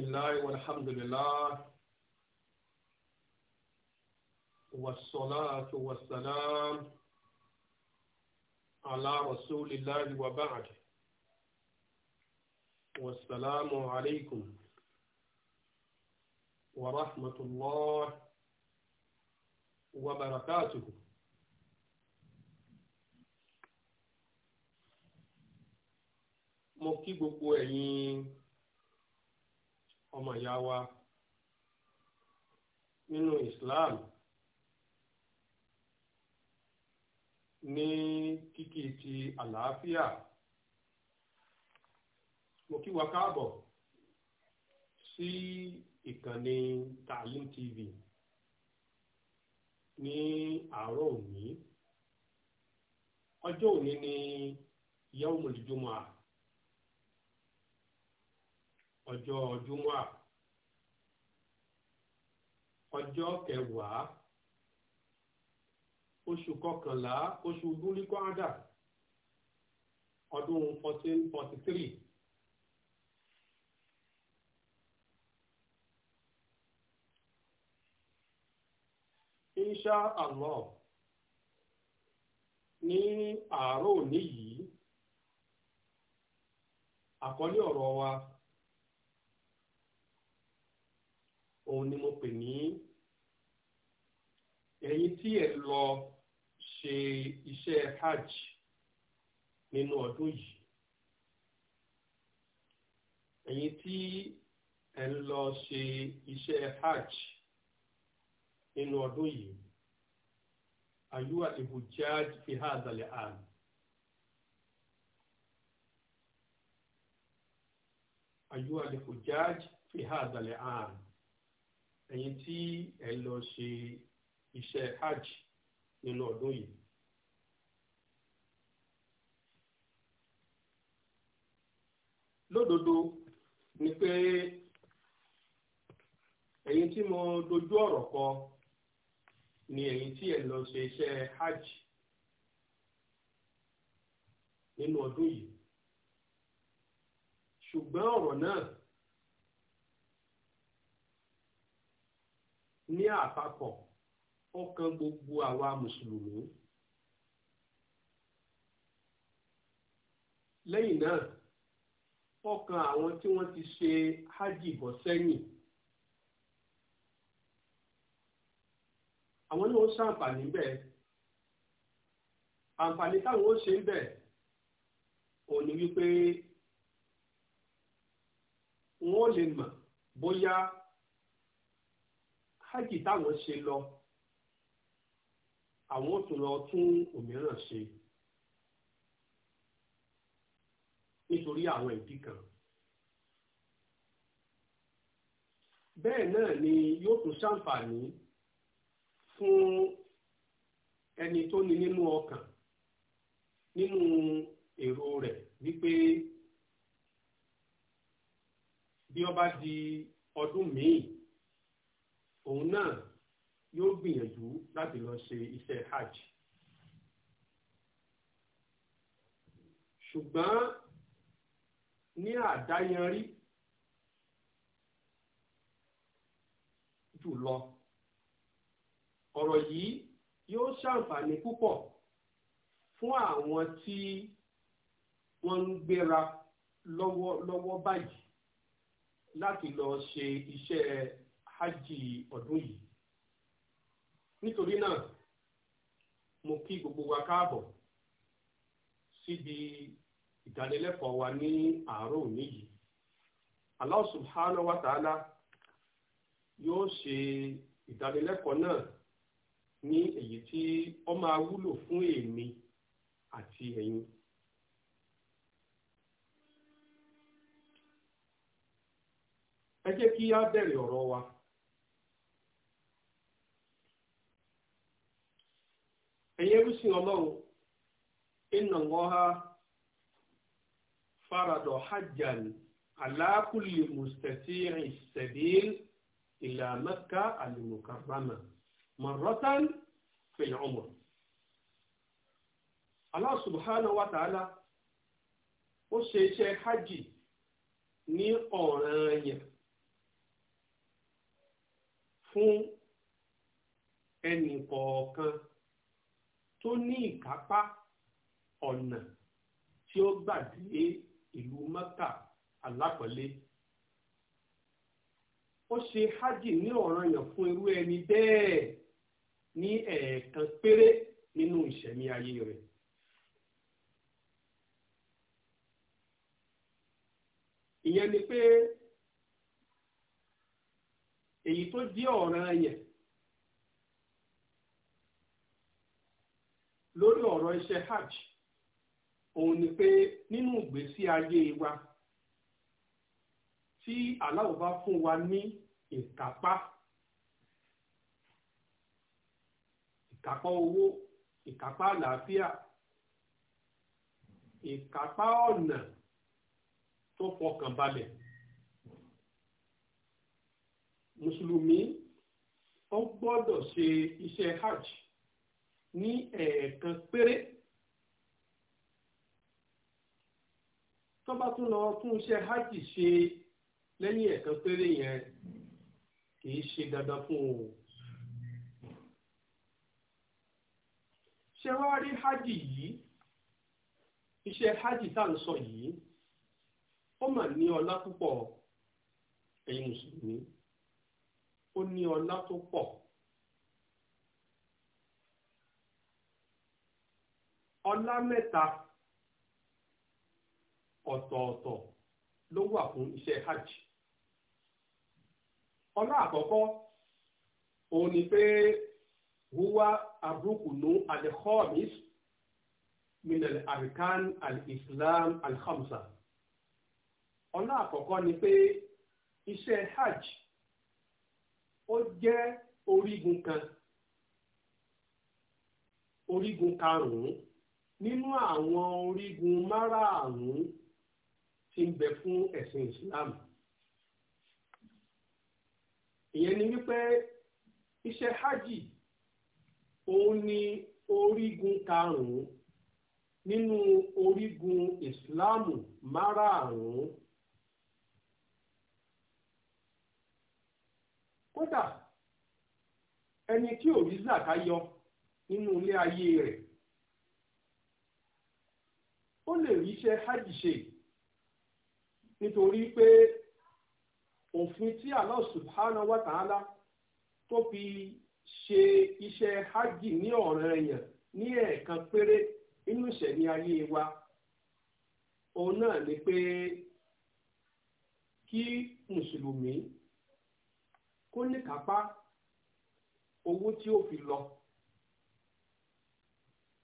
بالله والحمد لله والصلاة والسلام على رسول الله وبعد والسلام عليكم ورحمة الله وبركاته mo kí ọmọ ìyá wa nínú Islam ní kíkì ti àlàáfíà mo kí wa káàbọ̀ sí ìkànnì Taalim TV ní àárọ̀ òní ọjọ́ òní ni yawmul jumu'ah. ọjọ́ ọdúnwà ọjọ́ kẹwàá oṣù kọkànlá oṣù búlíkọ́ádà ọdún 1443. forty three. ní àárọ̀ òní yìí àkọlé ọ̀rọ̀ wa. òun ni mo pè ní ẹ̀yin tí ẹ lọ ṣe iṣẹ́ hajj nínú ọdún yìí ẹ̀yin tí ẹ ń lọ ṣe iṣẹ́ hajj nínú ọdún yìí ayúwà ìbùjáj fi hàzàlẹ̀ àn. ayúwà ìbùjáj fi hàzàlẹ̀ àn ẹ̀yin tí ẹ̀ lọ ṣe iṣẹ́ hajj nínú ọdún yìí. lódodo ni pé ẹ̀yin tí mo dojú ọ̀rọ̀ kọ ni ẹ̀yin tí ẹ̀ lọ ṣe iṣẹ́ hajj nínú ọdún yìí ṣùgbọ́n ọ̀rọ̀ náà ní àpapọ̀ ó kan gbogbo àwa mùsùlùmí. lẹ́yìn náà ó kan àwọn tí wọ́n ti ṣe hajj bọ̀ sẹ́yìn. àwọn náà ń ṣàǹfààní bẹ́ẹ̀ àǹfààní táwọn ó ṣe ń bẹ̀ òun ni wípé wọ́n lè mọ̀ bóyá hajj táwọn ṣe lọ àwọn ò tún lọ tún òmíràn ṣe nítorí àwọn ìdí kan bẹ́ẹ̀ náà ni yóò tún ṣàǹfààní fún ẹni tó ní nínú ọkàn nínú èrò rẹ̀ wípé bí ó di ọdún míì òun náà yóò gbìyànjú láti lọ ṣe iṣẹ́ hajj. ṣùgbọ́n ní àdáyanrí jùlọ ọ̀rọ̀ yìí yóò ṣàǹfààní púpọ̀ fún àwọn tí wọ́n ń gbéra lọ́wọ́ báyìí láti lọ ṣe iṣẹ́ ji ọdún yìí nítorí náà mo kí gbogbo wa káàbọ̀ síbi ìdánilẹ́kọ̀ọ́ wa ní àárọ̀ òní yìí wa yóò ṣe ìdánilẹ́kọ̀ọ́ náà ní èyí tí fún èmi àti ẹ̀yin. ẹ jẹ́ kí á wa. ẹ̀yin ẹrúsìn ọlọ́run iná wọ́há faradọ̀ hajjan aláàkúlì mùsítẹ̀tìrì sẹ̀bíl ìlà Mẹ́kà àlùmùkàrámà mọ̀rọ́tán fil umr. Allah subhanahu wa ta'ala ó ṣe iṣẹ́ hajj ní ọ̀ranyàn fún ẹnì kọ̀ọ̀kan. tó ní ìkápá ọ̀nà tí ó gbà ìlú mẹ́kà alápọ̀lé ó ṣe hajj ní ọ̀ranyàn fún irú ẹni bẹ́ẹ̀ ní ẹ̀ẹ̀kan péré nínú ìṣẹ̀mí ayé rẹ̀. ìyẹn ni pé èyí tó jẹ́ ọ̀ranyàn lórí ọ̀rọ̀ iṣẹ́ hajj òun ni pé nínú ìgbésí ayé wa tí aláwọ̀ bá fún wa ní ìkápá ìkápá owó ìkápá àlàáfíà ìkápá ọ̀nà tó fọkàn balẹ̀ mùsùlùmí ó gbọ́dọ̀ ṣe iṣẹ́ hajj ní ẹ̀ẹ̀kan péré tó bá tún lọ fún iṣẹ́ hajj ṣe lẹ́yìn ẹ̀ẹ̀kan péré yẹn kì í ṣe dandan fún o. ṣé wàá rí hajj yìí iṣẹ́ hajj tá à ń sọ yìí ó mà ní ọlá púpọ̀ ẹ̀yin mùsùlùmí ó ní ọlá tó pọ̀. ọlá mẹ́ta ọ̀tọ̀ọ̀tọ̀ ló wà fún iṣẹ́ hajj ọlá àkọ́kọ́ òun ni pé huwa abrukunu al-khamis min al-arkan al-islam al-khamsa ọlá àkọ́kọ́ ni pé iṣẹ́ hajj ó jẹ́ orígun kan orígun karùn-ún nínú àwọn orígun márààrún tí ń bẹ fún ẹ̀sìn Islam ìyẹn ni wípé iṣẹ́ hajj òun ni orígun karùn-ún nínú orígun ìsìláàmù márààrún kódà ẹni tí ò rí zaka yọ nínú ilé ayé rẹ̀ ó lè rí iṣẹ́ hajj ṣe nítorí pé òfin tí Allah subhanahu wa ta'ala tó fi ṣe iṣẹ́ hajj ní ọ̀ranyàn ní ẹ̀ẹ̀kan péré inú ìṣẹ̀ní ayé wa òun náà ni pé kí mùsùlùmí kó ní kápá owó tí ó fi lọ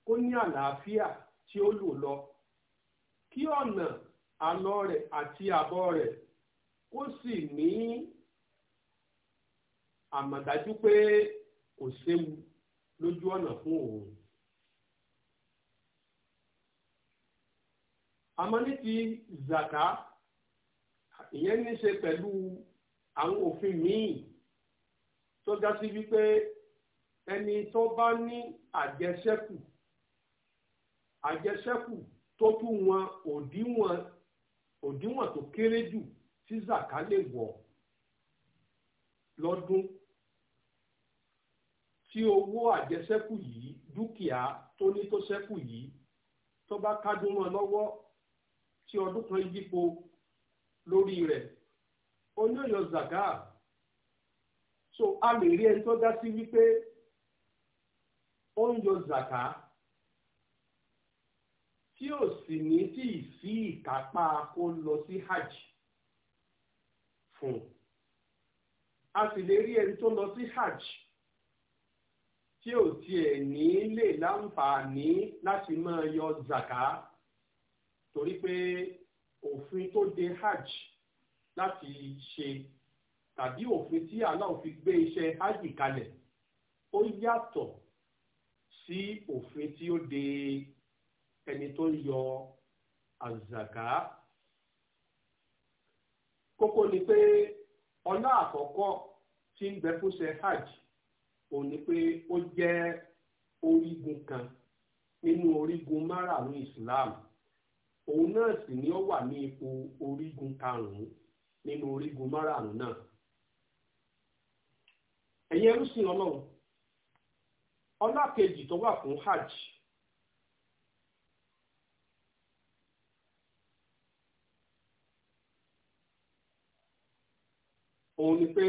kó ní àlàáfíà tí ó lò lọ kí ọ̀nà àlọ rẹ̀ àti àbọ̀ rẹ̀ kó sì ní àmọ̀dájú pé kò séwu lójú ọ̀nà fún òun. àmọ́ ní ti zaka ìyẹn ní ṣe pẹ̀lú àwọn òfin míì tó ga sí wípé ẹni tó bá ní àjẹṣẹ́kù àjẹṣẹ́kù tó tún wọn òdiwọ̀n òdiwọ̀n tó kéré jù tí zaka lè wọ̀ lọ́dún tí owó àjẹsẹ́kù yìí dúkìá tó ní tó ṣẹ́kù yìí tó bá kádùn wọn lọ́wọ́ tí ọdún kan yípo lórí rẹ̀ oníyọ̀ zaka so a lè rí ẹni tó dá sí wípé ó ń yọ tí ò sì ní tí ì sí ìkápá kó lọ sí hajj fún a sì lè rí ẹni tó lọ sí hajj tí ò tiẹ̀ ní lè láǹfààní láti máa yọ zaka torí pé òfin tó de hajj láti ṣe tàbí òfin tí Allah fi gbé iṣẹ́ hajj kalẹ̀ ó yàtọ̀ sí òfin tí ó de hajj ẹni tó ń yọ àzàká kókó ni pé ọlá àkọ́kọ́ tí ń bẹ fúnṣe hajj ò ní pé ó jẹ́ orígun kan nínú orígun márààrún Islam òun náà sì ni ó wà ní ipò orígun karùn-ún nínú orígun márààrún náà ẹ̀yin ẹrú sí ọlọ́run ọlá kejì tó wà fún hajj òun ni pé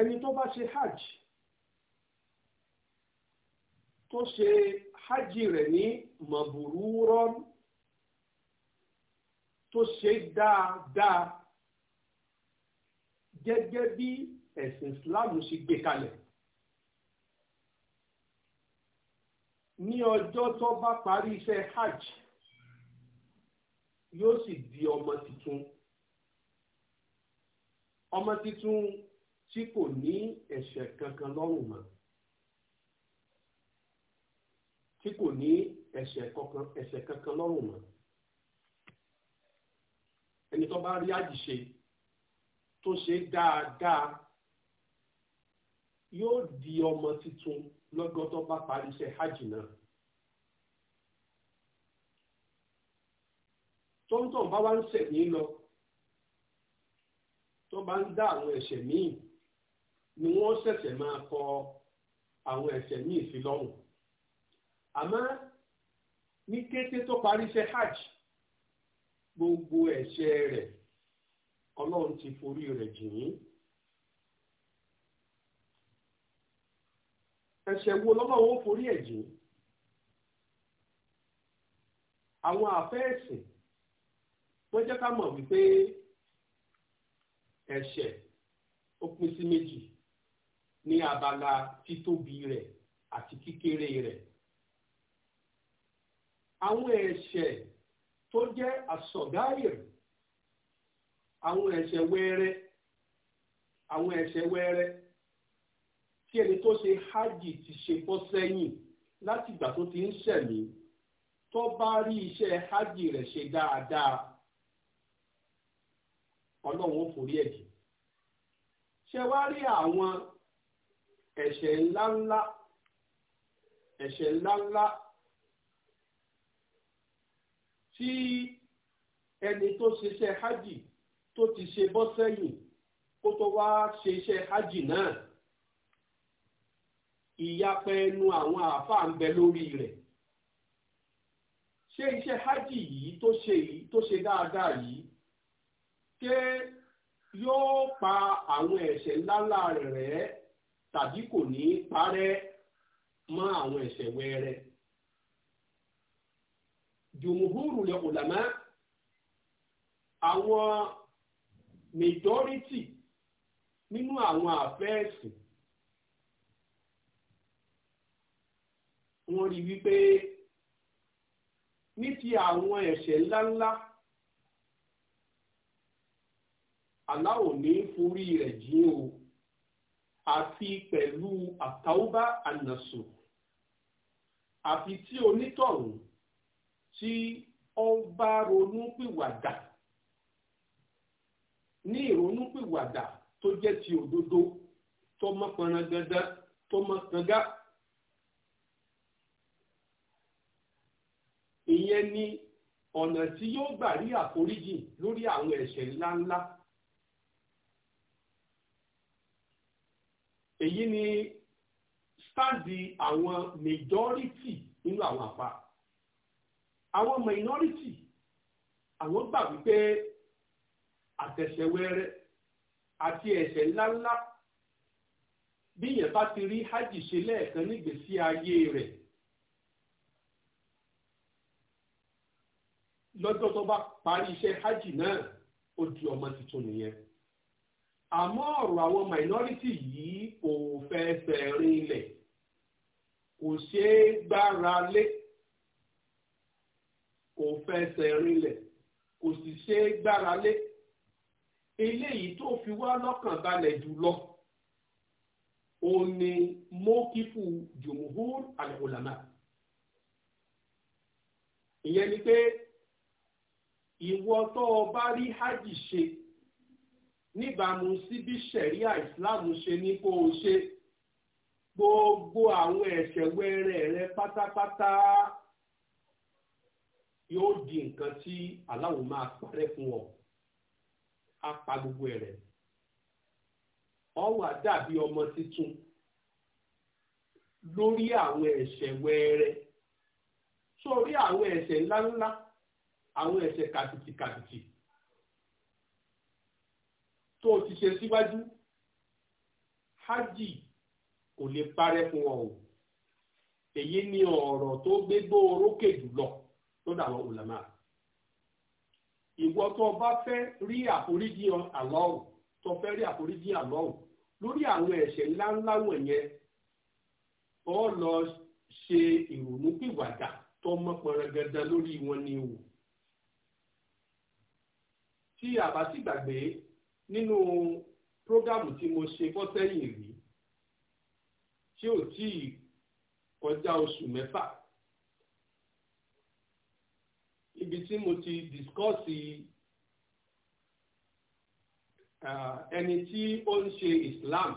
ẹni tó bá ṣe hajj tó ṣe hajj rẹ̀ ní mọ̀bùrúrọ́n tó ṣe dáadáa gẹ́gẹ́ bí ẹ̀sìn Islam ṣe gbé kalẹ̀. ní ọjọ́ tó bá parí iṣẹ́ hajj yóò sì di ọmọ titun ọmọ titun tí kò ní ẹ̀ṣẹ̀ kankan lọ́rùn mọ́ tí kò ní ẹ̀ṣẹ̀ kankan ẹ̀ṣẹ̀ kankan lọ́rùn mọ́ ẹni tó bá rí àjìṣe tó ṣe dáadáa yóò di ọmọ titun lọ́gọ́ bá parí iṣẹ́ hajj náà. tó ń tàn bá wá ń ṣẹ̀ mí lọ tó bá ń dá àwọn ẹ̀ṣẹ̀ míì ni wọ́n ṣẹ̀ṣẹ̀ máa kọ àwọn ẹ̀ṣẹ̀ míì sí lọ́rùn àmọ́ ní kété tó parí iṣẹ́ hajj gbogbo ẹ̀ṣẹ̀ rẹ̀ ọlọ́run ti forí rẹ̀ jìn ín. ẹ̀ṣẹ̀ wo lọ́lọ́run ó forí ẹ̀ jìn ín. àwọn àfẹ́ ẹ̀sìn wọ́n jẹ́ ká mọ̀ wípé ẹ̀ṣẹ̀ ó pín sí méjì ní abala títóbi rẹ̀ àti kíkéré rẹ̀. àwọn ẹ̀ṣẹ̀ tó jẹ́ àsọ̀gáyìr àwọn ẹ̀ṣẹ̀ wẹ́rẹ́ àwọn ẹ̀ṣẹ̀ wẹ́rẹ́ tí ẹni tó ṣe hajj ti ṣe bọ́ sẹ́yìn láti ìgbà tó ti ń ṣẹ̀mí tó bá rí iṣẹ́ hajj rẹ̀ ṣe dáadáa ọlọ́run ó forí ẹ̀ jì ṣe wá rí àwọn ẹ̀ṣẹ̀ ńláńlá ẹ̀ṣẹ̀ ńláńlá tí ẹni tó ṣiṣẹ́ hajj tó ti ṣe bọ́ sẹ́yìn kó tó wá ṣe iṣẹ́ hajj náà ìyapẹ ẹnu àwọn àáfàá ń bẹ lórí rẹ̀ ṣé iṣẹ́ hajj yìí tó ṣe yìí tó ṣe dáadáa yìí ké yóò pa àwọn ẹ̀ṣẹ̀ ńláńlá rẹ̀ rẹ́ tàbí kò ní í parẹ́ mọ́ àwọn ẹ̀ṣẹ̀ wẹ́rẹ́. jùmùhúrù lè ulama àwọn majority nínú àwọn àfẹ́ẹ̀sì wọ́n rí wípé ní ti àwọn ẹ̀ṣẹ̀ ńláńlá. Allah ò ní forí rẹ̀ jìn o àfi pẹ̀lú àtàwùbá ànàsù àfi tí onítọ̀hún tí ó bá ronú pìwàdà ní ìrònú pìwàdà tó jẹ́ ti òdodo tó mọ́ pọnrán dandan tó mọ́ kanga. ìyẹn ni ọ̀nà tí yóò gbà rí àforíjì lórí àwọn ẹ̀ṣẹ̀ ńláńlá. èyí ni stáàdì àwọn majority nínú àwọn àpá àwọn minority àwọn gbà wípé àtẹ̀sẹ̀wẹ́rẹ́ àti ẹ̀ṣẹ̀ ńláńlá bí yẹn bá ti rí hajj ṣe lẹ́ẹ̀kan nígbèésí ayé rẹ̀ lọ́jọ́ tó bá parí iṣẹ́ hajj náà ó di ọmọ tuntun nìyẹn àmọ́ ọ̀rọ̀ àwọn minority yìí kò fẹsẹ̀ rinlẹ̀ kò ṣeé gbára lé kò fẹsẹ̀ rinlẹ̀ kò sì ṣeé gbára lé eléyìí tó fi wá lọ́kàn balẹ̀ jùlọ ó ní mọ́kífù jùmùhúr àlùkòlàmà ìyẹn ni pé ìwọ tó o bá rí hajj ṣe níbàámu sí bí ṣẹ̀ríà islam ṣe ní kó o ṣe gbogbo àwọn ẹ̀ṣẹ̀ wẹ́rẹ́ rẹ pátápátá yóò di nǹkan tí aláwo máa parẹ́ fún ọ á pa gbogbo ẹ̀ rẹ̀ ọ wà dàbí ọmọ tuntun lórí àwọn ẹ̀ṣẹ̀ wẹ́rẹ́ sórí àwọn ẹ̀ṣẹ̀ ńláńlá àwọn ẹ̀ṣẹ̀ kàtìtìkàtìtì tó o ti ṣe síwájú hajj kò lè parẹ́ fún ọ o èyí ni ọ̀rọ̀ tó gbé gbóorókè jùlọ lọ́dọ̀ àwọn ulama ìwọ tó o bá fẹ́ rí àforíjì Allah tó fẹ́ rí àforíjì Allah lórí àwọn ẹ̀ṣẹ̀ ńláńlá wọ̀nyẹn ọ lọ ṣe ìrònúpìwàdà tó mọ́ pọ̀rọ̀gẹ̀dẹ̀ lórí wọn ni o tí a bá sì gbàgbé nínú prógámù tí mo ṣe bọ́sẹ́yìn rí tí ò tí ì kọjá oṣù mẹ́fà ibi tí mo ti dìskọ́sì ẹni tí ó ń ṣe Islam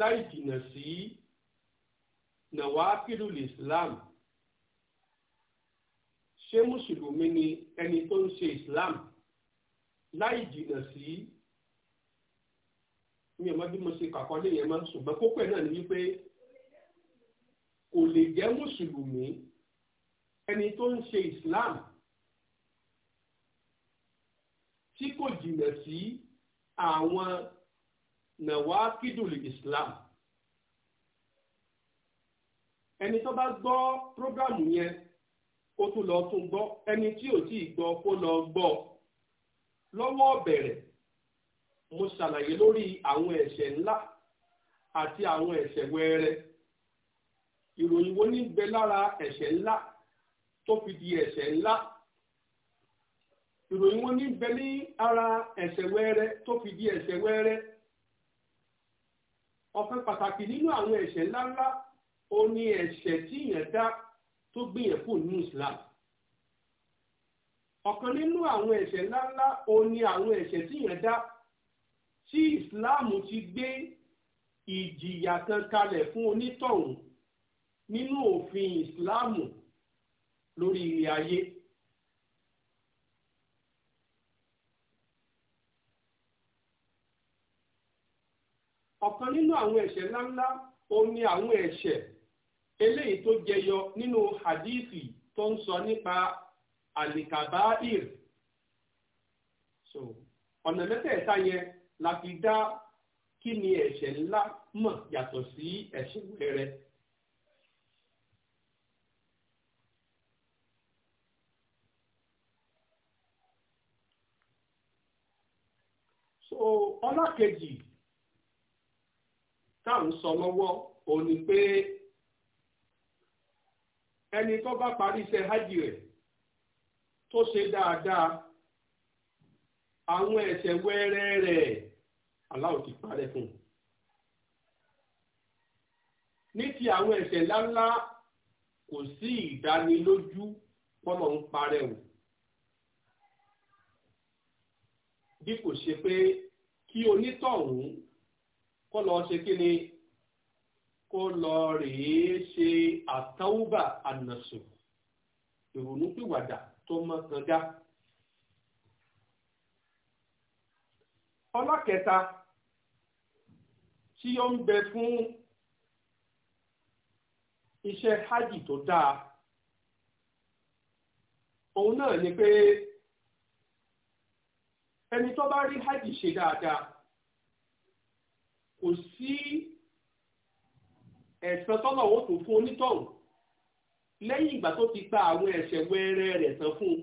láì jìnnà sí nàwákìlùl Islam ṣé mùsùlùmí ni ẹni tó ń ṣe Islam láì jìnnà sí mi ò mọ bí mo ṣe kàkọ́lé yẹn mọ́ ṣùgbọ́n kókó ẹ̀ náà ni wípé kò lè jẹ́ mùsùlùmí ẹni tó ń ṣe Islam tí kò jìnnà sí àwọn nàwákìdùlì Islam ẹni tó bá gbọ́ prógámù yẹn ó tún lọ tún gbọ́ ẹni tí ò tí ì gbọ́ kó lọ gbọ́ ọ lọ́wọ́ bẹ̀rẹ̀ mo ṣàlàyé lórí àwọn ẹ̀ṣẹ̀ ńlá àti àwọn ẹ̀ṣẹ̀ wẹ́ẹ́rẹ́ ìròyìn wo ní bẹ lára ẹ̀ṣẹ̀ ńlá tó fi di ẹ̀ṣẹ̀ ńlá ìròyìn wo ní bẹ ní ara ẹ̀ṣẹ̀ wẹ́ẹ́rẹ́ tó fi di ẹ̀ṣẹ̀ wẹ́ẹ́rẹ́ ọ̀kan pàtàkì nínú àwọn ẹ̀ṣẹ̀ ńláńlá ó ní ẹ̀ṣẹ̀ tí ìyẹn dá tó gbìyànjú nínú Islam ọ̀kan nínú àwọn ẹ̀ṣẹ̀ ńláńlá òun ni àwọn ẹ̀ṣẹ̀ tí yẹn dá tí ìsìláàmù ti gbé ìjìyà kan kalẹ̀ fún onítọ̀hún nínú òfin ìsìláàmù lórí ilé ayé. ọ̀kan nínú àwọn ẹ̀ṣẹ̀ ńláńlá òun ni àwọn ẹ̀ṣẹ̀ eléyìí tó jẹyọ nínú hadithi tó ń sọ nípa alikabair so ọ̀nà mẹ́tẹ̀ẹ̀ta yẹn la fi dá kí ni ẹ̀ṣẹ̀ ńlá mọ̀ yàtọ̀ sí ẹ̀ṣẹ̀ wẹ̀rẹ̀. so ọlá kejì tá à ń sọ lọ́wọ́ òun ni pé ẹni tó bá parí iṣẹ́ hajj rẹ̀ tó ṣe dáadáa àwọn ẹ̀ṣẹ̀ wẹ́rẹ́ rẹ̀ aláwọ̀ ti parẹ́ fún un. ní ti àwọn ẹ̀ṣẹ̀ ńláńlá kò sí ìdánilójú pọ́nmọ̀ ń parẹ́ o. bí kò ṣe pé kí onítọ̀hún kó lọ ṣe kí ni kó lọ rèé ṣe àtàwùbà ànàṣù ìrònúpìwàdà. E tó mọ́ kànga. ọlá kẹta tí ó ń bẹ fún iṣẹ hajj tó dáa òun náà ni pé ẹni tó bá rí hajj ṣe dáadáa kò sí ẹ̀san tọ́lọ̀ tó fún onítọ̀hún lẹ́yìn ìgbà tó ti pa àwọn ẹ̀ṣẹ̀ wẹ́rẹ́ rẹ̀ tán fún un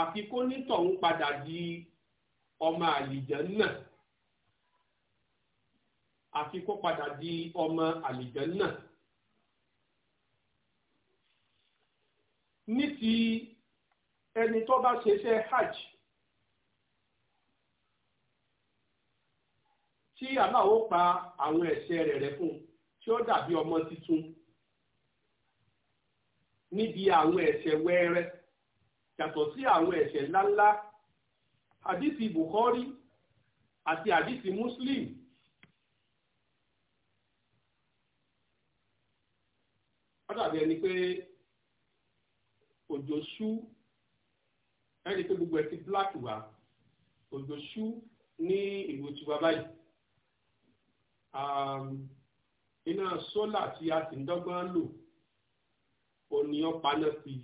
àfi kó nítọ̀hún padà di ọmọ àlìjànnà àfi kó padà di ọmọ àlìjànnà. ní ti ẹni tó bá ṣeṣẹ́ hajj tí aláwo pa àwọn ẹ̀ṣẹ̀ rẹ̀ rẹ̀ fún un tí ó dàbí ọmọ titun níbi àwọn ẹ̀ṣẹ̀ wẹ́ẹ́rẹ́ yàtọ̀ sí àwọn ẹ̀ṣẹ̀ ńláńlá àdìsí Bukhari àti àdìsí Muslim ó dàbí ẹni pé òjò ṣú ẹni pé gbogbo ẹ̀ ti black wá òjò ṣú ní ìlú tiwa báyìí iná sólà tí a sì ń dọ́gbọ́n lò òní ọ̀pá náà sí i.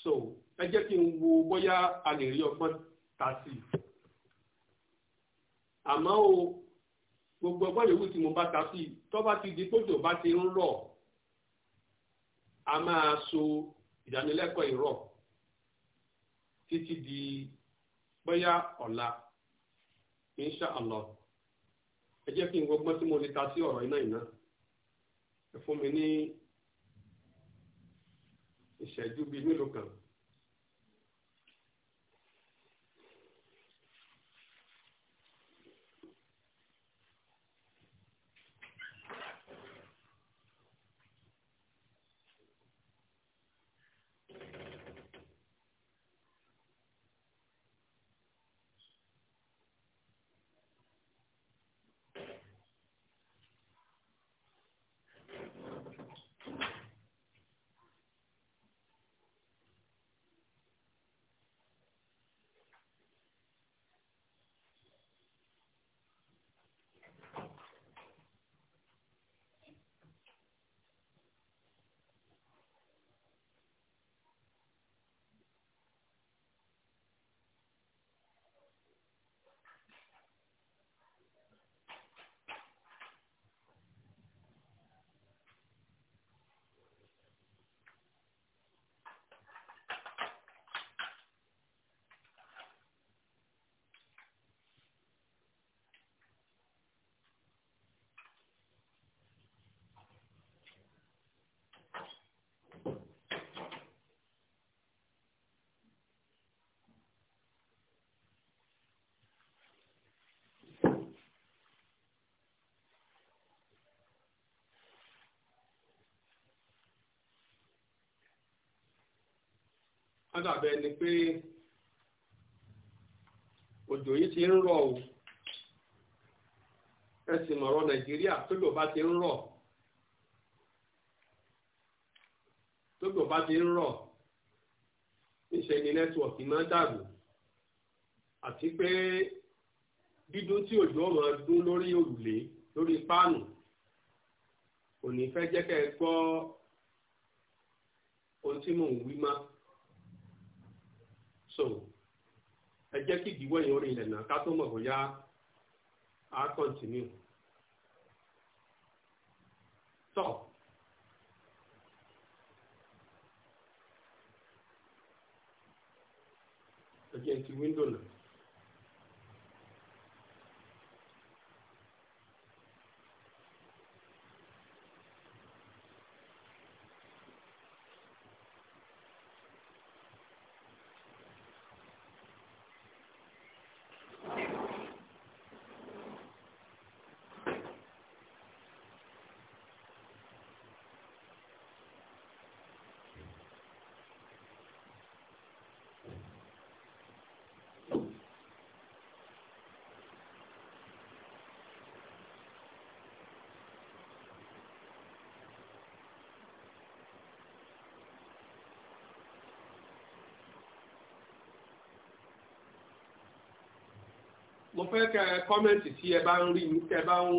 so ẹ jẹ́ kí n wo bóyá a lè rí ọgbọ́n ta sí i. àmọ́ o gbogbo ọgbọ́n yòówù tí mo bá ta sí i tó ti di kótó bá ti ń rọ̀ a máa so ìdánilẹ́kọ̀ọ́ ìrọ̀ títí di bóyá ọ̀la insha allah ẹ jẹ́ kí n wọgbọ́n tí mo lè ta sí ọ̀rọ̀ iná ìná ẹ fún mi ní ìṣẹ́jú bíi mélòó kan. wọ́n dàbẹ̀ ni pé òjò yìí ti ń rọ̀ o ẹ sì mọ̀rọ̀ nàìjíríà tójò bá ti ń rọ̀ tójò bá ti ń rọ̀ níṣẹ́ ni nẹ́tíwọ̀kì máa dàrú àti pé dídún tí òjò ọmọ dún lórí òrùlé lórí páànù kò ní fẹ́ jẹ́ kẹ́ ẹ gbọ́ ohun tí mò ń wí máa. so ẹ jẹ́ kí ìdíwọ́ yẹn orin ilẹ̀ náà ká tó mọ̀ bóyá á kọ́ntínú. tọ́ na fẹ́ kẹ́ kọ́mẹ̀ntì tí ẹ bá ń rí mi tí ẹ bá ń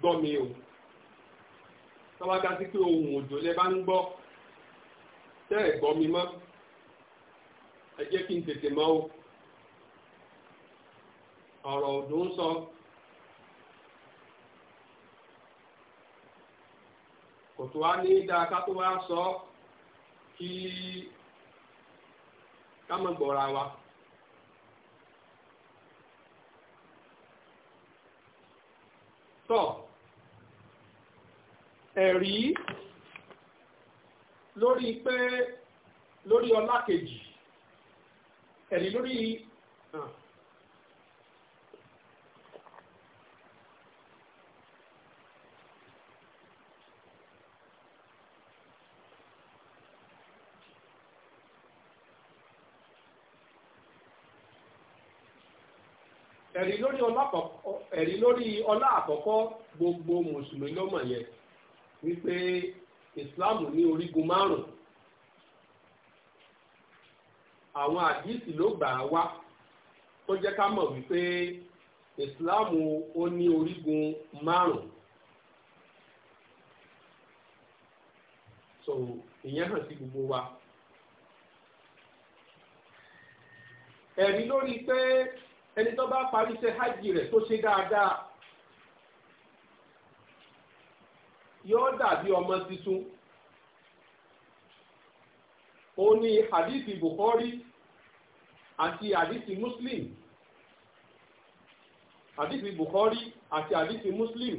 gbọ́ mi o tọ́wọ́ dá sí pé ohun òjò lẹ bá ń gbọ́ tẹ́ ẹ̀ gbọ́ mi mọ́ ẹ jẹ́ kí n tètè mọ̀ o ọ̀rọ̀ òdò ń sọ kò tó ní dáa ká tó wá sọ kí ká mọ̀ gbọ́ra wa. tọ́ ẹ̀rí lórí pé lórí ọlá kejì ẹ̀rí lórí. ẹ̀rí lórí ọlá àkọ́kọ́ gbogbo mùsùlùmí ló mọ̀ yẹn wípé islam ní orígun márùn àwọn àdìsí ló gbà á wá tó jẹ́ ká mọ̀ wípé islam ó ní orígun márùn so ìyẹn hàn sí gbogbo wa ẹ̀rí lórí pé. ẹni tó bá parí iṣẹ́ hajj rẹ̀ tó ṣe dáadáa yóò dàbí ọmọ tuntun òun ni hadithi Bukhari àti hadithi Muslim hadithi Bukhari àti hadithi Muslim.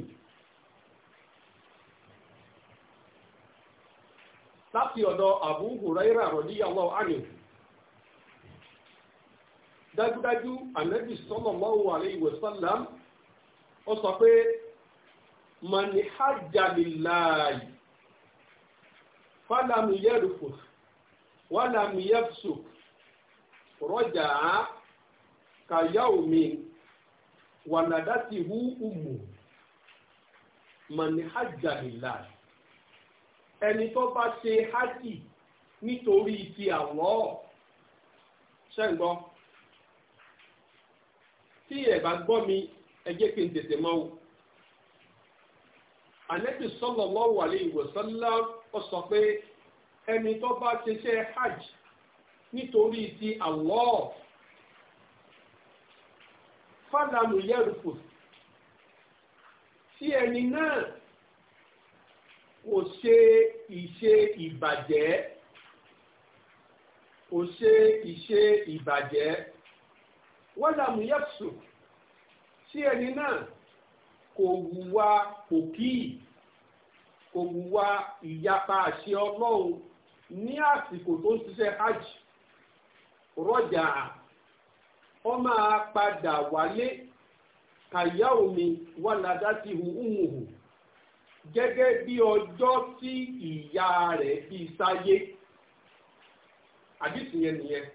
láti ọ̀dọ̀ Abu Huraira radiyallahu anhu dájúdájú ànábì sallallahu alayhi wa sallam ó sọ pé mọ̀nì hajjaliláàyè fálàmù yẹ́rùfù wálàmù yẹ́fṣù rọ́jà á kàyà omi wàlàdàtì hu ùmù mọ̀nì hajjaliláàyè ẹni tó bá ṣe hájì nítorí ti Allah ṣẹ́ǹgbọ́n tí ẹ bá gbọ́ mi ẹ jẹ́ kí n tètè mọ́ o. ànẹ́bí sallallahu alayhi wa sallam ó sọ pé ẹni tó bá ṣiṣẹ́ hajj nítorí ti Allah fàdánù yẹrùfù tí ẹni náà kò ṣe ìṣe ìbàjẹ́ kò ṣe ìṣe ìbàjẹ́. wọ́dàmù yẹ́pùsù sí ẹni náà kò wùwà wa kò wùwà ìyapa àṣẹ ọlọ́run ní àsìkò tó ń ṣiṣẹ́ hajj rọ́jà ọ máa padà wálé kàyà omi wà ládàtì hùhùhù gẹ́gẹ́ bí ọjọ́ tí ìyá rẹ̀ bí sáyé àdìsí yẹn nìyẹn.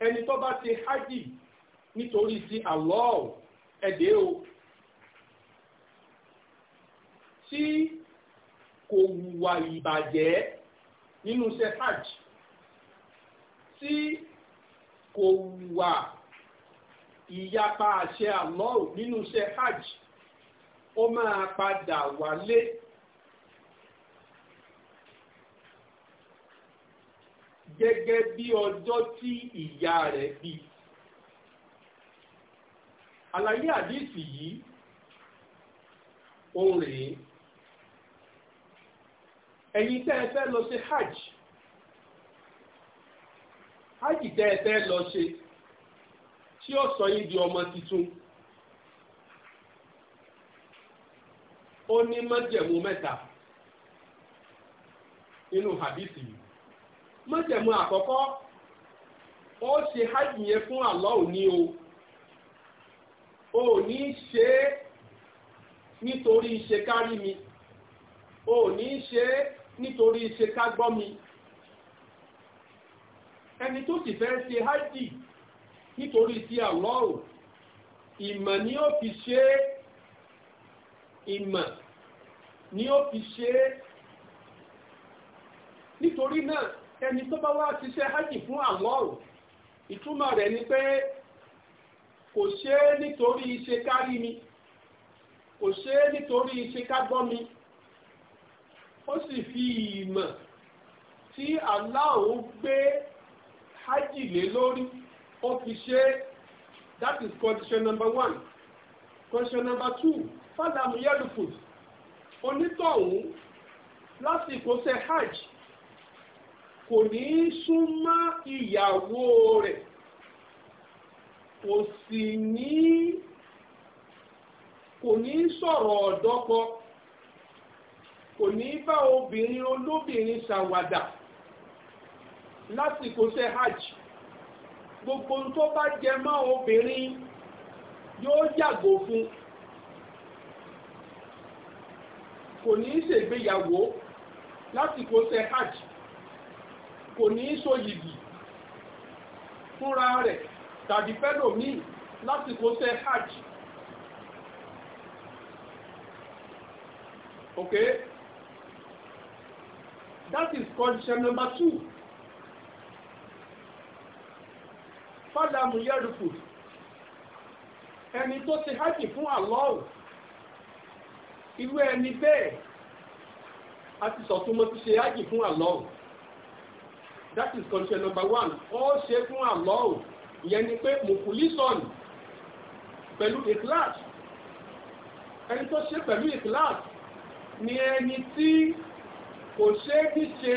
ẹni tó bá ti hajj nítorí ti Allah ẹ̀dẹ́ o tí kò wùwà ìbàjẹ́ nínú iṣẹ́ hajj tí kò wùwà ìyapa àṣẹ Allah nínú iṣẹ́ hajj ó máa padà wálé gẹ́gẹ́ bí ọjọ́ tí ìyá rẹ̀ bí. àlàyé àdìsí yìí òun rèé ẹ̀yin tẹ́ ẹ fẹ́ lọ sí hajj hajj tẹ́ ẹ fẹ́ lọ ṣe tí ó sọ yín di ọmọ tuntun ó ní májẹ̀mú mẹ́ta nínú hadisi yìí májẹ̀mú àkọ́kọ́ ó ṣe hajj yẹn fún àlọ́ òní o ò ní ṣe é nítorí ṣe kárí mi ò ní ṣe é nítorí ṣe ká gbọ́ mi ẹni tó sì fẹ́ ṣe hajj nítorí ti àlọ́ ò ìmọ̀ ni ó fi ṣe é ìmọ̀ ni ó fi ṣe é nítorí náà ẹni tó bá wá ṣiṣẹ́ hajj fún àlọ́rù ìtumọ̀ rẹ̀ ni pé kò ṣe é nítorí ṣe ká rí mi kò ṣe é nítorí ṣe ká gbọ́ mi ó sì fi ìmọ̀ tí aláwo gbé hajj lé lórí ó fi ṣe é that is condition number one condition number two fàdàmù yẹlùfù onítọ̀hún lásìkò ṣe hajj kò ní í súnmọ́ ìyàwó rẹ̀ kò sì ní kò ní í sọ̀rọ̀ ọ̀dọ́kọ kò ní í bá obìnrin olóbìnrin ṣàwàdà lásìkò ṣe hajj gbogbo tó bá jẹ mọ́ obìnrin yóò yàgò fún kò ní í ṣègbéyàwó lásìkò ṣe hajj kò ní í ṣòyìgì fúnra rẹ̀ tàbí fẹ́lòmíì lásìkò ṣe hajj okay that is condition number two fàdàmù yẹ́rùkù ẹni tó ti hajj fún àlọ́ọ̀ irú ẹni bẹ́ẹ̀ a ti sọ̀tún mo ti ṣe hajj fún àlọ́ọ̀ that is concern number one ó ṣe fún Allah o ìyẹn ni pé mùkúlísọ̀nù pẹ̀lú ìkíláàs ẹni tó ṣe pẹ̀lú ìkíláàs ni ẹni tí kò ṣe é ṣe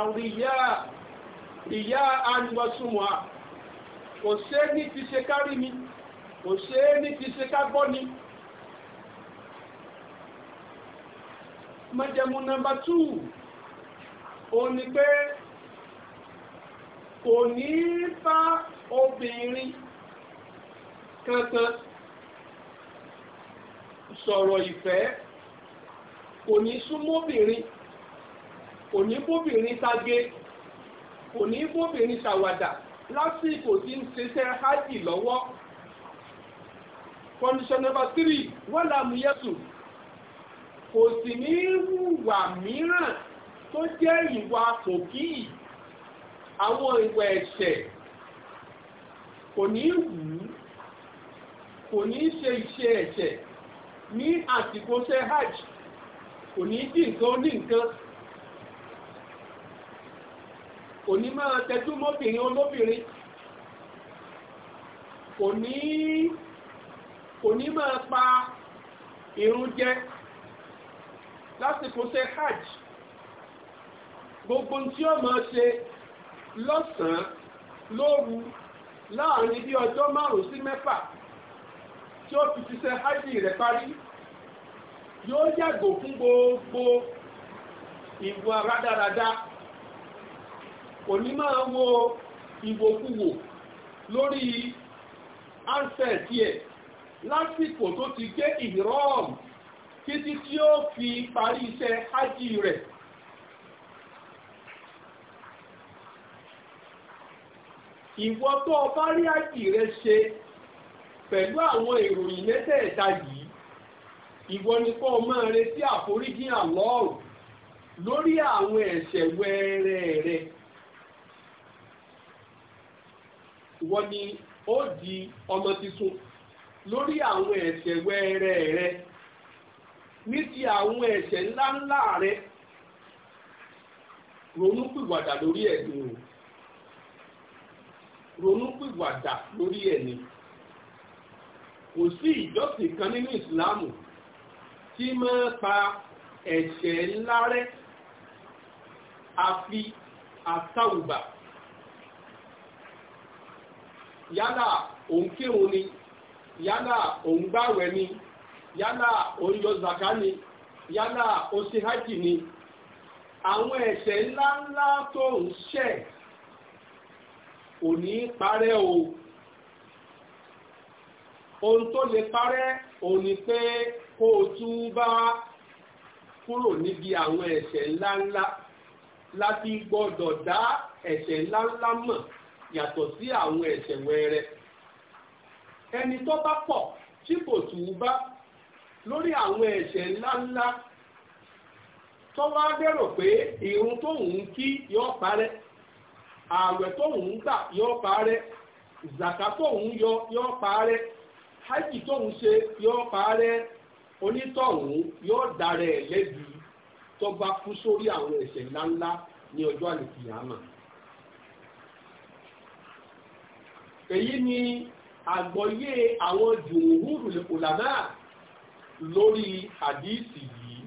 àríyá ìyá àníwọ̀sùnmọ̀ à kò ṣe é ní ti ṣe kárí mi kò ṣe é ti ṣe kágbọ́ ni. májẹ̀mú nọ́mbà two òun ni pé kò ní bá obìnrin kankan sọ̀rọ̀ ìfẹ́ kò ní súnmọ́bìnrin kò ní bóbìnrin tagé kò ní bóbìnrin ṣàwàdà lásìkò tí ń ṣiṣẹ́ hajj lọ́wọ́ condition number three wọ́n làmú yẹ́sù kò sì ní hùwà mìíràn tó jẹ́ ìwà tòkìí àwọn ìwà ẹ̀ṣẹ̀ kò ní wù ú kò ní ṣe iṣẹ́ ẹ̀ṣẹ̀ ní àsìkò ṣe hajj kò ní dín nǹkan ní nǹkan kò ní máa tẹjú mọ́bìnrin olóbìnrin kò ní kò ní máa pa irun jẹ lásìkò ṣe hajj gbogbo tí ó máa ṣe lọ́sàn-án lóru láàrin bí ọjọ́ márùn-ún sí mẹ́fà tí ó fi ṣiṣẹ́ hajj rẹ̀ parí yóò yàgò fún gbogbo ìwà rádaràda òní máa wo ìwòkuwò lórí ánsẹ̀tì ẹ̀ lásìkò tó ti gé ìrọ́ọ̀mù títí tí ó fi parí iṣẹ́ hajj rẹ̀ ìwọ tó o bá rí àjì rẹ ṣe pẹ̀lú àwọn ìròyìn mẹ́tẹ̀ẹ̀ta yìí ìwọ ni kó o máa retí àforíjì àlọ́ọ̀rù lórí àwọn ẹ̀ṣẹ̀ wẹ́ẹ́rẹ́ rẹ ìwọ ni ó di ọmọ tuntun lórí àwọn ẹ̀ṣẹ̀ wẹ́ẹ́rẹ́ rẹ ní ti àwọn ẹ̀ṣẹ̀ ńláńlá rẹ ronú pìwàdà lórí ẹ̀dùn o. ronúpìwàdà lórí ẹ̀ ni kò sí ìjọsìn kan nínú ìsìláàmù tí máa pa ẹ̀ṣẹ̀ ńlá àfi àtàwùbà yálà òun ni yálà òun ni yálà òun ni yálà ó ni àwọn ẹ̀ṣẹ̀ ńláńlá tó ń ṣẹ̀ kò ní parẹ́ o ohun tó lè parẹ́ òun ni pé kó o tún bá kúrò níbi àwọn ẹ̀ṣẹ̀ ńláńlá láti gbọ́dọ̀ dá ẹ̀ṣẹ̀ ńláńlá mọ̀ yàtọ̀ sí àwọn ẹ̀ṣẹ̀ wẹ́rẹ́ ẹni tó bá pọ̀ tí kò tùúbá lórí àwọn ẹ̀ṣẹ̀ ńláńlá tó wá dérò pé ìrun tóun kí yóò parẹ́ ààwẹ̀ tóun ń gbà yóò parẹ́ zaka tóun yọ yóò parẹ́ hajj tóun ṣe yóò parẹ́ onítọ̀hún yóò dára ẹ̀ lẹ́bi tó bá kú sórí àwọn ẹ̀ṣẹ̀ ńláńlá ní ọjọ́ àlùkìyàmà. èyí ni àgbọ́yé àwọn jùmùhúrù ulama lórí hadisi yìí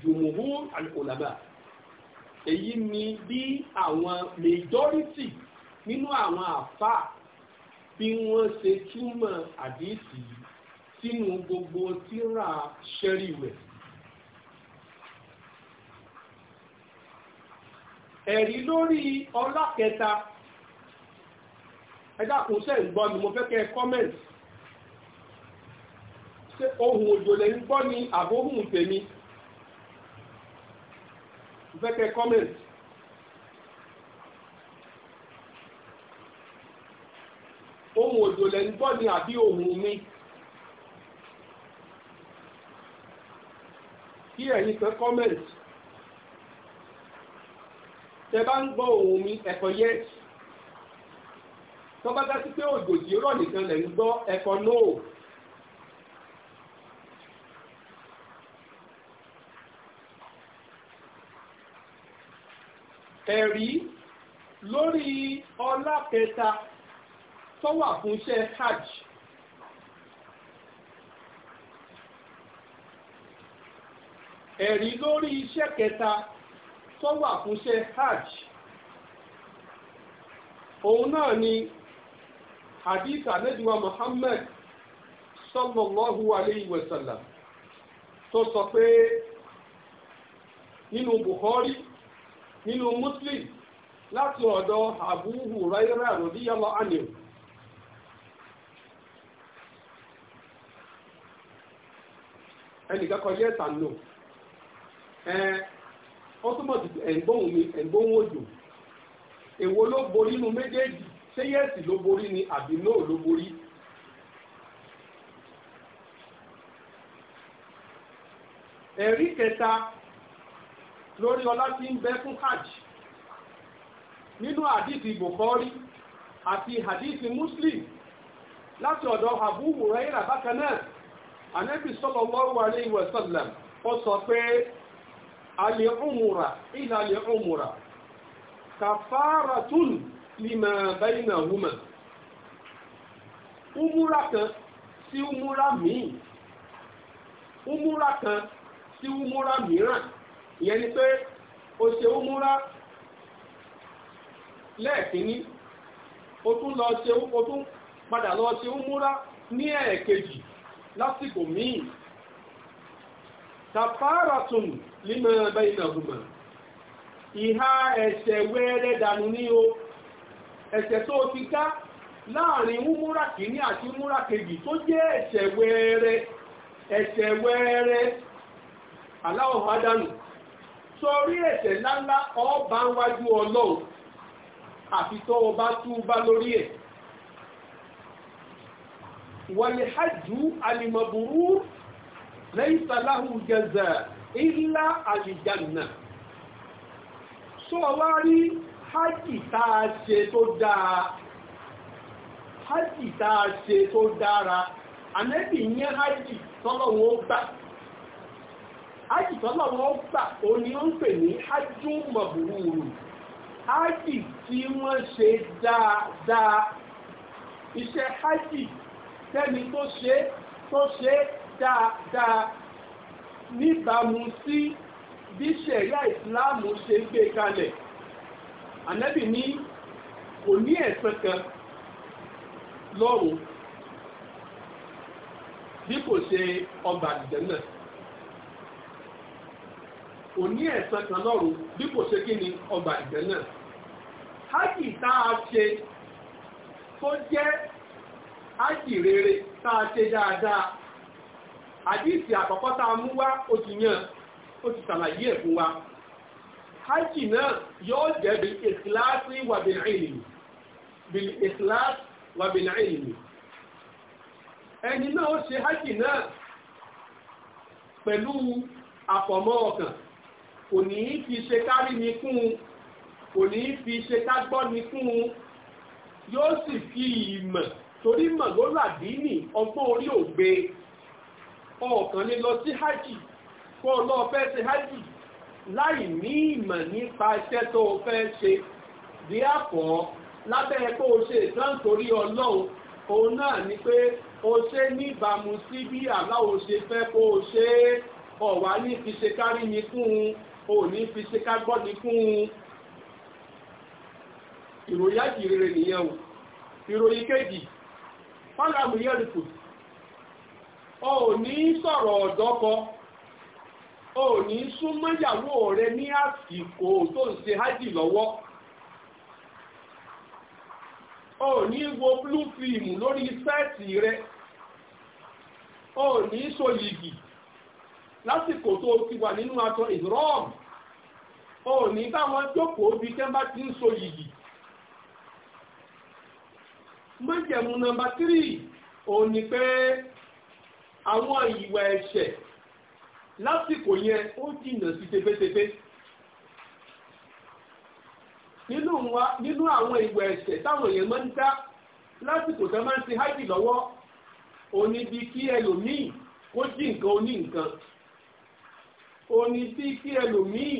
jùmùhúrù ulama èyí ni bí àwọn majority nínú àwọn àfà bí wọ́n ṣe túmọ̀ àdéhìsì sínú gbogbo tíra ṣẹ́ríwẹ̀. ẹ̀rí lórí ọlá kẹta ẹ dákun ṣe ń gbọ́ ni mo fẹ́ kẹ́ ẹ kọ́mẹ̀ntì ṣé ohun òjò lè ń gbọ́ ni àbóhùn tèmi fẹ́ kẹ́ comment. ohun òjò lẹ̀ ń gbọ́ ni àbí ohun mi. kí ẹ̀yin fẹ́ comment. tẹ bá ń gbọ́ ohun mi ẹ̀kọ́ yes. tọ́ bá dá sí pé òjò tí ó rọ̀ nìkan lẹ̀ ń gbọ́ ẹ̀kọ́ no. ẹ̀rí lórí ọlápẹta tó wà fún iṣẹ́ hajj ẹ̀rí lórí iṣẹ́ kẹta tó wà fún iṣẹ́ hajj òun náà ni hadith anabiwa Muhammad sallallahu alayhi wa sallam tó sọ pé nínú Bukhari nínú muslim láti ọ̀dọ̀ Abu Huraira radiyallahu anhu ẹnìkan kọjá ẹ̀ta nù ẹ ọ túmọ̀ sí ẹ̀ǹgbọ́n mi ẹ̀ǹgbọ́n òjò èwo ló borí nínú méjèèjì ṣé yẹ́sì ló borí ni àbí nóò ló borí. ẹ̀rí kẹta lórí ọlá tí ń bẹ fún hajj nínú àdísì Bukhari àti àdísì Muslim láti ọ̀dọ̀ Abu Hurairah bákan náà Ànábì sallallahu alayhi wa sallam ó sọ pé al-umra ila al-umra kàfàràtún lima baynahuma umura umura kan sí umura mìíràn ìyẹn ni pé o ṣe umura lẹ́ẹ̀kínní o tún lọ ṣe o tún padà lọ ṣe umura ní ẹ̀ẹ̀kejì lásìkò míì tàfàràtùn límọ̀ ẹgbẹ́ ìhà ẹ̀ṣẹ̀ dànù ní o ẹ̀ṣẹ̀ tó ti ká láàrin umura kìíní àti umura kejì tó jẹ́ ẹ̀ṣẹ̀ ẹ̀ṣẹ̀ sọrí ẹ̀ṣẹ̀ ńláńlá ọba ń wájú ọlọ́run àfi tó o bá túbá lórí ẹ̀ wàlẹ̀ hajjú alìmọ̀bùrú lẹ́yìn sàláhù jẹ́zà ilá àlìjànà sọ wá rí hajjì táa ṣe tó dáa hajjì táa ṣe tó dára ànẹ́bì yẹn hajjì tọ́lọ́wọ́ gbà ájì tọ́lọ̀ wọn gbà òun ni ó ń pè ní ájú mọ̀bùrù ájì tí wọ́n ṣe dáadáa iṣẹ́ ájì tẹ́ni tó ṣe tó ṣe dáadáa níbàámu sí bí ṣẹ̀yà ìsìláàmù ṣe gbé kalẹ̀ ànábì ní kò ní ẹ̀sán kan lọ́rùn bí kò ṣe ọgbà àdìjẹ́ náà kò ní ẹ̀san kan lọ́rùn bí kò ṣe kí ni ọgbà ìgbẹ́ náà hájì tá a ṣe tó jẹ́ hájì rere tá a ṣe dáadáa àdíìsì àkọ́kọ́ tá a mú wá ó yàn ó ti ṣàlàyé ẹ̀ fún wa hájì náà yóò jẹ́ bí wà bí ẹni náà ó ṣe hájì náà pẹ̀lú àfọ̀mọ́ ọkàn kò ní í fi ṣe kárí mi kún un kò ní í fi ṣe kágbọ́ mi kún un yóò sì fi ìmọ̀ torí mọ̀ ló làdínì ọgbọ́n orí ògbé ọ̀kan lè lọ sí hajj kó o lọ fẹ́ ṣe hajj láì ní ìmọ̀ nípa iṣẹ́ tó o fẹ́ ṣe bí àpọ̀ lábẹ́ kó o ṣe ìtàn torí ọlọ́run òun náà ni pé o ṣe níbàámu sí bí àláwo ṣe fẹ́ kó o ṣe ọ̀wá ní fi ṣe kárí mi fún un o ní fi ṣe ká gbọ́dí fún un ìròyìn àjìrere nìyẹn o ìròyìn kejì fọ́nàmù yẹ́rìkù o ní sọ̀rọ̀ ọ̀dọ́kọ o ní súnmọ́ ìyàwó rẹ ní àsìkò tó ń se hájì lọ́wọ́ o ní wo blue film lórí sẹ́ẹ̀tì rẹ o ní so yìgì. lásìkò tó ti wà nínú aṣọ ìrọ́ọ̀mù ò ní táwọn jókòó bí tẹ́ḿbà ti ń so yìí mọ́jẹ̀mú nọmba tírì ò ní pé àwọn ìwà ẹ̀ṣẹ̀ lásìkò yẹn ó jìnnà sí tefetefe nínú àwọn ìwà ẹ̀ṣẹ̀ táwọn èèyàn máa ń dá lásìkò tó máa ń ṣe háìdì lọ́wọ́ òní bí kí ẹlòmíì kó jí nǹkan oní nǹkan ó ní bí kí ẹlòmíì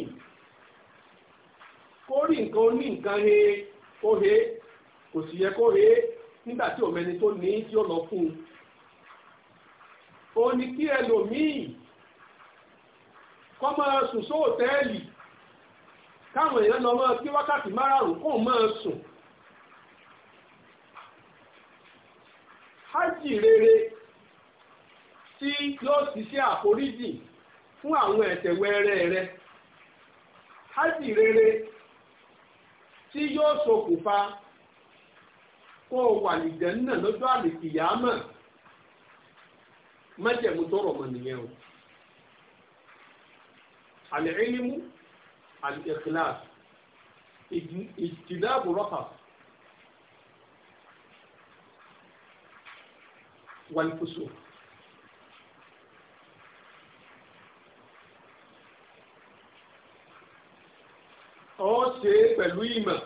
kó rí nǹkan ó nǹkan he ó he kò sì yẹ kó he nígbà tí òmẹni tó ní tí ó lọ fún un ó kí ẹlòmíì kọ́ máa sùn sóòtẹ́ẹ̀lì káwọn èèyàn lọ máa kí wákàtí márààrún kóun hajj rere tí yóò ṣiṣẹ́ fún àwọn ẹ̀ṣẹ̀ wẹ́rẹ́ rẹ hajj rere tí yóò ṣokùnfà kó o wà nìjẹ́ náà lọ́jọ́ àlìkìyàmọ̀ májẹ̀mú tó rọ̀ mọ́ nìyẹn o alẹ́rìnmú alẹ́kìláàs ìjìdáàbò rọ́pà wàlúfùsùn. ọ ṣe pẹ̀lú ìmọ̀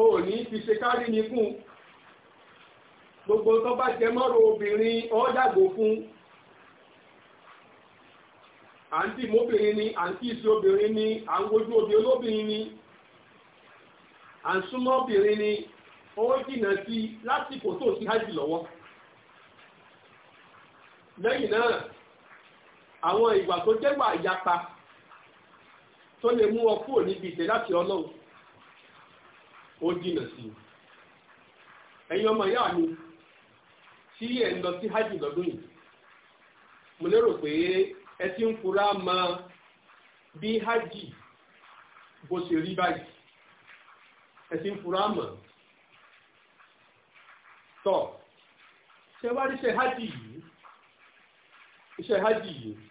o fi ṣe kárí gbogbo tó bá jẹ mọ́rọ̀ obìnrin ọ dàgbò fún àǹtí mọ́bìnrin ni àǹtí ìsì obìnrin ni à obì olóbìnrin ni à ni ó jìnà sí lásìkò tó sí hájì lọ́wọ́ lẹ́yìn náà àwọn ìwà tó jẹ́gbà ìyapa tó lè mú ọ kúrò níbi ìtẹ̀ láti ọlọ́run ó jìnà sí i ẹ̀yin ọmọ ìyá mi tí ẹ̀ ń lọ sí hajj lọ́dún yìí mo lérò pé ẹ ti ń fura mọ bí hajj bó ṣe rí báyìí ẹ ti ń fura mọ tọ ṣé wá rí ṣe hajj yìí ṣe hajj yìí.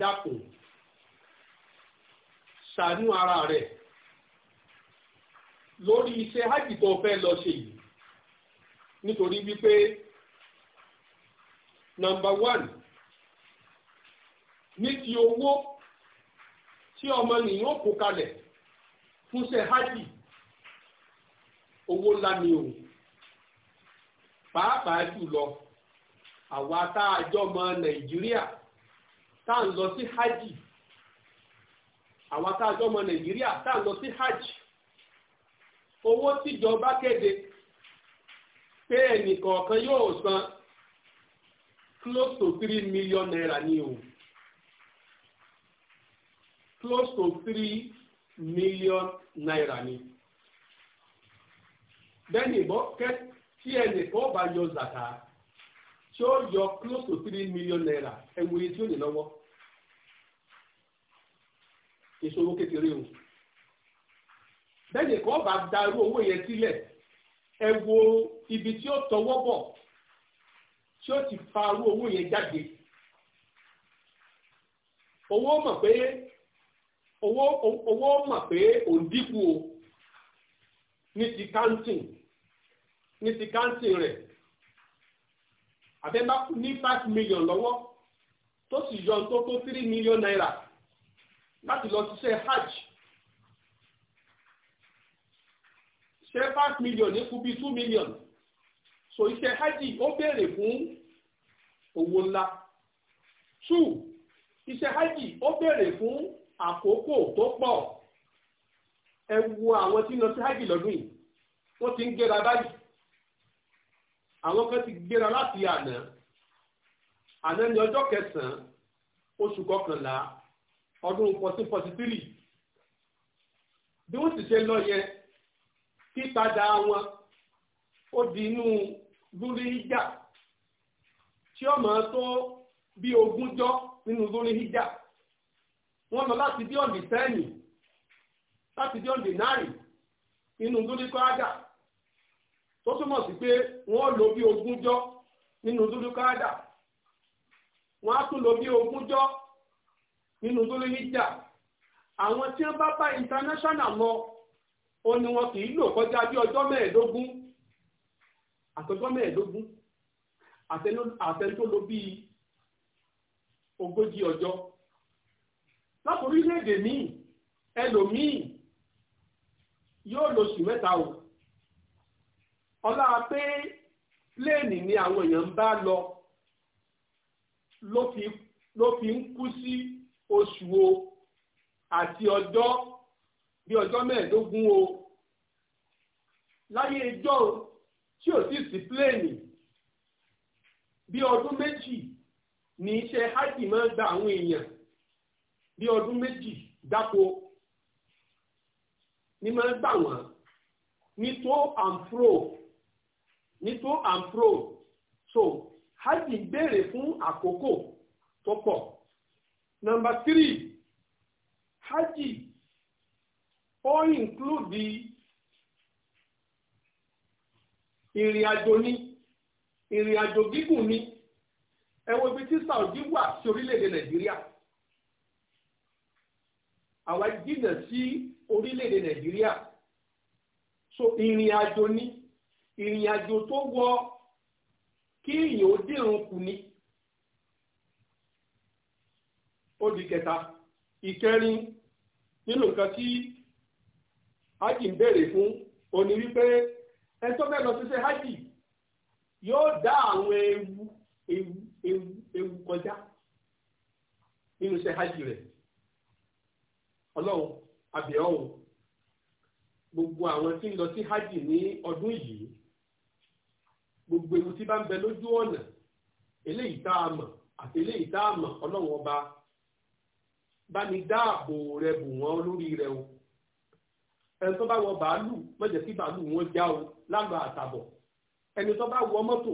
dákun ṣàánú ara rẹ̀ lórí iṣẹ́ hajj tó fẹ́ lọ ṣe yìí nítorí wípé nọ́mbà one ní ti owó tí ọmọnìyàn kó kalẹ̀ fúnṣẹ́ hajj owó ńlá ni o pàápàá jùlọ àwa tá a jọ mọ Nàìjíríà. tá à ń lọ sí hajj àwọn táàjọ́ ọmọ nàìjíríà tá à ń lọ sí hajj owó tíjọba kéde pé ẹnìkọ̀ọ̀kan yóò san close to three million naira ní o close to three million naira ní. bẹ́ẹ̀ni ìbọn kẹ́ tí ẹnìkan bá yọ zàtà tí ó yọ close to three million naira ẹ̀wòye tí ó ní lọ́wọ́ èso owó kékeré o bẹ́ẹ̀ni kọ́ bá darú owó yẹn sílẹ̀ ẹ wo ibi tí ó tọwọ́ bọ̀ tí ó ti fa owó owó yẹn jáde owó mọ̀ pé owó owó mọ̀ pé òun dínkù o ní ti kántìn ní ti kántìn rẹ̀ àbẹ́bá ní five million lọ́wọ́ tó sì yọ tó tó three million naira láti lọ ṣiṣẹ́ hajj ṣe five million ní kú bíi two million so iṣẹ́ hajj ó béèrè fún owó ńlá two iṣẹ́ hajj ó béèrè fún àkókò tó pọ̀ ẹ wo àwọn tí ń lọ sí hajj lọ́dún yìí wọ́n ti ń gbéra báyìí àwọn kan ti gbéra láti àná àná ní ọjọ́ kẹsàn-án oṣù kọkànlá ọdún fourteen forty three bí wọ́n sì ṣe lọ yẹ títajà wọn ó di inú lórí ìjà tí tó bí ogúnjọ́ nínú lórí ìjà wọn lọ láti bí ọ̀dì sẹ́yìn láti bí ọ̀dì náírì nínú lórí kọ́ádà tó túmọ̀ sí pé wọ́n lò bí nínú nínú tó lé jà àwọn tí wọ́n bá bá international lọ ó ní wọn kì í lò kọjá bí ọjọ́ mẹ́ẹ̀ẹ́dógún àtọjọ mẹ́ẹ̀ẹ́dógún àtẹni tó bíi ogójì ọjọ́ láti orílẹ̀-èdè míì ẹlòmíì yóò lòṣù mẹta o ọlá pé pléènì ni àwọn èèyàn ń bá lọ ló fi ń kú sí. Si oṣù o àti ọjọ́ bí ọjọ́ mẹ́ẹ̀ẹ́dógún o láyé ẹjọ́ tí ò sì sí pléènì bí ọdún méjì ní iṣẹ́ hajj máa ń gba àwọn èèyàn bí ọdún méjì dáko ní máa ń gbà wọ́n ní tó and fro ní tó and fro so hajj béèrè fún àkókò tó pọ̀. Number three, haji, ó include the àjò ní ìrìn àjò gígùn ní ẹ wo ibi tí Saudi wà sí orílẹ̀-èdè Nàìjíríà àwa jìnnà sí orílẹ̀-èdè Nàìjíríà so ìrìn àjò ní ìrìn àjò tó wọ kí èèyàn ó dìrun kù ní. ó di kẹta ìkẹrin nínú nǹkan tí hajj ń béèrè fún òní wípé ẹni tó fẹ́ lọ sí ṣe hajj yóò dá àwọn ewu ewu ewu ewu kọjá nínú ṣe hajj rẹ̀ ọlọ́run àbẹ̀ọ́ o gbogbo àwọn tí ń lọ sí hajj ní ọdún yìí gbogbo ewu tí bá ń bẹ lójú ọ̀nà eléyìí tá a mọ̀ àti eléyìí tá a mọ̀ ọlọ́run ọba bá mi dáàbò rẹ bù wọ́n lórí rẹ o ẹni tó bá wọ bàálù má jẹ́ kí bàálù wọn já o lálọ́ àtàbọ̀ ẹni tó bá wọ mọ́tò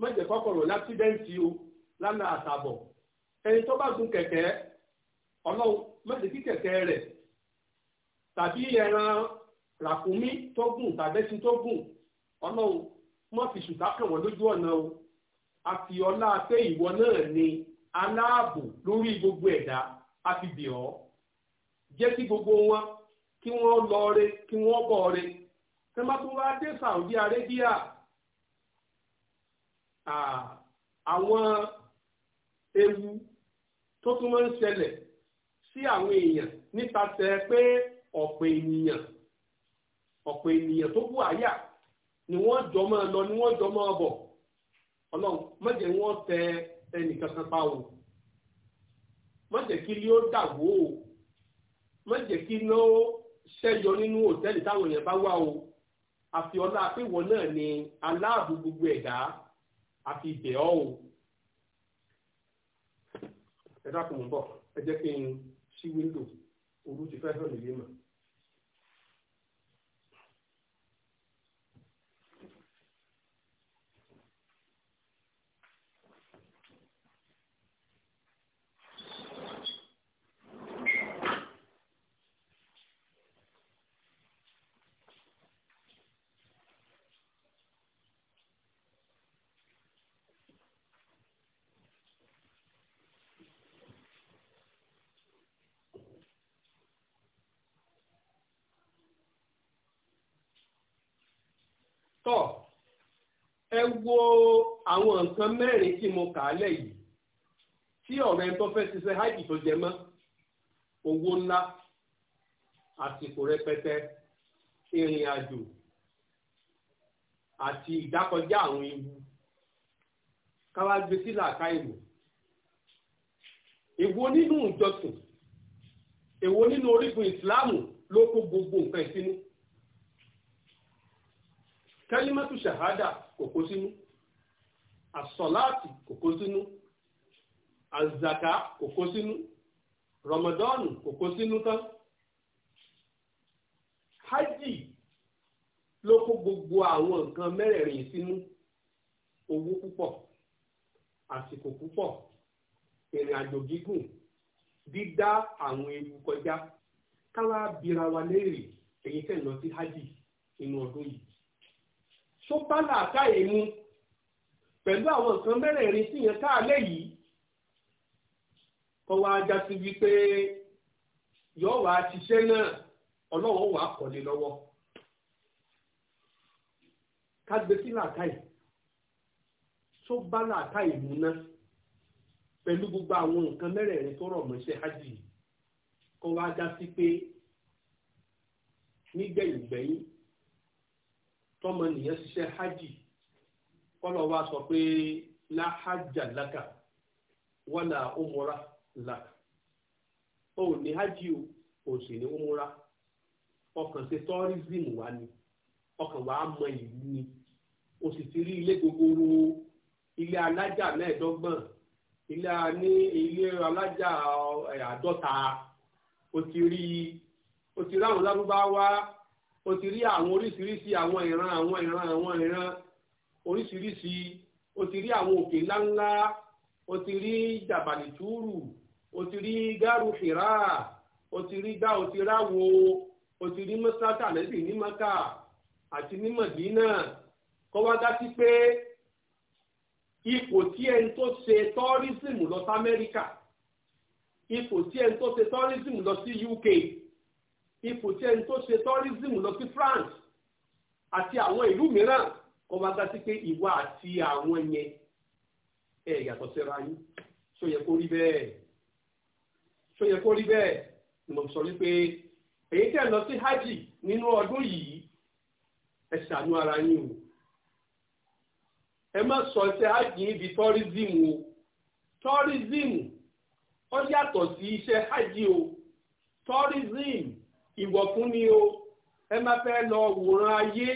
má jẹ́ kọ́kọ̀rọ̀ láksidẹ́ǹtì o lálọ́ àtàbọ̀ ẹni tó bá gun kẹ̀kẹ́ ọlọ́run má jẹ́ kí kẹ̀kẹ́ rẹ̀ tàbí ẹran ràkúnmí tó gùn tàbẹ́sí tó gùn ọlọ́run má fi ṣùtá kàn wọ́n lójú ọ̀nà o àfi ọlá pé ìwọ náà ni aláàbò lórí gbogbo ẹ̀dá a fi bì ọ́ jẹ́ kí gbogbo wọn kí wọ́n lọ re kí wọ́n bọ̀ re ṣé má tún wá dé Saudi Arabia àwọn ewu tó tún máa ń ṣẹlẹ̀ sí àwọn èèyàn nípasẹ̀ pé ọ̀pọ̀ ènìyàn ọ̀pọ̀ ènìyàn tó kú àyà ni wọ́n jọ máa lọ ni wọ́n jọ máa bọ̀ ọlọ́run má wọ́n tẹ ẹnìkankan pa òun má jẹ́ kí ilé ó dàgbò o má jẹ́ kí iná ó ṣẹ́yọ nínú òtẹ́ẹ̀lì táwọn èèyàn bá wà o àfi ọlá àpéwọ̀ náà ni aláàbò gbogbo ẹ̀dá àfi ìbẹ̀ ọ́ o ẹ dákun ń bọ̀ ẹ jẹ́ kí n ṣí wíńdò olú ti fẹ́ hàn nílé mọ̀. tọ́ ẹ wo àwọn nǹkan mẹ́rin tí mo kà á lẹ̀ yìí tí ọ̀rẹ́ tó fẹ́ ṣiṣẹ́ háìkì tó jẹ mọ́ owó ńlá àsìkò rẹpẹtẹ ìrìn àjò àti ìdákọjá àwọn ewu káwá gbé sílà ká ìwò èwo nínú ìjọsìn èwo gbogbo nǹkan kẹ́límẹ́tù shahada kokosinu kó kokosinu azaka kokosinu ramadan kokosinu tan. kò kó hajj ló gbogbo awon nkan mẹ́rẹ̀ẹ̀rin sinu owó pupọ àsìkò pupọ ìrìn àjò gígùn dídá àwọn ewu kọjá káwá bira wa léèrè èyí lọ sí hajj nínú ọdún yìí tó bá làákàyè mu pẹ̀lú àwọn nǹkan mẹ́rẹ̀ẹ̀rin tí yẹn káàlẹ́ yi kọ́ wa wípé yọ wá ṣiṣẹ́ náà ọlọwọ wà kọ́lé lọ́wọ́ ká gbé sí náà gbogbo àwọn nkan mẹ́rẹ̀ẹ̀rin tó rọ̀ mọ́ṣẹ́ hajj ọwọ wa já sí pé tọmọ nìyẹn ṣiṣẹ́ hajj kọ́lọ̀ wa sọ pé la hajja laka wala umura laka o ò ní hajj o ò sì ní umura ọkàn ṣe tourism wa ni ọkàn wa mọ ìlú ni o sì ti rí ilé gogoro ilé alájà mẹ́ẹ̀ẹ́dọ́gbọ̀n ilé ní ilé alájà àádọ́ta o ti rí o ti ráhùn lárúbáwá o ti rí àwọn oríṣiríṣi àwọn ìran àwọn ìran àwọn ìran oríṣiríṣi o ti rí àwọn òkè ńláńlá o ti rí jàbàlìtúrù o ti rí gáàrú fìrà o ti rí gbá o ti ráwo o ti rí mọ́sáká lẹ́bí ní maka àti ní mọ̀dínà kọ́wádá sí pé ipò tí ẹni tó ṣe tọ́rísìmù lọ sí amẹ́ríkà ipò tí ẹni tó ṣe tọ́rísìmù lọ sí UK ipò tí ẹni tó ṣe tourism lọ sí France àti àwọn ìlú mìíràn kó wá gá sí pé ìwà àti àwọn yẹn ẹ yàtọ̀ síra yín ṣó yẹ kó rí bẹ́ẹ̀ ṣó yẹ kó rí bẹ́ẹ̀ mo sọ wípé èyí tẹ̀ lọ sí hajj nínú ọdún yìí ẹ ṣàánú ara o ẹ sọ hajj tourism o tourism ó yàtọ̀ sí iṣẹ́ hajj o tourism ìwọ̀kún ni o ẹ má fẹ́ lọ wòran ayé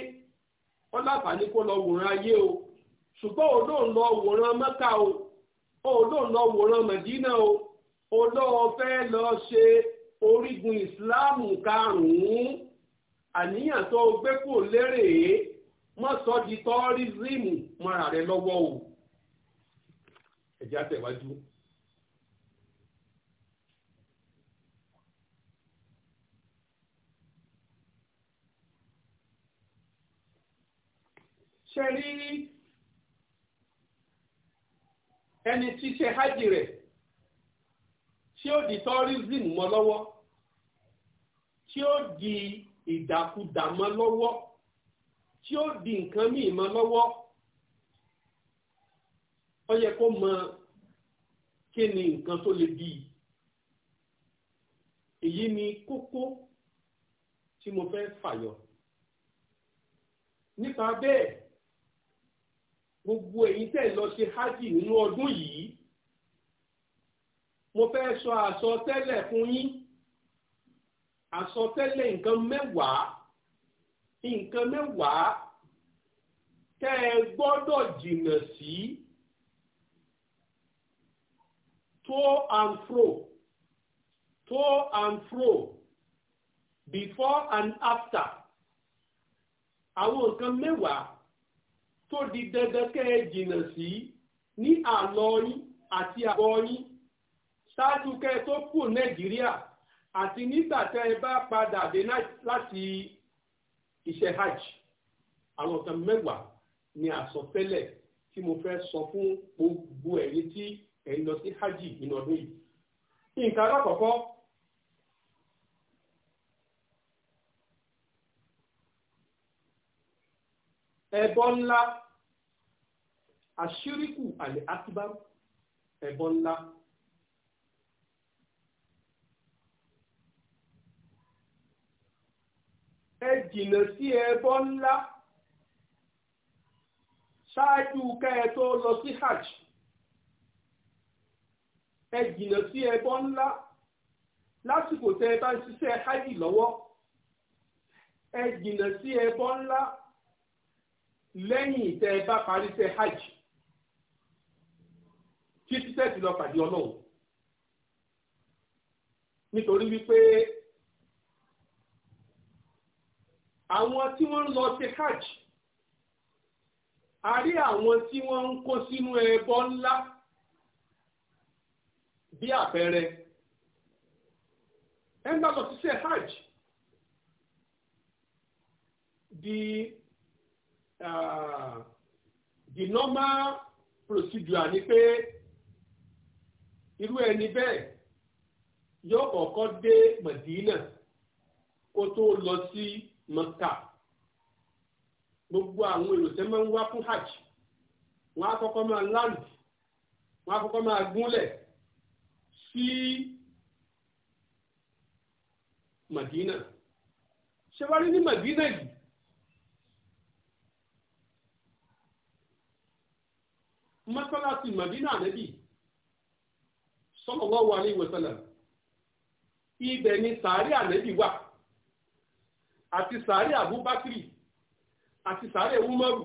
wọ́n láǹfààní kó lọ wòran ayé o ṣùgbọ́n òun ló ń lọ wòran mẹ́ka o òun ló ń lọ wòran mẹ̀dínà o òun ló fẹ́ lọ ṣe orígun ìsìláàmù karùn-ún àníyàn tó gbé kò lérè é mọ́ sọ di tọ́rísìmù mọ́ra rẹ lọ́wọ́ o ẹ̀jẹ̀ àtẹ̀wájú. ṣe rí ẹni tí ṣe hajj rẹ̀ tí ó di tourism mọ́ lọ́wọ́ tí ó di ìdàkudà mọ́ lọ́wọ́ tí ó di nǹkan míì mọ́ lọ́wọ́ ó yẹ kó mọ kí ni nǹkan tó lè bí èyí ni kókó tí mo fẹ́ fàyọ nípa bẹ́ẹ̀ gbogbo èyí tẹ̀ lọ ṣe hajj nínú ọdún yìí mo fẹ́ sọ àsọtẹ́lẹ̀ fún yín àsọtẹ́lẹ̀ nǹkan mẹ́wàá nǹkan mẹ́wàá tẹ́ ẹ gbọ́dọ̀ jìnnà sí to and fro to and fro before and after àwọn nǹkan mẹ́wàá tó di dandan kẹ́ ẹ jìnnà sí ní àlọ́ yín àti àbọ̀ yín ṣáájú kẹ́ ẹ tó kù nàìjíríà àti nígbà tẹ́ ẹ bá padà dé láti iṣẹ́ hajj àwọn kan mẹ́wàá ni àsọtẹ́lẹ̀ tí mo fẹ́ sọ fún gbogbo ẹ̀yin tí ẹ̀ ń lọ sí hajj nínú yìí. nǹkan alákọ̀ọ́kọ́ ẹbọ ńlá àṣíríkù àlè akíbá ẹbọ ńlá. ẹ jìnnà sí ẹbọ ńlá ṣáájú kẹ́ẹ̀ tó lọ sí hajj ẹ jìnnà sí ẹbọ ńlá lásìkò tẹ́ ẹ bá ń ṣiṣẹ́ hajj lọ́wọ́ ẹ jìnnà sí ẹbọ ńlá lẹ́yìn ìtẹ́ ẹ bá parí iṣẹ́ hajj kí títẹ́ ti lọ pàdé ọlọ́run nítorí wípé àwọn tí wọ́n ń lọ ṣe hajj a rí àwọn tí wọ́n ń kó sínú ẹbọ ńlá bí àpẹẹrẹ ẹ ń bá lọ ṣiṣẹ́ hajj di uh, the normal procedure ni pé irú ẹni bẹ́ẹ̀ yóò kọ́kọ́ dé Mẹ̀dínà kó tó lọ sí Mẹ́kà gbogbo àwọn èrò tẹ́ máa ń wá fún hajj wọ́n á kọ́kọ́ máa land wọ́n á kọ́kọ́ máa gúnlẹ̀ sí Mẹ̀dínà ṣé wàá rí ní Mẹ̀dínà yìí mọ́sálásí mọ̀dínà ànẹ́bì sallallahu alaihi wasallam ibẹ̀ ni sàárì ànẹ́bì wà àti sàárì àbúbákìrì àti sàárì umaru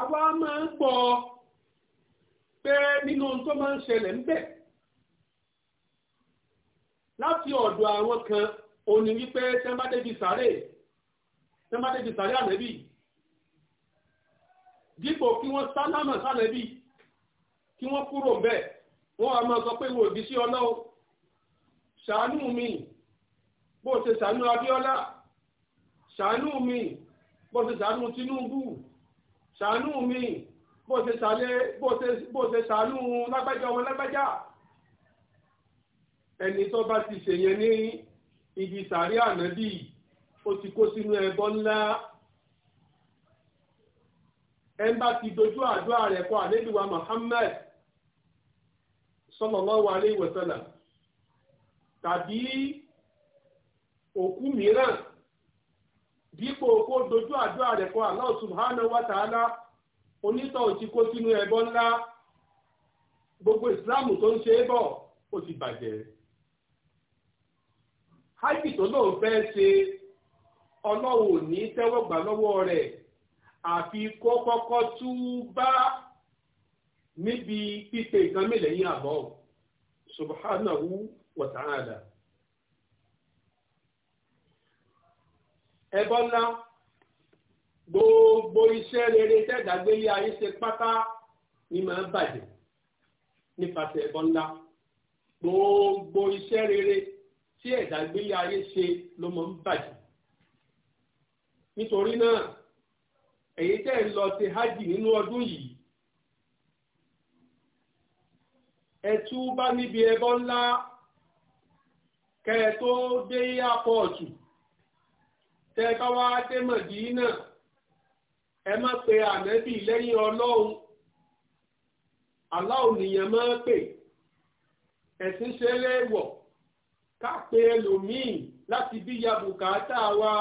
awa máa ń gbọ́ pé nínú ohun tó máa ń ṣẹlẹ̀ ń láti ọ̀dọ̀ kan òní wípé tẹ́mbádébi sàárè dípò kí wọ́n sálámà sálẹ́bí kí wọ́n kúrò ń bẹ̀ wọ́n á máa sọ pé wò di sí ọlọ́wọ́ ṣàánú mi bó ṣe ṣàánú Abíọ́lá ṣàánú mi bó ṣe ṣàánú Tinubu ṣàánú mi bó ṣe ṣàánú lágbájá ọmọ lágbájá ẹni tó bá ti ṣèyẹn ní ibi sàárẹ̀ ànábì ó ti kó sínú ẹbọ ńlá. ẹnba ti dojú àdúrà rẹ̀ kọ àlébìwá Muhammad sallallahu alaihi tàbí òkú mìíràn dípò kó dojú àdúrà kọ subhanahu wa ta'ala onítọ̀ ti kó sínú ẹbọ gbogbo tó ń ṣe é bọ̀ ó ti bàjẹ́ tó fẹ́ ṣe àfi kó kọ́kọ́ túbá níbi pípe nǹkan mélòó yín àbọ̀ subhanahu wa ta'ala. ẹbọ ńlá gbogbo iṣẹ́ rere tẹ́gàgbélé ayé ṣe pátá ni máa ń bàjẹ́ nípasẹ̀ ẹbọ ńlá gbogbo iṣẹ́ rere tí ẹ̀dàgbélé ayé ṣe ló máa ń bàjẹ́ nítorí náà èyí tẹ́ ẹ lọ ṣe hajj nínú ọdún yìí ẹ túbá níbi ẹbọ ńlá kẹ ẹ tó dé apọ̀tù tẹ ẹ bá wá dé Mẹdínà ẹ má pe ànẹ́bì lẹ́yìn ọlọ́run aláwo nìyẹn máa pè ẹ̀sìn ṣe léèwọ̀ ká pe ẹlòmíì láti bí ya bùkátà wa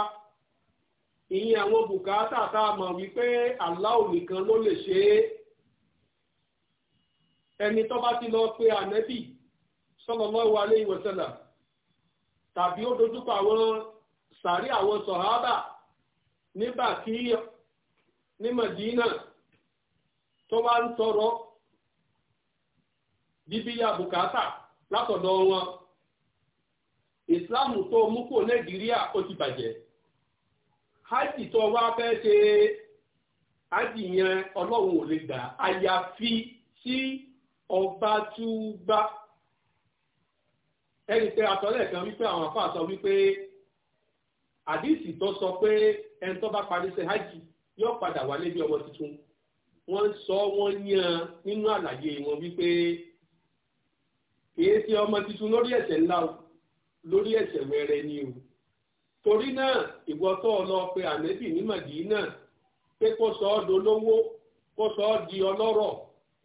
ìyẹn àwọn bùkátà tá a mọ̀ wípé aláwo nìkan ló lè ṣe é ẹni tó bá ti lọ pé ànẹ́bì sallallahu alaihi wasallam tàbí ó dojúkọ àwọn sàrí àwọn sọ̀hábà nígbà tí ní Màdínà tó wá ń tọrọ bíbíyà bùkátà látọ̀dọ̀ wọn ìsìláàmù tó mú kó Nàìjíríà ó ti bàjẹ́. hajj tó wá fẹ́ ṣe hajj yẹn ọlọ́run ò lè gbà àyàfi sí ọba túbá ẹni pé atọ́lẹ̀ kan wípé àwọn afọ sọ wípé àdìsí tó sọ pé ẹni tó bá parí ṣe hajj yóò padà wálé bí ọmọ tuntun wọ́n sọ wọ́n yan nínú àlàyé wọn wípé kìí ṣe ọmọ tuntun lórí ẹ̀ṣẹ̀ ńlá lórí ẹ̀ṣẹ̀ wẹrẹ ni o. torí náà ìwọ tó lọ pe ànẹ́bì ní náà pé kó sọ ọ́ dolówó kó sọ ọ́ di ọlọ́rọ̀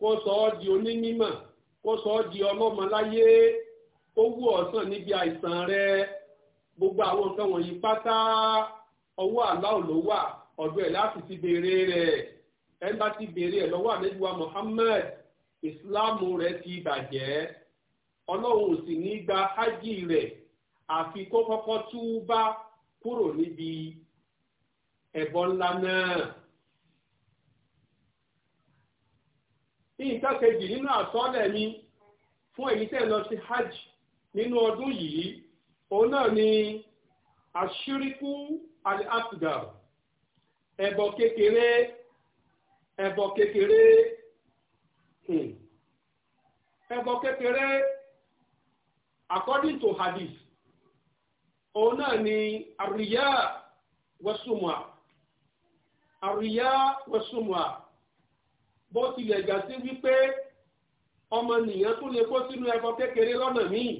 kó sọ ọ́ di onímímọ̀ kó sọ ọ́ di ọlọ́mọláyé ó ọ̀sán níbi àìsàn rẹ gbogbo àwọn nǹkan wọ̀nyí pátá ọwọ́ ló wà ọ̀dọ̀ ẹ̀ láti ti béèrè rẹ̀ bá ti béèrè wa Muhammad ìsìláàmù rẹ̀ ti bàjẹ́ ọlọ́run sì ní gba ájì rẹ̀ kọ́kọ́ kúrò níbi ẹbọ ńlá náà. nǹkan kejì nínú àsọlẹ̀ mi fún èyí tẹ̀ lọ sí hajj nínú ọdún yìí òun náà ni àṣírikú al-asghar ẹbọ kékeré ẹbọ kékeré hmm. ẹbọ kékeré according to hadith òun náà ni àríyá wẹ́sùmùà àríyá wẹ́sùmùà bó tilẹ̀ gà sí wípé ọmọnìyàn tún lè kó sínú ẹbọ kékeré lọ́nà míì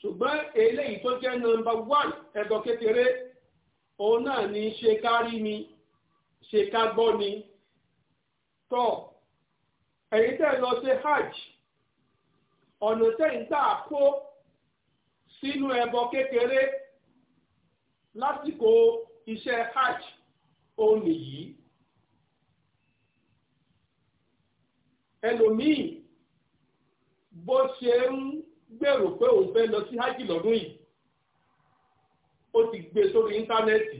ṣùgbọ́n eléyìí tó jẹ́ nọ́mbà wán ẹbọ kékeré òun náà ni ṣe ká rí mi ṣe ká gbọ́ mi tọ́ ẹ̀yin tẹ́ lọ ṣe hajj ọ̀nà tẹ́yìn tá a kó sínú ẹbọ kékeré lásìkò iṣẹ́ hajj òun nìyí ẹlòmíì bó ṣe ń gbèrò pé òun fẹ́ lọ sí hajj lọ́dún yìí ó ti gbé sórí íńtánẹ́ẹ̀tì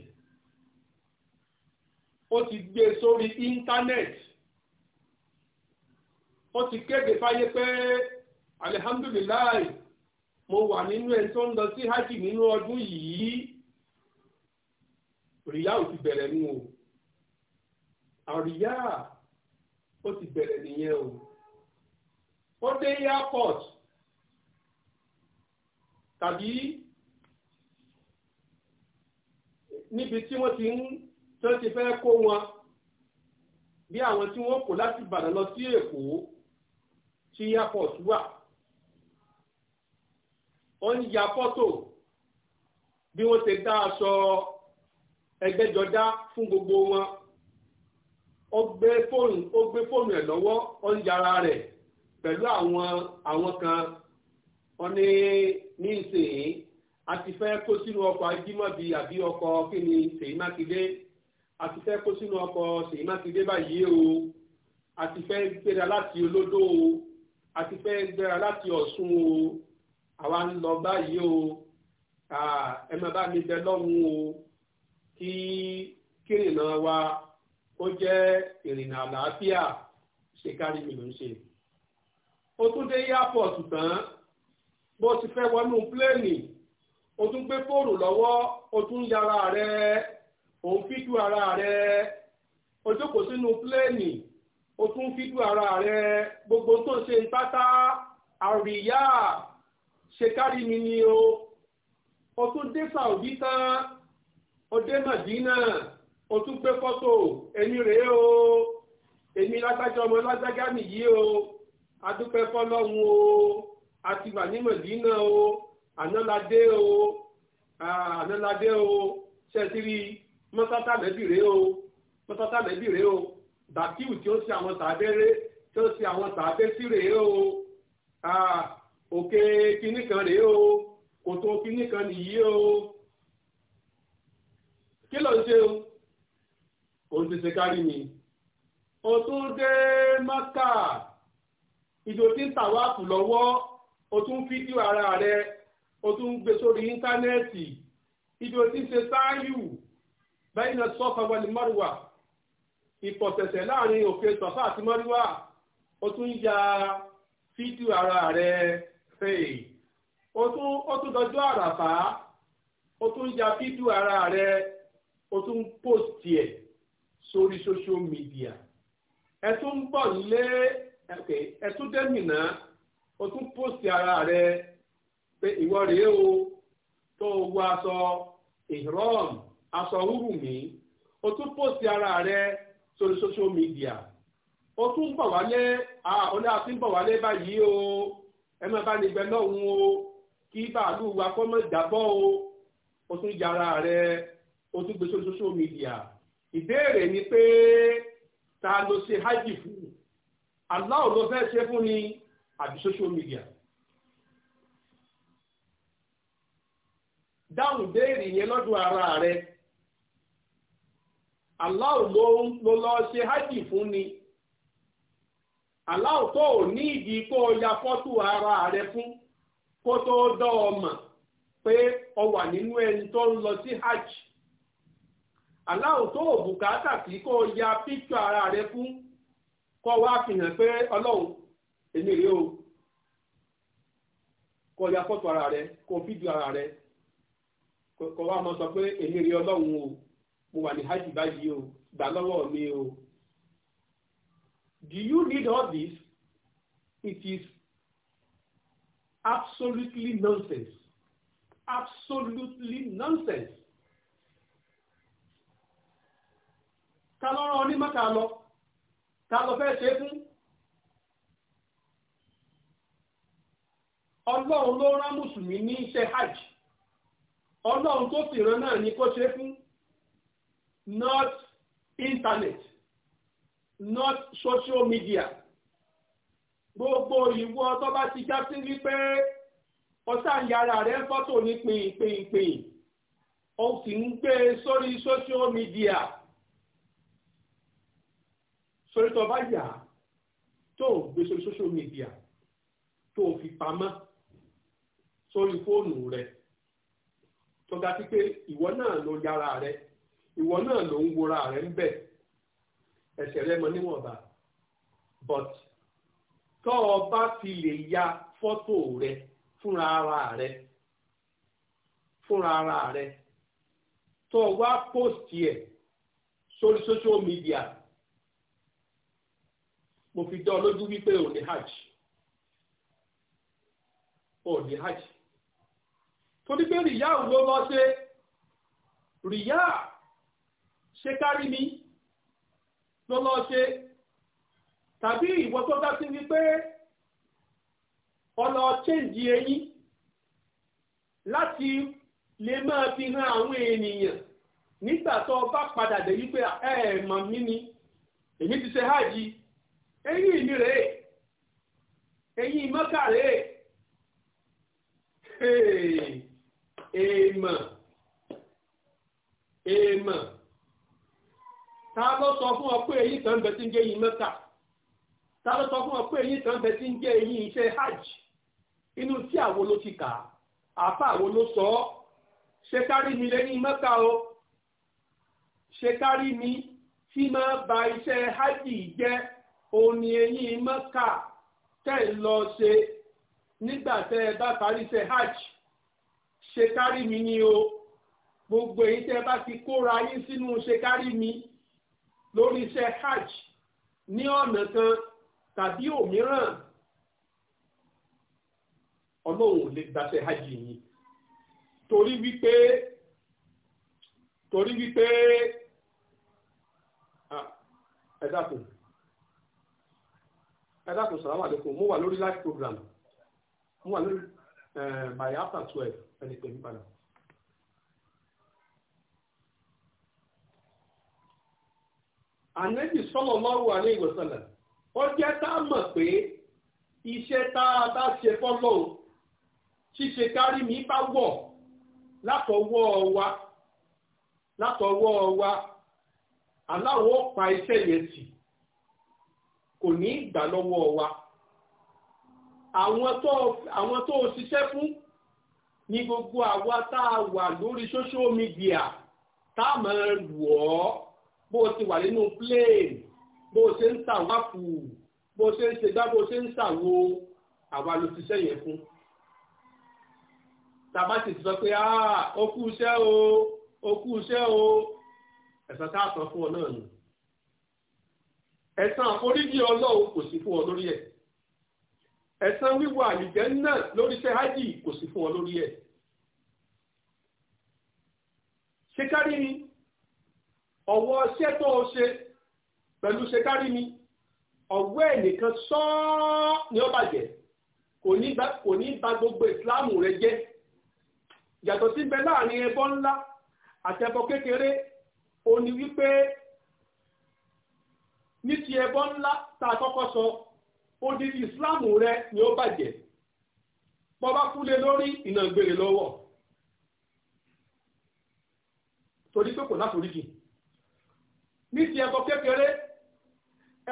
ó ti gbé sórí íńtánẹ́ẹ̀tì ó ti kéde fáyé pé alihamdulilayi mo wà nínú ẹ̀ tó ń lọ sí hajj nínú ọdún yìí ríyá ò ti bẹ̀rẹ̀ nù o àríyá ó ti bẹ̀rẹ̀ nìyẹn o ó dé airport tàbí níbi tí wọ́n ti ń tí wọ́n ti fẹ́ kó wọn bí àwọn tí wọ́n kó láti Ìbàdàn lọ sí Èkó tí airport wà ó ń ya fọ́tò bí wọ́n ti dá aṣọ ẹgbẹ́jọdá fún gbogbo wọn ó gbé fóònù ó gbé fóònù ẹ̀ lọ́wọ́ ó ń yára rẹ̀ pẹ̀lú àwọn àwọn kan wọn ní ní ìsìn a ti fẹ́ kó sínú ọkọ̀ ajímọ̀bí àbí ọkọ̀ kíni Ṣèyí Mákindé a ti fẹ́ kó sínú ọkọ̀ Ṣèyí Mákindé báyìí o a ti fẹ́ gbéra láti olódó o a ti fẹ́ gbéra láti Ọ̀ṣun o àwa ń lọ báyìí o ẹ má bá mi bẹ lọ́hùn o kí kírìnà wa ó jẹ́ ìrìnà àlàáfíà ṣe kárí mi ló ń ṣe. ó tún dé airport tán bó ti fẹ́ wọnú pléènì ó tún gbé fóònù lọ́wọ́ ó tún yára rẹ̀ òun fídú ara rẹ̀ ó sínú pléènì ó tún fídú ara rẹ̀ gbogbo tó ṣe ń pátá àríyá ṣe kárí mi ni o ó tún dé Saudi tán ó dé màdínà ó tún gbé ẹni rèé o èmi lágbájá ọmọ lágbájá nìyí o adúpẹ́ fọlọ́run o àti wà ní màdínà o ànáládé o ànáládé o ṣẹ́tìrì mọ́tátà lẹ́bì rèé o mọ́tátà lẹ́bì rèé o bàkíù tí ó ṣe àwọn tàbẹ́rẹ́ tí ó ṣe àwọn tàbẹ́ rèé o òkè kinní rèé o kòtò kinní nìyí o. kí ló ń ṣe o òun ti ṣe kárí o tún dé tí ń lọ́wọ́ o tún ara rẹ o tún gbé sórí íńtánẹ́ẹ̀tì tí ń ṣe sáyù bẹ́ẹ̀ ni sọ́fà wal Marwa láàrin òkè àti o ara rẹ o tún dọjọ́ àràfà o tún ya fídíò ara rẹ. o tún post ẹ̀ sórí social media ẹ tún ń bọ̀ nílé ẹ tún dẹ́mìnà ó tún post ara rẹ pé ìwọ rèé o tó o wọ aṣọ ìrọ́m aṣọ rúrù mi ó tún post ara rẹ sórí social media o tún ń bọ̀ wálé ó ní a ti ń bọ̀ wálé báyìí o ẹ máa bá nígbẹ́ lọ́hùn-ún o kí bàálù wa kọ́ mọ́ jábọ́ o ó tún yára rẹ̀ o tún gbé sórí social media ìbéèrè ni pé ta ló ṣe hajj fún Allah ló fẹ́ ṣe fún ni àbí social media. dáhùn béèrè yẹn lọ́dún ara rẹ̀ Allah ló lọ ṣe hajj fún ni Allah tó ò ní ìdí kó o ya fọ́tò ara rẹ̀ fún kó tó dọ́ ọ mọ̀ pé ọ wà nínú ẹni tó ń lọ sí hajj. aláwọ̀ tó ò bùkátà sí kó o ya píkítù ara rẹ fún kó wá fi pé ọlọ́run èmi rèé o kó o ya fọ́tò ara rẹ kó o fídíò ara rẹ kó wá mọ sọ pé èmi rèé ọlọ́run o mo wà ní hajj báyìí o gbà lọ́wọ́ mi o. Do you need all this? It is absolutely nonsense. Absolutely nonsense. ta lọ́rọ̀ onímọ̀ta lọ ta lọ fẹ́ ṣe fún ọlọ́run ló rán mùsùlùmí ní iṣẹ́ hajj ọlọ́run tó sì rán náà ni kó ṣe fún not internet not social media gbogbo ìwọ tó bá ti já sí wípé ọ̀sàǹyàrá rẹ̀ fọ́tò ní pìnpìnpìn ó sì ń gbé e sórí social media. sórí tó bá yà á tó o gbé sórí social media tó o fi pamọ́ sórí fóònù rẹ tó ga sí pé ìwọ náà ló yára rẹ ìwọ náà ló ń wora rẹ ń bẹ ẹsẹ̀ rẹ mọ níwọ̀nba but tó o bá fi lè ya fọ́tò rẹ fúnra ara rẹ fúnra ara rẹ tó o wá post yẹ sórí social media mo fi dán lójú wípé ò ní hajj ò ní hajj torí pé rìyá ò ló lọ ṣe rìyá ṣe kárí mi ló lọ ṣe tàbí ìwọ tó dá sí wípé ọlọ chéǹjì eyín láti lè máa fi hàn àwọn ènìyàn nígbà tó o bá padà dé wípé ẹ ẹ mọ̀ mí ni èmi ti ṣe háàjì eyín ìní rèé eyín mọ́kà rèé èèmọ̀ èèmọ̀ ta ló sọ fún ọ pé eyín kan bẹ tí ń jẹ́ eyín mọ́kà ta ló sọ fún ọ pé eyín kan bẹ tí ń eyín iṣẹ́ hajj inú tí àwo ló ti kà afa àfa àwo ló sọ ṣe kárí mi lẹ́yìn mọ́kà o ṣe kárí mi tí máa ba iṣẹ́ hajj jẹ́. òun ni eyín mọ́kà tẹ́ ẹ lọ ṣe nígbà tẹ́ ẹ bá parí ṣe hajj ṣe kárí mi ni o gbogbo èyí tẹ́ ẹ bá ti kóra yín sínú ṣe kárí mi lórí ṣe hajj ní ọ̀nà kan tàbí òmíràn ọlọ́run ò lè gbaṣẹ́ hajj yìí torí wípé torí wípé ah, ẹ dákun. ẹ̀dàkùn sàlámù àlékún mo wà lórí live program mo wà lórí eh, by after twelve ẹni pẹ̀lú padà. ànẹ́bì sallallahu alaihi wasallam ó jẹ́ tá a mọ̀ pé iṣẹ́ tá a bá ṣe fọ́lọ́hùn ṣíṣe kárí mi bá wọ̀ látọwọ́ wa látọwọ́ wa aláwọ̀ pa iṣẹ́ yẹn tì kò ní ìgbà lọ́wọ́ wa àwọn tó ṣiṣẹ́ fún ní gbogbo àwa tá a wà lórí social media tá a máa lù ọ́ bó o ti wà nínú plane bó o ṣe ń tàwáfù bó o ṣe ń ṣègbà bó o ṣe ń ṣàwo àwa ló ṣiṣẹ́ yẹn fún tàbá sì sọ pé ah, ó kú iṣẹ́ o ó kú iṣẹ́ o ẹ̀sán tá sọ fún ọ náà nù ẹ̀san àforíjì ọlọ́run kò sí fún ọ lórí ẹ̀ ẹ̀san wíwọ àlìjẹ́ náà lórí iṣẹ́ hajj kò sí fún ọ lórí ẹ̀ ṣé kárí ni ọ̀wọ́ iṣẹ́ tó o ṣe pẹ̀lú ṣé ni ọ̀wọ́ ẹ̀ nìkan sọ́ọ́ ni ó bàjẹ́ kò ní bà gbogbo ìsìláàmù rẹ jẹ́ yàtọ̀ sí bẹ láàrin ẹbọ ńlá àti ẹbọ kékeré ó ní wípé ní ti ẹbọ ńlá tá a kọ́kọ́ sọ odidi islam rẹ ni ó bàjẹ́ bọ́bá kúlé lórí ìnà gbèrè lọ́wọ́ torí pé kò láforíjì ní ti ẹbọ kékeré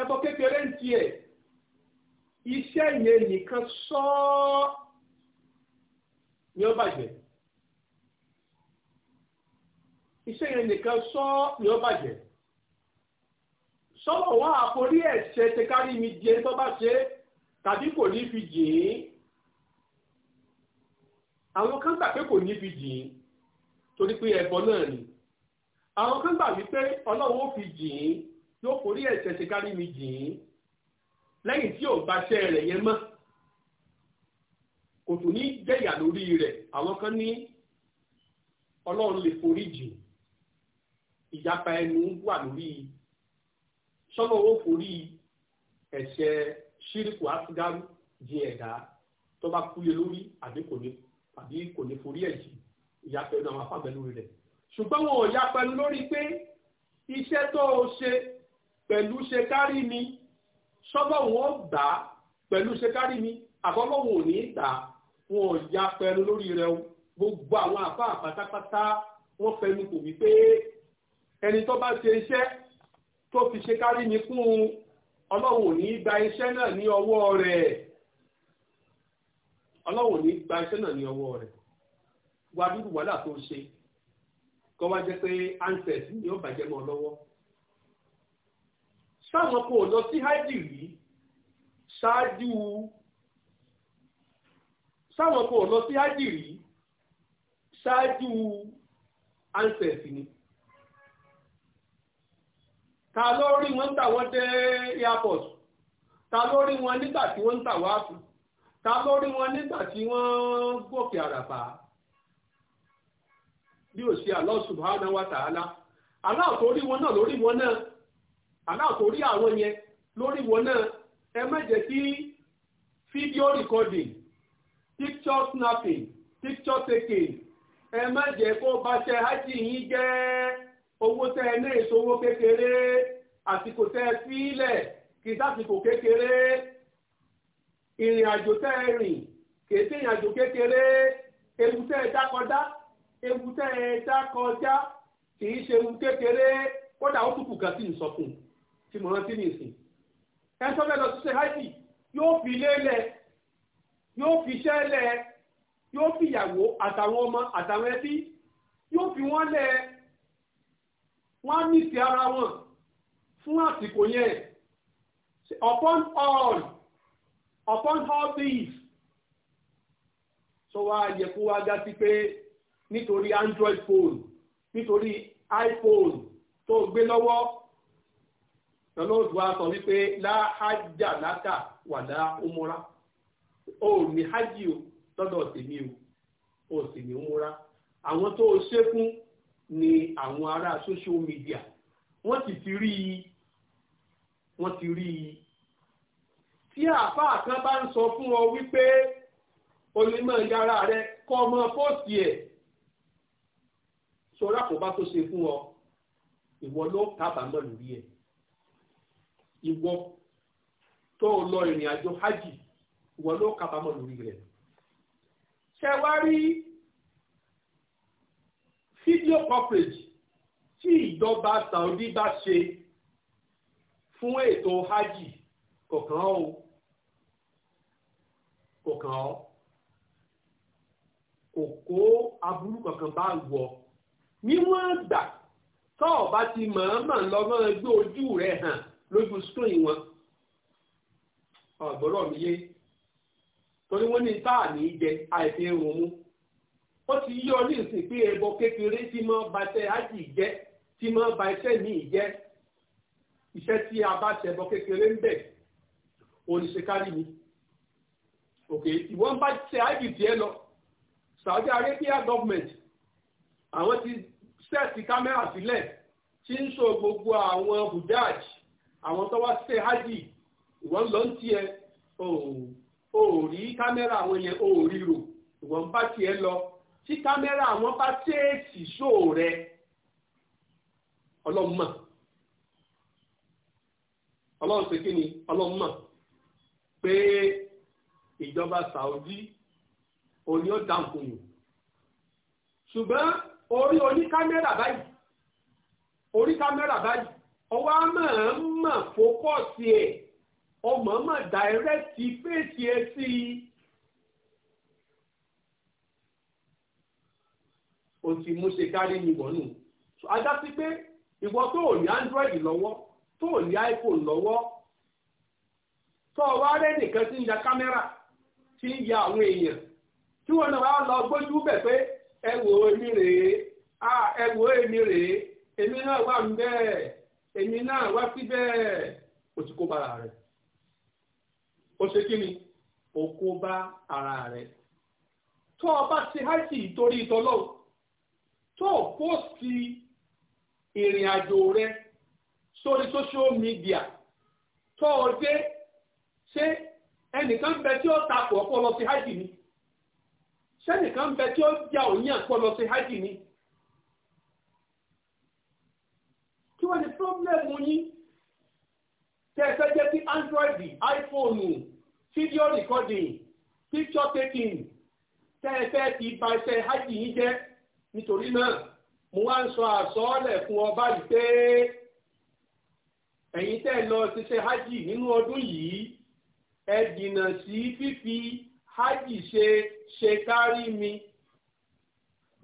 ẹbọ kékeré ń tiẹ̀ iṣẹ́ yẹn nìkan sọ́ọ́ ni ó bàjẹ́ iṣẹ́ yẹn nìkan sọ́ọ́ ni ó bàjẹ́ sọ́nà wá àforí ẹ̀ṣẹ̀ ti kárí mi di ẹni tó bá ṣe tàbí kò ní fi jìn ín àwọn kan gbà pé kò ní fi jìn ín torí pé ẹ̀bọ náà ni àwọn kan gbà wípé ọlọ́run ó fi jìn ín yóò forí ẹ̀ṣẹ̀ ti kárí mi jìn ín lẹ́yìn tí ò bá rẹ̀ yẹn mọ́ kò tún ní jẹ̀yà lórí rẹ̀ àwọn kan ní ọlọ́run lè forí jìn ìyapa ẹnu wà lórí rẹ̀ sọlọ owó forí ẹ̀ṣẹ̀ ṣírìkù asigaru di ẹ̀dá tó bá kúlé lórí àbí kò ní àbí kò ní forí ẹ̀jì ìyapẹ̀ náà afábẹ́ lórí rẹ̀ ṣùgbọ́n wọn ò yapẹ̀ lórí pé iṣẹ́ tó o ṣe pẹ̀lú ṣe kárí mi sọ́bọ̀ wọn gbà á ṣe kárí mi àbọ̀bọ̀ wọn ò ní gbà wọn ò yapẹ̀ lórí rẹ̀ gbogbo àwọn àfáà pátápátá wọn fẹnu kò wí pé ẹni tó bá ṣe iṣẹ́ tó fi ṣe kárí mi kún un ní gba iṣẹ́ náà ní ọwọ́ rẹ̀ ọlọ́run ní gba iṣẹ́ náà ní ọwọ́ rẹ̀ wá dúró wàhálà tó ṣe kọ́ wá jẹ́ pé ansẹ̀t ni ó bàjẹ́ mọ́ lọ́wọ́ sáwọn kò lọ sí hajj rí ṣáájú sáwọn kò lọ sí hajj rí ṣáájú ansẹ̀t ni. ta ló rí wọn tà wọ́n dé airport ta ló rí wọn nígbà tí wọ́n ń tà wá ta ló rí wọn nígbà tí wọ́n gòkè àràbà bí ò ṣe Allah subhanahu wa ta'ala Allah tó rí wọn náà lórí wọn náà Allah àwọn yẹn lórí wọn náà ẹ má kí fídíò recording picture snapping picture taking ẹ má jẹ́ kó bá ṣe owó tẹ́ ẹ ní ìṣòwò kékeré àsìkò tẹ́ ẹ fílẹ̀ kì í sásìkò kékeré ìrìn àjò tẹ́ ẹ rìn kì í sí ìrìn àjò kékeré ewu tẹ́ ẹ dá kọjá ewu tẹ́ ẹ dá kọjá kì í ṣe ewu kékeré kódà ó túkù gàtí ìsọkùn tí mo rántí nìsín ẹ sọ fẹ́ lọ sí ṣe háìkì yóò fi ilé lẹ̀ yóò fi iṣẹ́ lẹ̀ yóò fi ìyàwó àtàwọn ọmọ àtàwọn ẹbí yóò fi wọ́n lẹ̀ wọ́n á mìsì ara wọn fún àsìkò yẹn upon all upon all things tó wá yẹ kó wá dá sí pé nítorí android phone nítorí iphone tó gbé lọ́wọ́ lọ́lọ́dún wa sọ wípé láhájà láta wà lá umura ó ní hajj o lọ́dọ̀ tèmi o ó sì ní umura àwọn tó ṣe fún ni àwọn ará social media wọ́n sì ti rí i wọ́n ti rí i tí àáfàá kan bá ń sọ fún ọ wípé o lè mọ yàrá rẹ kọ ọmọ fóòsì ẹ ṣọ́ra kò bá tó ṣe fún ọ ìwọ ló kábàámọ̀ lórí ẹ ìwọ tó lọ ìrìn àjò hajj ìwọ ló kábàámọ̀ lórí rẹ ṣẹ video coverage tí ìjọba Saudi bá ṣe fún ètò hajj kọ̀ọ̀kan o kọ̀ọ̀kan o kò kó aburú kankan bá wọ níwọ̀n àgbà tó o bá ti mọ̀ọ́mọ̀ lọ́mọ́ gbé ojú rẹ̀ hàn lójú screen wọn ọ̀gbọ́dọ̀ mi yé torí wọ́n ní táà ní í jẹ àìfi ń ronú ó ti yọ ní ìsìn pé ẹbọ kékeré tí mọ bàtẹ ájì jẹ tí mọ ba iṣẹ́ míì jẹ iṣẹ́ tí a bá ṣẹbọ kékeré ń bẹ oníṣekárí ni òkè ìwọ́n bá ṣe ájì tiẹ̀ lọ Saudi Arabia government àwọn ti sẹ́ẹ̀tì kámẹ́rà sílẹ̀ tí ń sọ gbogbo àwọn hujaj àwọn tó wá ṣe hajj ìwọ́n lọ ń tiẹ̀ ò rí kámẹ́rà àwọn yẹn ò rí rò ìwọ́n bá tiẹ̀ lọ tí kámẹ́rà àwọn bá tẹ́ẹ̀sì ṣóò rẹ ọlọ́mọ ọlọ́run ṣe kí ni ọlọ́mọ pé ìjọba Saudi òní ó dáǹkù yìí ṣùgbọ́n orí oní kámẹ́rà báyìí orí kámẹ́rà báyìí ọwọ́ á mọ̀ ń mọ̀ fókọ̀sì ẹ̀ ọmọ dàírẹ́tì fèsì ẹ̀ sí i. o ti ṣe kárí ni wọ́n nù ajá sí pé ìwọ tó ò ní android lọ́wọ́ tó ò iphone lọ́wọ́ tó o wá rẹ́ nìkan tí ń ya kámẹ́rà tí ń ya àwọn èèyàn tí wọ́n náà wá lọ gbójú bẹ̀ pé ẹ wò èmi rèé ẹ wò èmi rèé èmi náà wà ń bẹ́ẹ̀ èmi náà wá o ti kó ara rẹ̀ o ṣe kí ni o kó ara rẹ̀ tó o bá ṣe háìsì ìtọ́lọ́wọ́. tó pósìtì ìrìn àjò rẹ sórí social media tó o dé ṣé ẹnìkan bẹ tí ó takò ọpọlọ sí hajj ni sẹ́nìkan bẹ tí ó já òyìn ọpọlọ sí hajj ni. kí wọ́n ní pírọ́blẹ́mù yín tẹ́ ẹ fẹ́ jẹ́ kí android iphone fídíò recording picture taking tẹ́ ẹ fẹ́ ti bà iṣẹ́ hajj yín jẹ́ nítorí náà mo wá ń sọ àsọọ́lẹ̀ fún ọba yìí pé ẹ̀yin tẹ́ lọ ṣiṣẹ́ hajj nínú ọdún yìí ẹ dìnà sí fífi hajj ṣe ṣe kárí mi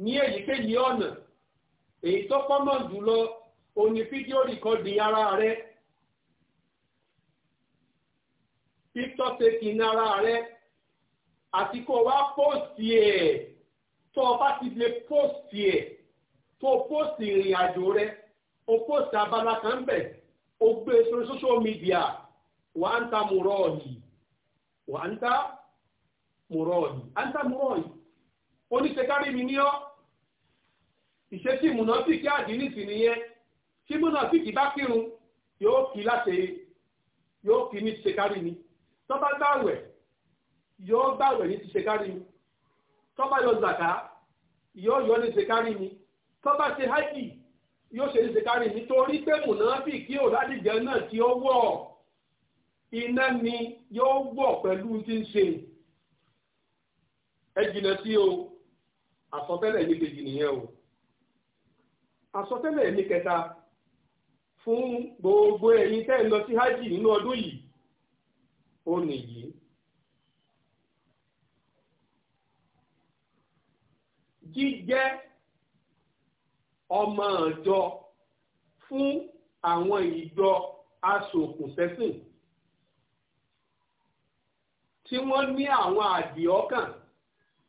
ní èyíkéyìí ọ̀nà èyí tó pọ́nmọ̀ jùlọ òní fídíò rìkọ́dì ara rẹ píktọ́ ara rẹ àti kó wá pòsì ẹ̀ tó o bá ti lè póòsì ẹ̀ tó o póòsì ìrìn rẹ o póòsì abala kan bẹ̀ o gbé e sórí social media wà á ń ta mùrọ̀ yìí wà á ń ta mùrọ̀ yìí á ń ta mùrọ̀ yìí oníṣẹ́kárí mi ní ọ́ ìṣesí mùnàfíkì àdínìsì nìyẹn tí mùnàfíkì bá kírun yóò kí láti yóò kí ní ṣẹ́kárí mi tó gbàwẹ̀ yóò gbàwẹ̀ ní ti ṣẹ́kárí mi. tọba yọ zàká yóò yọ ní ṣèkárí ni tó ṣe háìkì ṣe ní ṣèkárí ni torí pé mùnàfì kí òdádìjẹ náà tí ó wọ̀ iná ni yóò wọ̀ pẹ̀lú tí ń ṣe ẹ jìnà sí o àsọtẹ́lẹ̀ ní kejì nìyẹn o àsọtẹ́lẹ̀ ní fún gbogbo ẹ̀yin tẹ́ ẹ lọ sí nínú ọdún yìí ó jíjẹ́ ọmọ ìjọ fún àwọn ìjọ asòkùnsẹ́sìn tí wọ́n ní àwọn àdìọ́kàn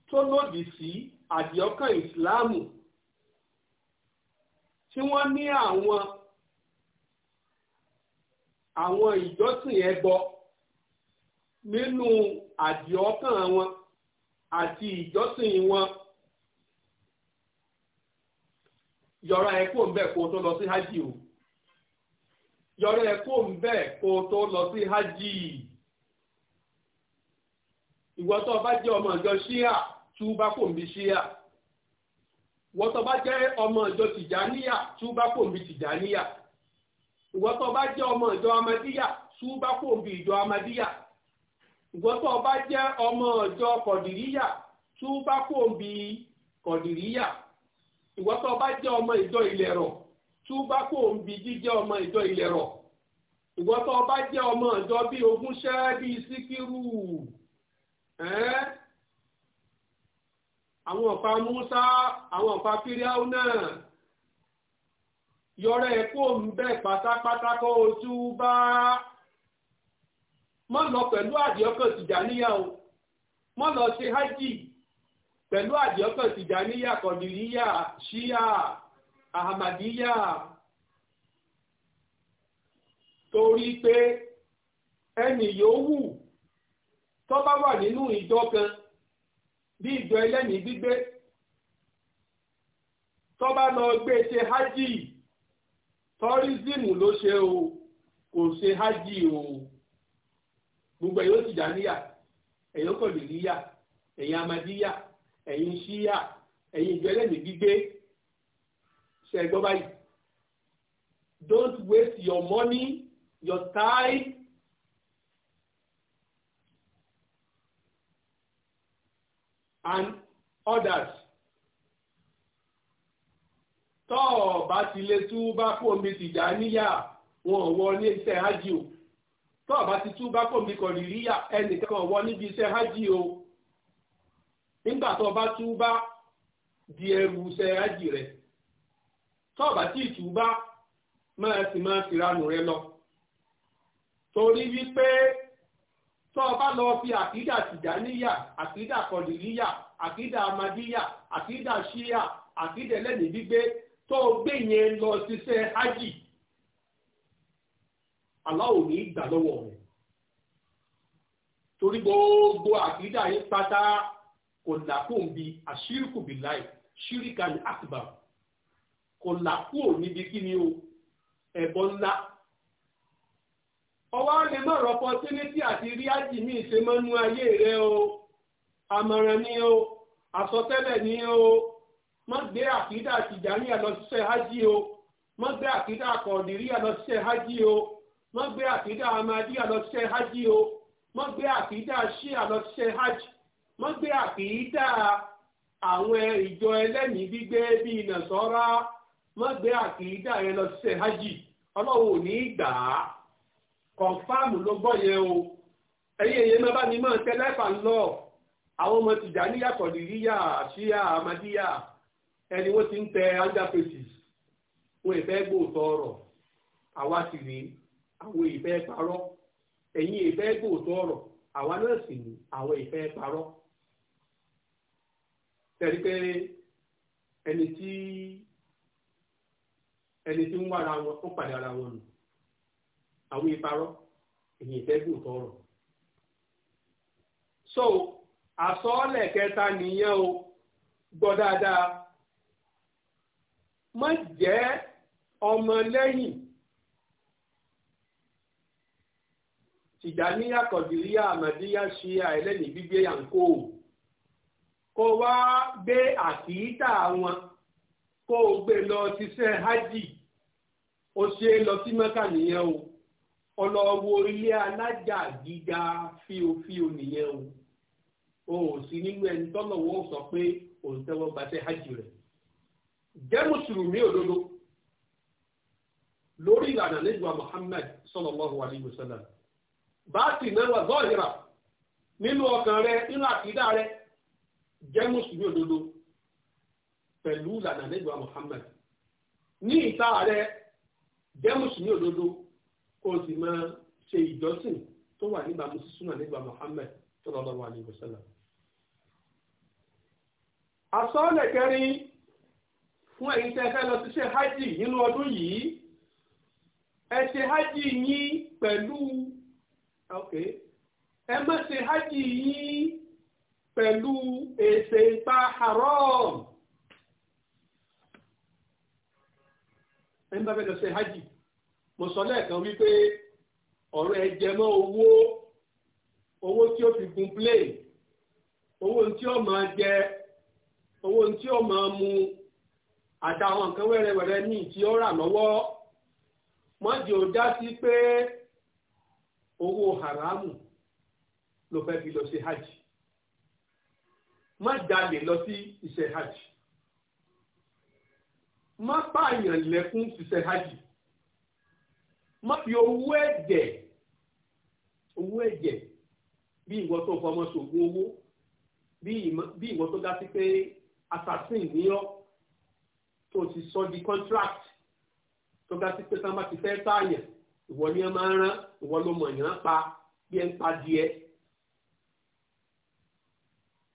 tó lòdì sí àdìọ́kàn ìsìláàmù tí wọ́n ní àwọn àwọn ìjọsìn ẹbọ nínú àdìọ́kàn wọn àti ìjọsìn wọn. yọra ẹ kó ń bẹ̀ kó tó lọ sí hajj o yọra ẹ kó ń bẹ̀ kó tó lọ sí hajj ìwọ tó bá jẹ́ ọmọ ìjọ ṣíà tú bá kò ń bi ṣíà ìwọ tó bá jẹ́ ọmọ ìjọ tìjàníyà tú bá kò ń bi ìwọ tó bá jẹ́ ọmọ ìjọ amadíyà tú bá kò ń bi ìjọ amadíyà ìwọ tó bá jẹ́ ọmọ ìjọ kọ̀dìríyà tú bá kò ń bi ìwọ tó bá jẹ́ ọmọ ìjọ ilẹ̀ rọ̀ tú bá kò ń bi jíjẹ ọmọ ìjọ ilẹ̀ rọ̀ ìwọ tó jẹ́ ọmọ ìjọ bí ogún ṣẹ́ bíi síkírù àwọn ọ̀pá Musa àwọn ọ̀pá náà yọrọ ẹ kó ń bẹ pátápátá kó o tú bá o lọ ṣe pẹ̀lú àjọpọ̀ tìjàníyà kọ̀dìríyà ṣíyà ahamadíyà torí pé ẹnì yòówù tó bá wà nínú ìjọ kan bí ìjọ ẹlẹ́ni gbígbé tó bá lọ gbé e ṣe hajj tọ́rísìmù ló ṣe o kò ṣe hajj o gbogbo ẹ̀yọ́ tìjàníyà ẹ̀yọ́ kọ̀dìríyà ẹ̀yìn amadíyà ẹ̀yin ṣíyà ẹ̀yin ìgbẹ́lẹ́mì gbígbé ṣe ẹ̀gbọ́n báyìí don't waste your money your time and others tọ́ ọ̀ bá ti lè tú bá kó omi tìjà níyà wọn ò wọ ní iṣẹ́ hajj o tọ́ ọ̀ bá ti tú bá kó omi kọ̀ọ̀rì ríyà ẹnìkan wọ níbi iṣẹ́ hajj o. nígbà tó bá di ẹrù iṣẹ́ ájì rẹ̀ tó bá tí túbá máa sì máa fìranù rẹ lọ torí wípé tó bá lọ fi àkídà tìjáníyà àkídà kọdìríyà àkídà amadíyà àkídà ṣíyà àkídà ẹlẹ́nìí gbígbé tó gbé yẹn lọ ṣiṣẹ́ ájì aláwo ní ìgbà lọ́wọ́ rẹ̀ torí gbogbo àkídà yìí pátá kò làkóhùn bíi àṣírìkù bìláì ṣíríkà ní àkùbà kò làkóhùn níbi kí ni o ẹ̀bọ ńlá ọwọ́ lè má rọpò tínítì àti ríájì ní ìṣemọ́nú ayé rẹ o àmọ̀ràn ni o àsọtẹ́lẹ̀ ni o má gbé àkídà tìjàníyà lọ ṣiṣẹ́ hájì o má gbé àkídà kọ̀ọ̀dìríyà lọ ṣiṣẹ́ hájì o má gbé àkídà amadíyà lọ ṣiṣẹ́ hájì o má gbé àkídà ṣíà lọ ṣiṣẹ́ wọ́n gbé àkìídà àwọn ìjọ ẹlẹ́mìí gbígbé bíi nàṣọ́rá wọ́n gbé a yẹn lọ sí hajj ọlọ́run ò ní í gbà yẹn o ẹ̀yin èyí máa bá mi máa tẹ́lẹ́fà lọ àwọn ọmọ tìjà níyàtọ̀ nìyíyà àṣíyà àmàdíyà ẹni wọ́n ti wọn ìfẹ́ gbòòtọ̀ ọ̀rọ̀ àwa sì àwọn ìfẹ́ parọ́ ìfẹ́ gbòòtọ̀ ọ̀rọ̀ àwa náà sì àwọn ìfẹ́ parọ́. ẹ̀rí pé ẹni tí ẹni tí ń wá ara wọn ó padà ara wọn nù àwọn ìparọ́ èyí ìtẹ́gùn tọrọ. so àsọọ́lẹ̀ kẹta nìyẹn o gbọ́ dáadáa má jẹ́ ọmọ lẹ́yìn tìjàníyà kọ̀dìríyà àmàdíyà ṣíà ẹlẹ́nìí gbígbé yà ń kó o. kó wá gbé àkìítà wọn kó o gbé lọ ṣiṣẹ́ hajj o ṣe lọ sí nìyẹn o ọlọ́wọ́ ilé alájà gíga fíofío nìyẹn o o ò sí nínú ẹni tọ́lọ̀wọ́ sọ pé òun tẹ́wọ́ gbaṣẹ́ hajj rẹ̀ jẹ́ mùsùlùmí òdodo lórí ìlànà nígbà Muhammad sallallahu alayhi wa sallam bá ti náwó zọ́ọ̀yìnrà nínú ọkàn rẹ nínú àkídá rẹ jẹ́ mùsùlùmí òdodo pẹ̀lú ìlànà nígbà muhammed ní ìta rẹ jẹ́ mùsùlùmí òdodo kó sì máa ṣe ìjọsìn tó wà níbàámu sí súnà nígbà Muhammad tó alaihi wà àsọọ́lẹ̀ kẹrin fún ẹ̀yin tẹ́ fẹ́ lọ sí ṣe hajj nínú ọdún yìí pẹ̀lú èsè ìpa haram. ẹni bá fẹ́ lọ ṣe hajj mo sọ lẹ́ẹ̀kan wípé ọ̀rọ̀ ẹ jẹ mọ́ owó owó tí ó fi gun plane owó tí ó máa jẹ owó tí ó máa mu àtàwọn nǹkan wẹ́rẹ́wẹ́rẹ́ ní ó rà lọ́wọ́ sí pé owó haramu hajj. má jalè lọ sí iṣẹ́ hajj má pààyàn lẹ́kún ṣiṣẹ́ hajj má fi owó ẹ̀jẹ̀ owó ẹ̀jẹ̀ bí ìwọ tó fọmọ ṣògùn owó bí ìwọ tó dá sí pé assassin ní ọ tó ti sọ di contract tó dá sí pé sábà ti fẹ́ pààyàn ìwọ ni ẹ máa ń rán ìwọ ló mọ̀ yàn án pa bí ẹ ń pa díẹ̀.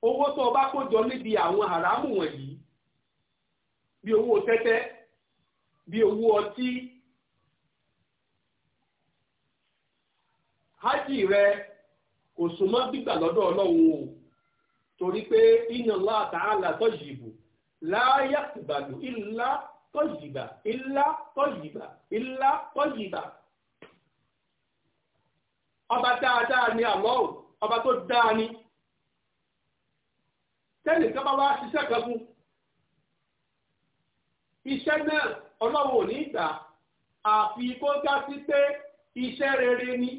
owó tó o bá kó jọ níbi àwọn àràmù wọ̀nyí bí owó tẹ́tẹ́ bí owó ọtí hajj rẹ kò súnmọ́ gbígbà lọ́dọ̀ ọlọ́run o torí pé inna Allah ta'ala tayyibu la yaqbalu illa tayyiba illa tayyiba illa tayyiba ọba dáadáa ni àlọ́ ọba tó dáa ni. tẹ́nìkan bá wá ṣiṣẹ́ kan ihe iṣẹ́ náà ọlọ́run ò ní gbà àfi kó já sí pé iṣẹ́ rere ni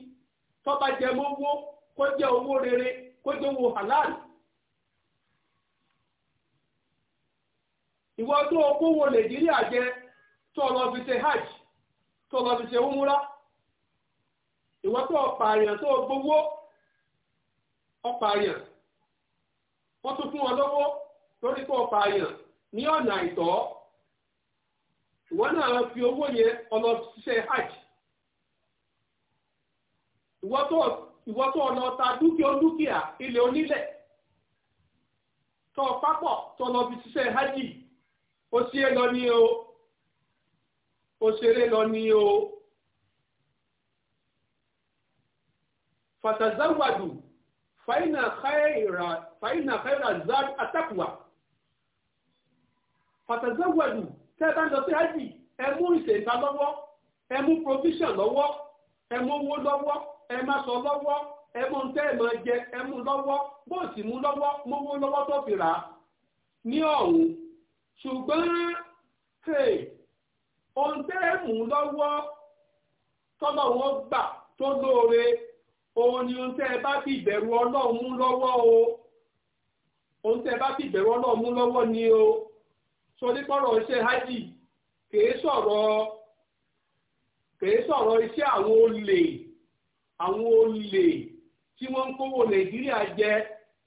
tó jẹ mọ́wọ́ kó jẹ owó rere kó owó halal. ìwọ tó o kówó nàìjíríà jẹ tó o lọ fi ṣe hajj tó o lọ fi ṣe umura ìwọ wọ́n tún fún ọ lọ́wọ́ lórí pọ̀ pààyàn ní ọ̀nà àìtọ́ ìwọ náà fi owó yẹn ọlọ ṣiṣẹ́ hajj ìwọ tó ọlọ ta dúkìá dúkìá ilẹ̀ onílẹ̀ tó pápọ̀ tó lọ fi ṣiṣẹ́ hajj ó ṣe é lọ ní o ó ṣeré lọ ní o fàtàzáwàdù fàyínà xẹ́yìrà fàyínà xẹ́yìrà zad atakwa fàtàzẹ́wẹ̀lù tẹ́ bá ń lọ sí hajj ẹ mú ìṣèǹta lọ́wọ́ ẹ mú provision lọ́wọ́ ẹ mú owó lọ́wọ́ ẹ má sọ lọ́wọ́ ẹ mú tẹ́ ẹ máa jẹ ẹ mú lọ́wọ́ bóòsì mú lọ́wọ́ mówó lọ́wọ́ tó fi rà á ní ọ̀hún ṣùgbọ́n ohun tẹ́ ẹ mú lọ́wọ́ tọ́lọ́ gbà tó lóore òun ni ohun tẹ́ ẹ bá fi ìbẹ̀rù ọlọ́run mú lọ́wọ́ o ohun tẹ́ ẹ bá fi ìbẹ̀rù ọlọ́run mú lọ́wọ́ ni o sọdípọ̀rọ̀ iṣẹ́ hajj kìí sọ̀rọ̀ kìí sọ̀rọ̀ iṣẹ́ àwọn olè àwọn olè tí wọ́n ń kówó nàìjíríà jẹ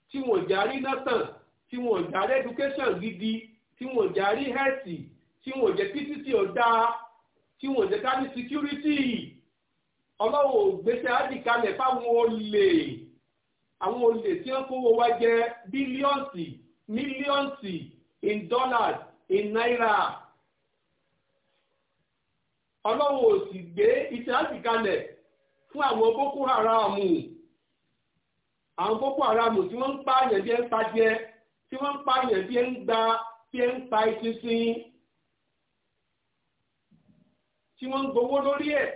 tí wọ́n járí nátàn tí wọ́n járí education gidi tí wọ́n járí health tí wọ́n jẹ́ pct ọ̀dá tí wọ́n jẹ́ kárí security ọlọ́wọ́ ògbésẹ̀ àdìkalẹ̀ fáwọn olè àwọn olè tí wọ́n kówó wa jẹ bílíọ̀nsì mílíọ̀nsì in dollars in naira ọlọ́wọ́ òsì gbé iṣẹ́ àdìkalẹ̀ fún àwọn boko haram àwọn boko haram tí wọ́n ń pààyàn bí ẹ ń pàjẹ́ tí wọ́n ń pààyàn bí ẹ ń gba bí ẹ ń pa ìsinsin tí wọ́n ń gbowó lórí ẹ̀.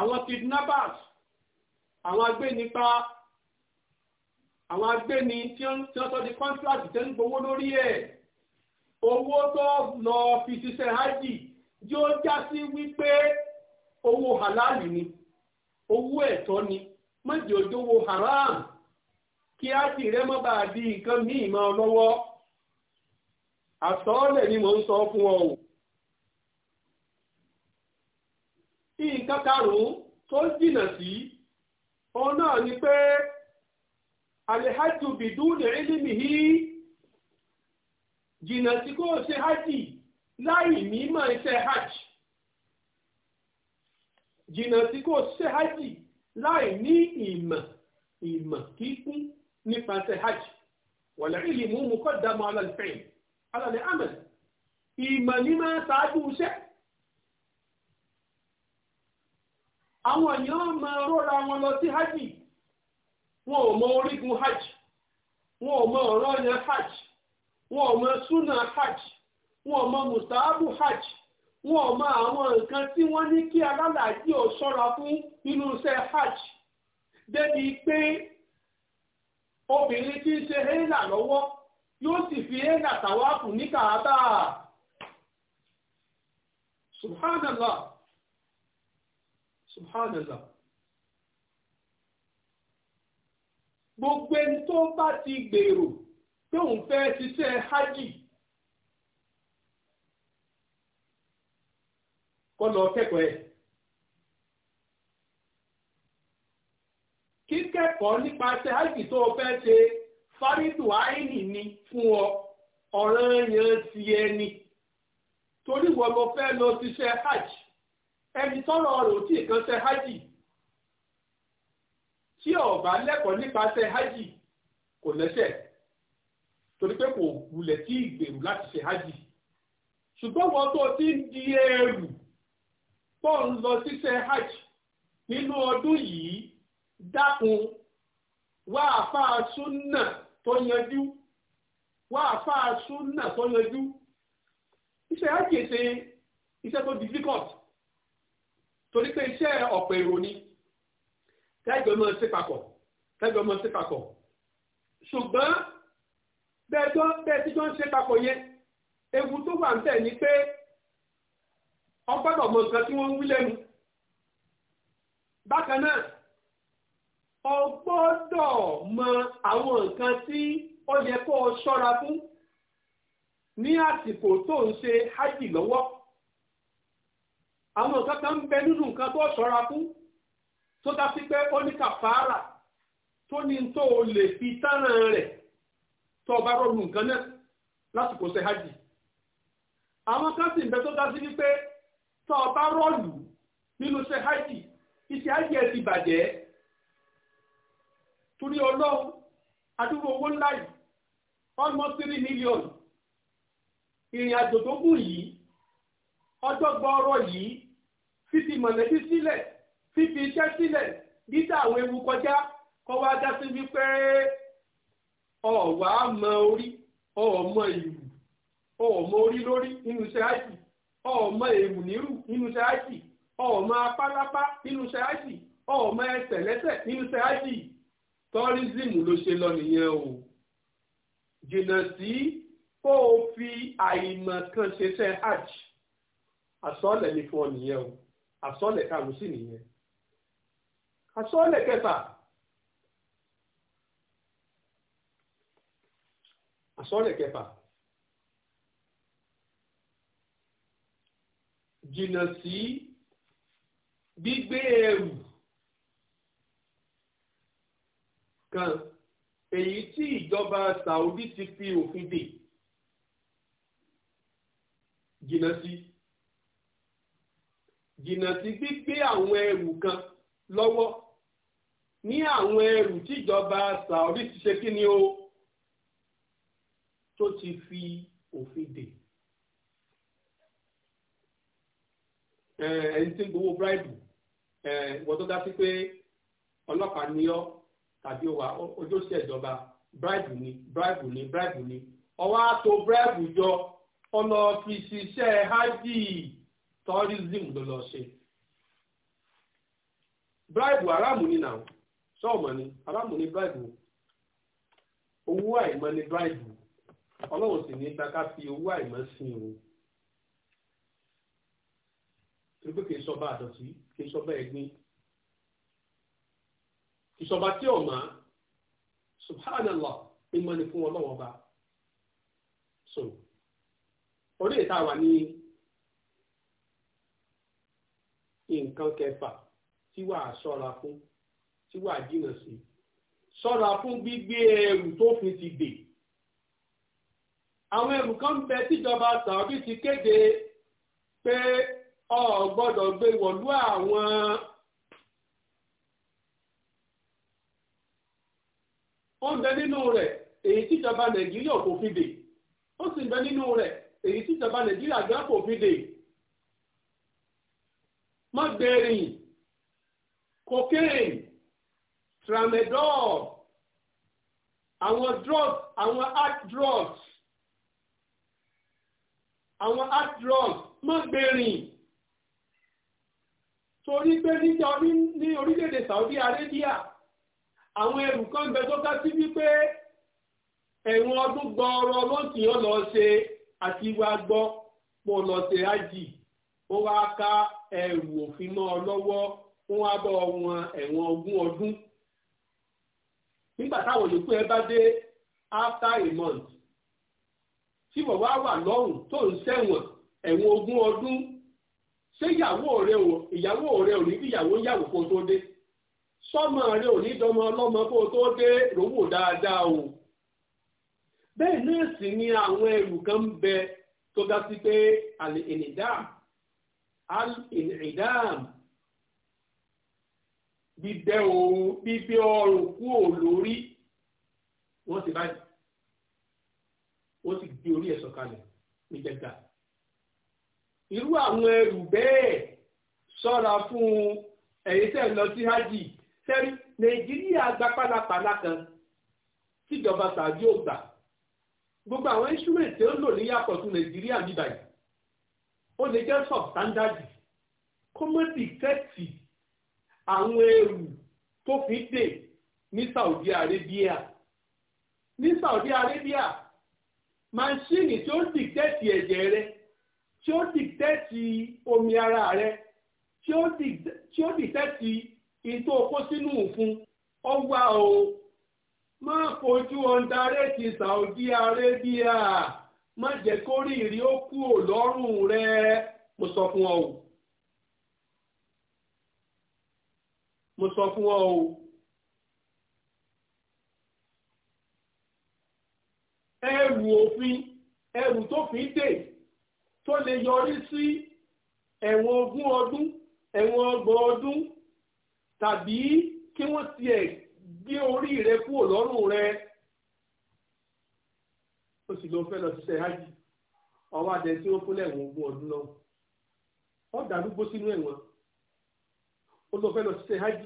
àwọn kidnappers àwọn agbénipa àwọn agbéni tí wọ́n sọ di contract tẹ́ ń gbowó lórí ẹ̀ owó tó lọ fi ṣiṣẹ́ hajj yóò já sí wípé owó halali ni owó ẹ̀tọ́ ni mọ̀jì òjòwò haram kí á sì rẹ́ mọ́ bá a di nǹkan míì mọ́ ọ lọ́wọ́ àsọ́ọ́lẹ̀ ni mo ń sọ fún ọ o. nǹkan karùn-ún tó jìnnà sí òun náà ni pé alihaju bidúni ilimihi jìnnà sí kó o ṣe hajj láì ní mọ̀ iṣẹ́ hajj jìnnà sí kó o ṣe hajj láì ní ìmọ̀ ìmọ̀ kíkún nípasẹ̀ hajj wala ilimu muqaddamu ala al-fi'l ala al-amal ní máa ṣáájú iṣẹ́. àwọn èèyàn máa rọra wọn lọ sí hajj wọn ò mọ orígun hajj wọn ò mọ ọ̀rọ̀ yẹn hajj wọn ò mọ súnà hajj wọn ò mọ mùsàábù hajj wọn ò mọ àwọn nǹkan tí wọ́n ní kí alálàájì ò ṣọ́ra fún nínú iṣẹ hajj débi pé obìnrin tí ń ṣe hélà lọ́wọ́ yóò sì fi hélà tàwáàfù ní kàábà subhanallah. subhanallah gbogbo ẹni tó bá ti gbèrò pé òun fẹ́ ṣiṣẹ́ hajj kó lọ kẹ́kọ̀ọ́ ẹ̀. kíkẹ́kọ̀ọ́ nípasẹ̀ hajj tó o fẹ́ ṣe fárídù àìní ni fún ọ ọ̀ranyàn ti ẹni torí wọ́n lọ fẹ́ lọ ṣiṣẹ́ hajj ẹni tọ́rọ̀ rò tí nǹkan ṣe hajj tí ọba lẹ́kọ̀ọ́ nípasẹ̀ hajj kò lẹ́sẹ̀ torí pé kò wulẹ̀ tí ìgbèrú láti ṣe hajj ṣùgbọ́n wọn tó ti ń di ẹrù tó ń lọ síṣẹ́ hajj nínú ọdún yìí dákun wá àfáà súnà tó yanjú wá àfáà súnà tó yanjú iṣẹ́ hajj ṣe iṣẹ́ tó difficult torí pé iṣẹ́ ọ̀pọ̀ èrò ni tẹ́jọ máa ṣe papọ̀ tẹ́jọ máa ṣe papọ̀ ṣùgbọ́n bẹ́ẹ̀ tó bẹ́ẹ̀ tí wọ́n ṣe papọ̀ yẹn ewu tó wà ń bẹ̀ ni pé ọgbọ́dọ̀ mọ nǹkan tí wọ́n ń wí lẹ́nu bákan náà ọgbọ́dọ̀ mọ àwọn nǹkan tí ó yẹ kó o ṣọ́ra fún ní àsìkò tó ń ṣe hájì lọ́wọ́ àwọn nǹkan kan ń bẹ nínú nǹkan tó ṣọ́ra fún tó dá sí pé ó ní tó ní tó lè fi tánà rẹ̀ tó o bá rọrùn nǹkan náà lásìkò ṣe hajj àwọn kan sì ń bẹ tó dá sí wípé tó o bá nínú ṣe hajj hajj ẹ ti torí fífi mọ̀lẹ́bí sílẹ̀ fífi iṣẹ́ sílẹ̀ dídá àwọn ewu kọjá kọ́ wá dá sí wípé ọ̀wá mọ orí ọ̀mọ ìlú ọ̀mọ orí lórí nínú iṣẹ́ àìsí ọ̀mọ èrù nírù nínú iṣẹ́ àìsí ọ̀mọ apálápá nínú iṣẹ́ àìsí ọ̀mọ ẹsẹ̀ lẹ́sẹ̀ nínú iṣẹ́ àìsí tọ́rísìmù ló ṣe lọ nìyẹn o jìnnà sí kó o fi àìmọ̀ kan ṣe ṣe hajj àsọ̀ọ́lẹ̀ ní fún ọ nìyẹn o àsọlẹ̀ karùn-ún sì nìyẹn àsọlẹ̀ kẹfà àsọlẹ̀ kẹfà jìnnà sí gbígbé ẹrù kan èyí tí ìjọba Saudi ti fi òfin dè jìnnà sí. Si jìnnà sí gbígbé àwọn ẹrù kan lọ́wọ́ ní àwọn ẹrù tíjọba Saudi ti kí o tó ti fi òfin dè. ẹni tí ń gbowó bíráìbù ìwọ́n tó dá sí pé ọlọ́pàá ni ọ́ tàbí ojúṣe ìjọba bíráìbù ni bíráìbù ni bíráìbù ni ọwọ́ tourism ló lọ ṣe bribe Aramu ni náà sọ́ọ̀mọ̀ ni Aramu ni bribe owó àìmọ́ ni bribe ọlọ́run sì ní gbàgbá fi owó àìmọ́ sí o torí pé kì í sọba àdọ̀tí kì í sọba ẹ̀gbin ìsọba tí ò mọ̀ subhanallah ìmọ̀ ni fún ọlọ́wọ́ bá so orí ìta wà ní. nǹkan kẹfà tí wàá ṣọ́ra fún tí wàá jìnnà sí ṣọ́ra fún gbígbé ẹrù tó fi ti dè àwọn ẹrù kan bẹ tíjọba Saudi ti kéde pé ọ gbọ́dọ̀ gbé wọ̀lú àwọn ó ń bẹ nínú rẹ̀ èyí tíjọba Nàìjíríà kò fi dè ó sì ń bẹ nínú rẹ̀ èyí tíjọba Nàìjíríà gan kò fi dè. mọ́gbẹ̀rin cocaine tramadol àwọn drugs àwọn art drugs àwọn hard drugs mọ́gbẹ̀rin torí pé níjà ní orílẹ̀-èdè Saudi Arabia àwọn ẹrù kan bẹ tó ká sí wípé ẹ̀wọ̀n ọdún gbọ́ọ̀rọ̀ lọ́sì yóò àti wá gbọ́ pọ̀ lọ́sẹ̀ ó wá ká Eru òfin mọ́ ọ lọ́wọ́ fún abọ́ wọn ẹ̀wọ̀n ogún ọdún nígbà táwọn yòókù ẹ bá dé after a month tí bàbá wà lọ́rùn tó ń ṣẹ̀wọ̀n ẹ̀wọ̀n ogún ọdún ṣé ìyàwó rẹ ò ìyàwó ní bí ìyàwó yàwó kó tó dé o bẹ́ẹ̀ náà ni àwọn ẹrù kan ń bẹ tó sí pé al-in'idam bíbẹ́ òun bíbẹ́ ọrùn kúò lórí wọ́n ti báyìí wọ́n ti gbé orí ẹ̀sọ̀ kalẹ̀ ní jẹ́gà. irú àwọn ẹrù bẹ́ẹ̀ sọ́ra fún ẹ̀yin tẹ́ ń lọ sí hajj sẹ́rí nàìjíríà gba pálapàla kan tíjọba tàbí ògbà gbogbo àwọn insurance tó ń lò ní yàtọ̀ sí nàìjíríà níbàyìí ó lè jẹ́ substandard kó má dìtẹ́tì àwọn ẹrù tó fi dè ní Saudi Arabia ní Saudi Arabia mansíìnì tí ó dìtẹ́tì ẹ̀jẹ̀ rẹ tí ó dìtẹ́tì omi ara rẹ tí ó dìtẹ́tì ìtò okó sínú òfun ọwọ́ o máa fojú ti Saudi Arabia. má jẹ́ kó rí ìrí ó kú ò lọ́rùn rẹ mo sọ fún ọ o mo sọ fún ọ o. ẹrù òfin ẹrù tó fi ń dè tó lè yọrí sí ẹ̀wọ̀n ogún ọdún ẹ̀wọ̀n ọgbọ̀n ọdún tàbí kí wọ́n tiẹ̀ gbé orí rẹ kúrò lọ́rùn rẹ. ó sì lọ fẹ́ lọ hajj ọwọ́ adẹ tí ó kún lẹ́wọ̀n ogún ọdún lọ ó dàrúgbó sínú ẹ̀wọ̀n ó lọ fẹ́ lọ hajj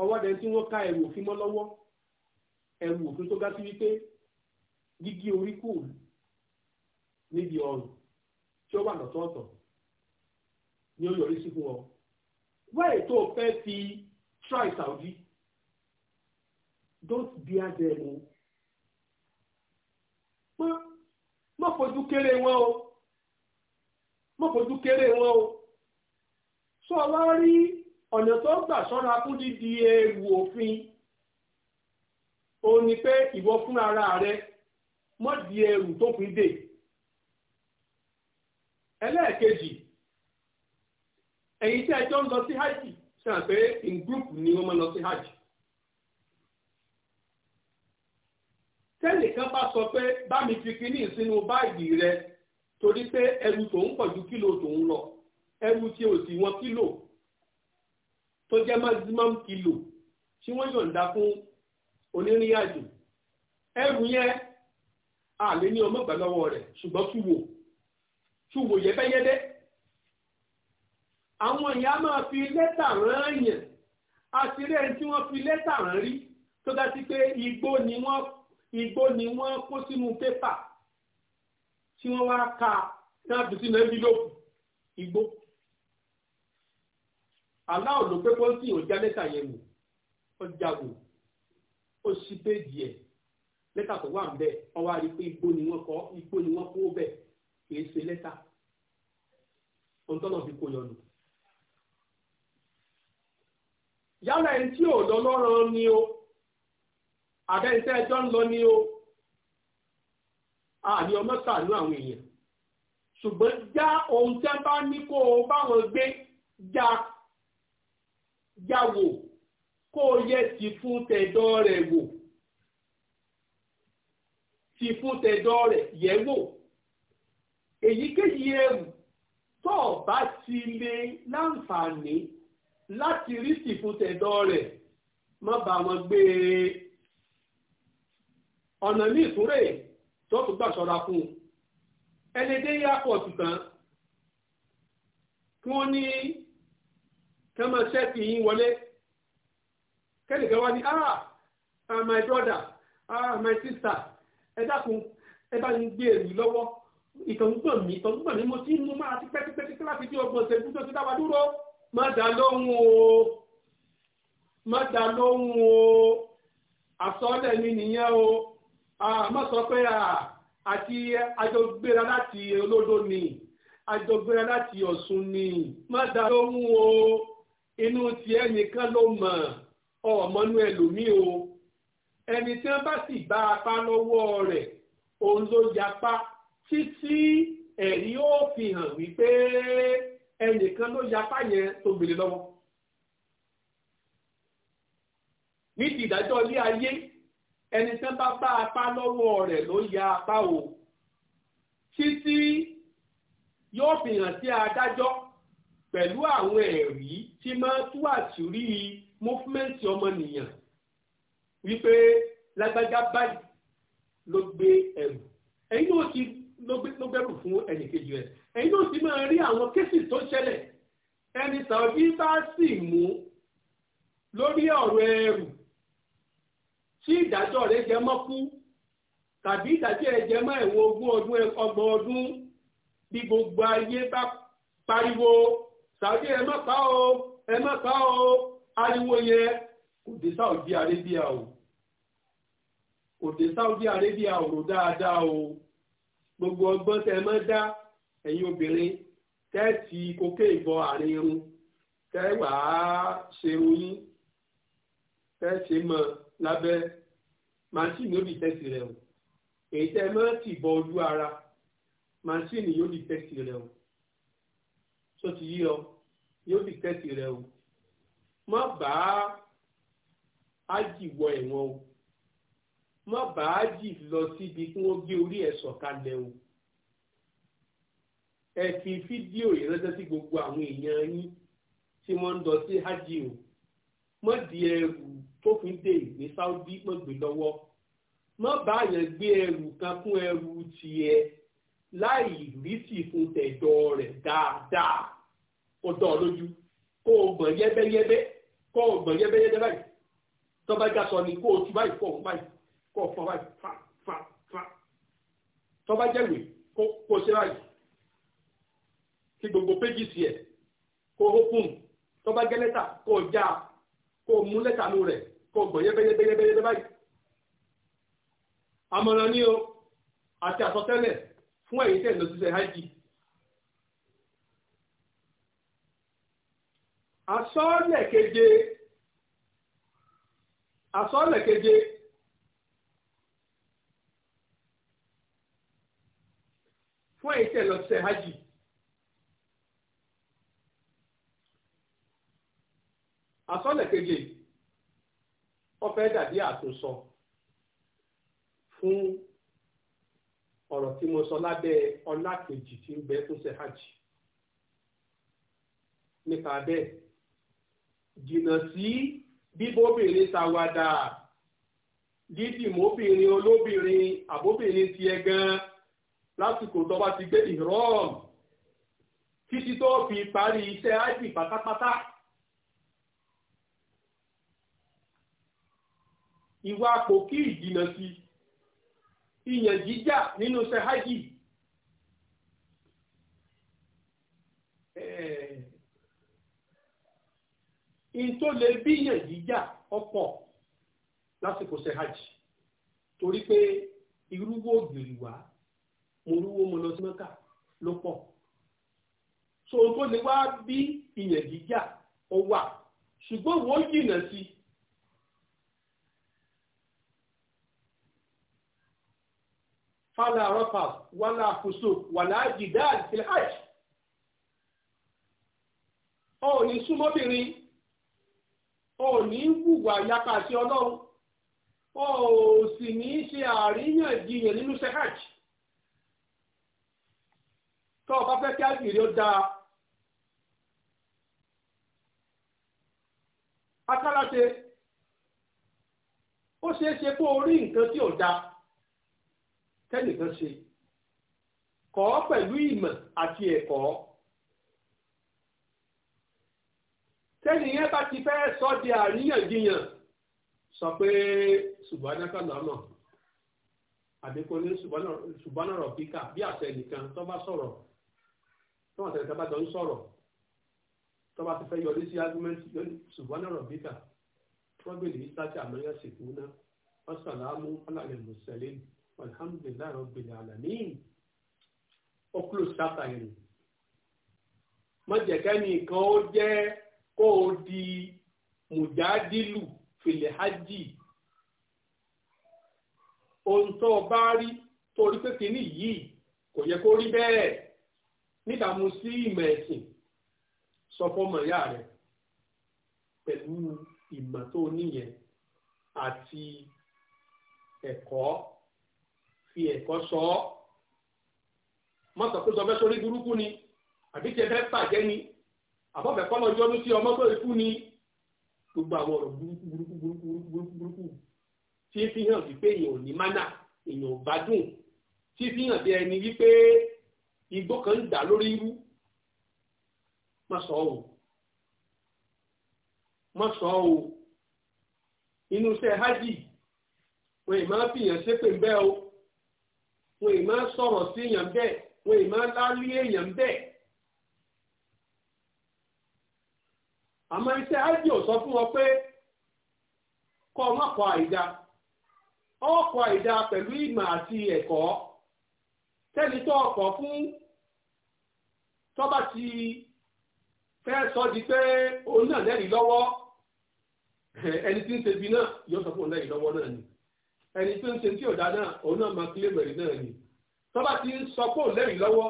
ọwọ́ adẹ tí wọ́n ká ẹ̀wù òfin mọ́ lọ́wọ́ ẹ̀wù òfin tó ga sí wípé gígí orí kù níbi ọrùn tí ó wà lọ́tọ̀ọ̀tọ̀ ni ó yọrí sí fún ọ wáyé tó fẹ́ fi try Saudi don't be pọ́n má fojú kéré wọn o má fojú kéré wọn o sọ wá rí ọ̀nà tó gbà sọ́ra fún dídi ewu òfin ó ní pé ìwọ ara rẹ mọ́ di ẹrù tó fi dè ẹlẹ́ẹ̀kejì ẹ̀yin tí ẹjọ́ ń lọ sí hajj sàn pé in group ni wọ́n máa lọ sí hajj tẹ́nìkan bá sọ pé bá mi fi kíní sínú báàgì rẹ torí pé ẹrù tòun pọ̀ ju kílò tòun lọ ẹrù tí ò sì wọn kílò tó jẹ́ maximum kílò tí wọ́n yọ̀ǹda fún onírìnàjò ẹrù yẹn àlè ní ọmọ ìgbà lọ́wọ́ rẹ̀ ṣùgbọ́n túwò túwò yẹ́bẹ́yẹ́dẹ́ àwọn ìyá máa fi lẹ́tà rán yẹn àti rẹ̀ tí wọ́n fi lẹ́tà rán rí tó dá sí pé igbó ni wọ́n igbó ni wọ́n kó sínú pépà tí wọ́n wá ka náà fi sínú ẹ́ńfílọ́pù igbó aláwọ̀ ló pé pọ́ńtì ò já lẹ́tà yẹn wò ó ó sì péjì ẹ̀ lẹ́tà tó wà níbẹ̀ bẹ wá rí pé igbó ni wọ́n kọ́ igbó ni wọ́n kó kìí lọ lọ́rọ̀ ni àbẹ́ntẹ́ ẹjọ́ ń lọ ní o àní ọmọ sàánú àwọn èèyàn ṣùgbọ́n já ohun tẹ́ bá ní kó o báwọn gbé já já wò kó o yẹ ti fún tẹ̀dọ́ rẹ̀ wò ti fún tẹ̀dọ́ rẹ̀ yẹ̀ wò èyíkéyìí ẹrù tó o bá ti lè láǹfààní láti rí ti fún tẹ̀dọ́ rẹ̀ má bá wọn gbé e. ọ̀nà ní ìtúrè tó tún gbà ṣọ́ra fún un ẹni dé airport tán kí wọ́n ní kí ah my brother ah my sister ẹ dákun ẹ bá ń gbé èrú lọ́wọ́ ìtọ̀gbọ̀n mi ìtọ̀gbọ̀n mi mo ti mú máa ti pẹ́kípẹ́kí láti ọgbọ̀n ti da dúró má dá o má dá lóhùn o àsọ́ọ́lẹ̀ mi nìyẹn o. àmọ́ ah, sọ pé ah, àti àjọgbéra láti olódó ni àjọgbéra láti ọ̀ṣun ni má dá lóhùn o inú tiẹ̀ nìkan ló mọ̀ ọ̀mọ́nú ẹlòmíì o ẹni tí wọ́n bá sì bá apá lọ́wọ́ rẹ̀ òun ló yapá títí ẹ̀rí ó fi hàn wípé ẹnìkan ló yapa yẹn tó gbèrè lọ́wọ́. ní ti ìdájọ́ ilé ayé ẹni tán bá bá apá lọ́wọ́ rẹ̀ ló ya apá o títí yóò fi hàn sí adájọ́ pẹ̀lú àwọn ẹ̀rí tí máa tú àṣírí mọ́fúmẹ́ǹtì ọmọnìyàn wípé lágbájá báyìí ló gbé ẹrù ẹ̀yin náà ti ló gbẹrù fún ẹnìkejì rẹ̀ ẹ̀yin náà ti máa rí àwọn kéèsì tó ṣẹlẹ̀ ẹni tàbí bá sì mú lórí ọ̀rọ̀ ẹrù tí ìdájọ́ rẹ̀ jẹ mọ́ kú tàbí ìdájọ́ rẹ̀ jẹ mọ́ ẹ̀wọ̀n ogún ọdún ọgbọ̀n ọdún bí gbogbo ayé bá pariwo Saudi ẹ má pa o ẹ má pa o ariwo yẹn kò dé Saudi Arabia o kò dé Saudi Arabia o rò dáadáa o gbogbo ọgbọ́n tẹ mọ́ dá ẹ̀yin obìnrin tẹ́ẹ̀tì kókè ìbọn àárín irun tẹ́ẹ̀ wàá ṣerun yín tẹ́ẹ̀ ṣe mọ́ lábẹ́ màṣíìnì yóò di tẹ́sì rẹ o èyí tẹ́ ẹ máa ti bọ ojú ara màṣíìnì yóò di tẹ́sì rẹ o tó ti yí ọ yóò di tẹ́sì rẹ o má bà á ájì wọ ẹ̀wọ̀n o má bà á ájì lọ síbi kí wọ́n gbé orí ẹ̀ sọ̀kalẹ̀ o ẹ fi fídíò yìí ránṣẹ́ sí gbogbo àwọn èèyàn yín tí wọ́n ń lọ sí ájì o má di ẹrù tó fi dé ìgbé Saudi mọ̀gbé lọ́wọ́ mọ́ báyẹn gbé ẹrù kan fún ẹrù tiẹ̀ láì rí sí fún tẹ̀dọ̀ rẹ̀ dáadáa kó dán ọ lójú kó o gbọ̀n yẹ́bẹ́yẹ́bẹ́ kó o gbọ̀n yẹ́bẹ́yẹ́bẹ́ báyìí tọ́ba já sọ ni kó o tú báyìí kó o báyìí kó o fọ báyìí fa fa fa tọ́ba jẹ́wèé kó o ṣe báyìí kí gbogbo péjì sí ẹ̀ kó o hókùn tọ́ba jẹ́ lẹ́tà kó o já kó o mú lẹ́tà ló rẹ̀ kó gbọ̀n yẹ́bẹ́yẹ́bẹ́yẹ́bẹ́yẹ́ báyìí. àmọ̀ràn ni o àti àsọtẹ́lẹ̀ fún ẹ̀yin tẹ̀ lọ síṣẹ́ hajj. àsọ́ọ̀lẹ̀ keje àsọ́ọ̀lẹ̀ keje fún ẹ̀yin tẹ̀ lọ síṣẹ́ hajj. àsọ́ọ̀lẹ̀ keje. wọ́n fẹ́ dàbí àtúnsọ fún ọ̀rọ̀ tí mo sọ lábẹ́ ọlá kejì tí ń bẹ fún sehaj nípa bẹ́ẹ̀ jìnnà sí bíbóbìnrin ṣàwàdà dídìmóbìnrin olóbìnrin àbóbìnrin tiẹ̀ gan lásìkò tó bá ti gbé ìrọ́ọ̀mù títí tó fi parí iṣẹ́ ájì pátápátá. ìwà àpòkí ìjìnà sí ìyàn jíjà nínú sehajì ìtò bí ìyàn jíjà ọ̀pọ̀ lásìkò sehajì torí pé irúwó muruwo wá so tó lè wá bí ìyàn jíjà ó ṣùgbọ́n wọ́n jìnà sí si. fala rafas wala fusuk wala jidal fil hajj O ní súnmọ́bìnrin ó ní wùwà yapa sí ọlọ́run ó sì ní ṣe àríyànjiyàn nínú ṣe hajj tó o bá fẹ́ kí àgbèrè ó dáa akálàṣe ó ṣeé ṣe kó o da. nǹkan tí ò dáa. tẹ́nìkan ṣe kọ́ pẹ̀lú ìmọ̀ àti ẹ̀kọ́ tẹ́nìyẹn bá ti fẹ́ sọ di àríyànjiyàn sọ pé ṣùgbọ́nàkà lọ́nà àdínkù ní ṣùgbọ́nàrọ̀ píkà bí àṣẹ nìkan tó bá sọ̀rọ̀ tó wọ́n tẹ̀lé tó bá jọ ń sọ̀rọ̀ tó bá ti fẹ́ yọrí sí argument ṣùgbọ́nàrọ̀ píkà tọ́gbìnrin ìsájà àmọ́yẹ̀sìnkú náà wọ́n sàlámù alàlẹ̀ mùsẹ̀lẹ́nì alhamdulilayi rabbil alamin ó kúrò sábà yẹn mọ̀jẹ̀kẹ́ nìkan ó jẹ́ kó o di mùjádìlù fìlẹ̀ hajj ohun tó o bá rí torí pé kìíní yìí kò yẹ kó rí bẹ́ẹ̀ nídàámu sí ìmọ̀ ẹ̀sìn sọ fọmọ ìyá rẹ pẹ̀lú ìmọ̀ tó níyẹn àti ẹ̀kọ́ fi ẹ̀kọ́ sọ ọ́ mọ́tòkúsọ fẹ́ sórí burúkú ni àbí tiẹ̀ fẹ́ bàjẹ́ ni àbọ̀fẹ́ kọ́lọ́jọ́ ló ti ọmọ tó ikú ni gbogbo àwọn ọ̀rọ̀ burúkú burúkú burúkú burúkú burúkú tí fi hàn wípé èèyàn ò ní mánà èèyàn ò bá dùn tí fi hàn bí ẹni wípé igbó kan ń dà lórí irú má sọ ọ́ má sọ ọ́ inú iṣẹ́ hajj òye máa ń fìyàn ṣépè ń bẹ́ o. wọn ì máa sọ̀rọ̀ sí èèyàn bẹ́ẹ̀ wọn ì máa lálé èèyàn bẹ́ẹ̀. àmọ́ iṣẹ́ ájì ò sọ fún wọn pé kọ́ ọ má kọ àìda ọkọ̀ àìda pẹ̀lú ìmọ̀ àti ẹ̀kọ́ tẹ́ni tó ọkọ̀ fún tọ́ba ti fẹ́ sọ di pé òun náà lẹ́rìí lọ́wọ́ ẹni tí ń ṣe bí náà yóò sọ fún òun lẹ́rìí lọ́wọ́ náà ni. ẹni tó ń ṣe tí ọ̀dà náà òun náà máa kílé mẹ̀rin náà ni tọ́ba ti ń sọ pé ò lẹ́rìí lọ́wọ́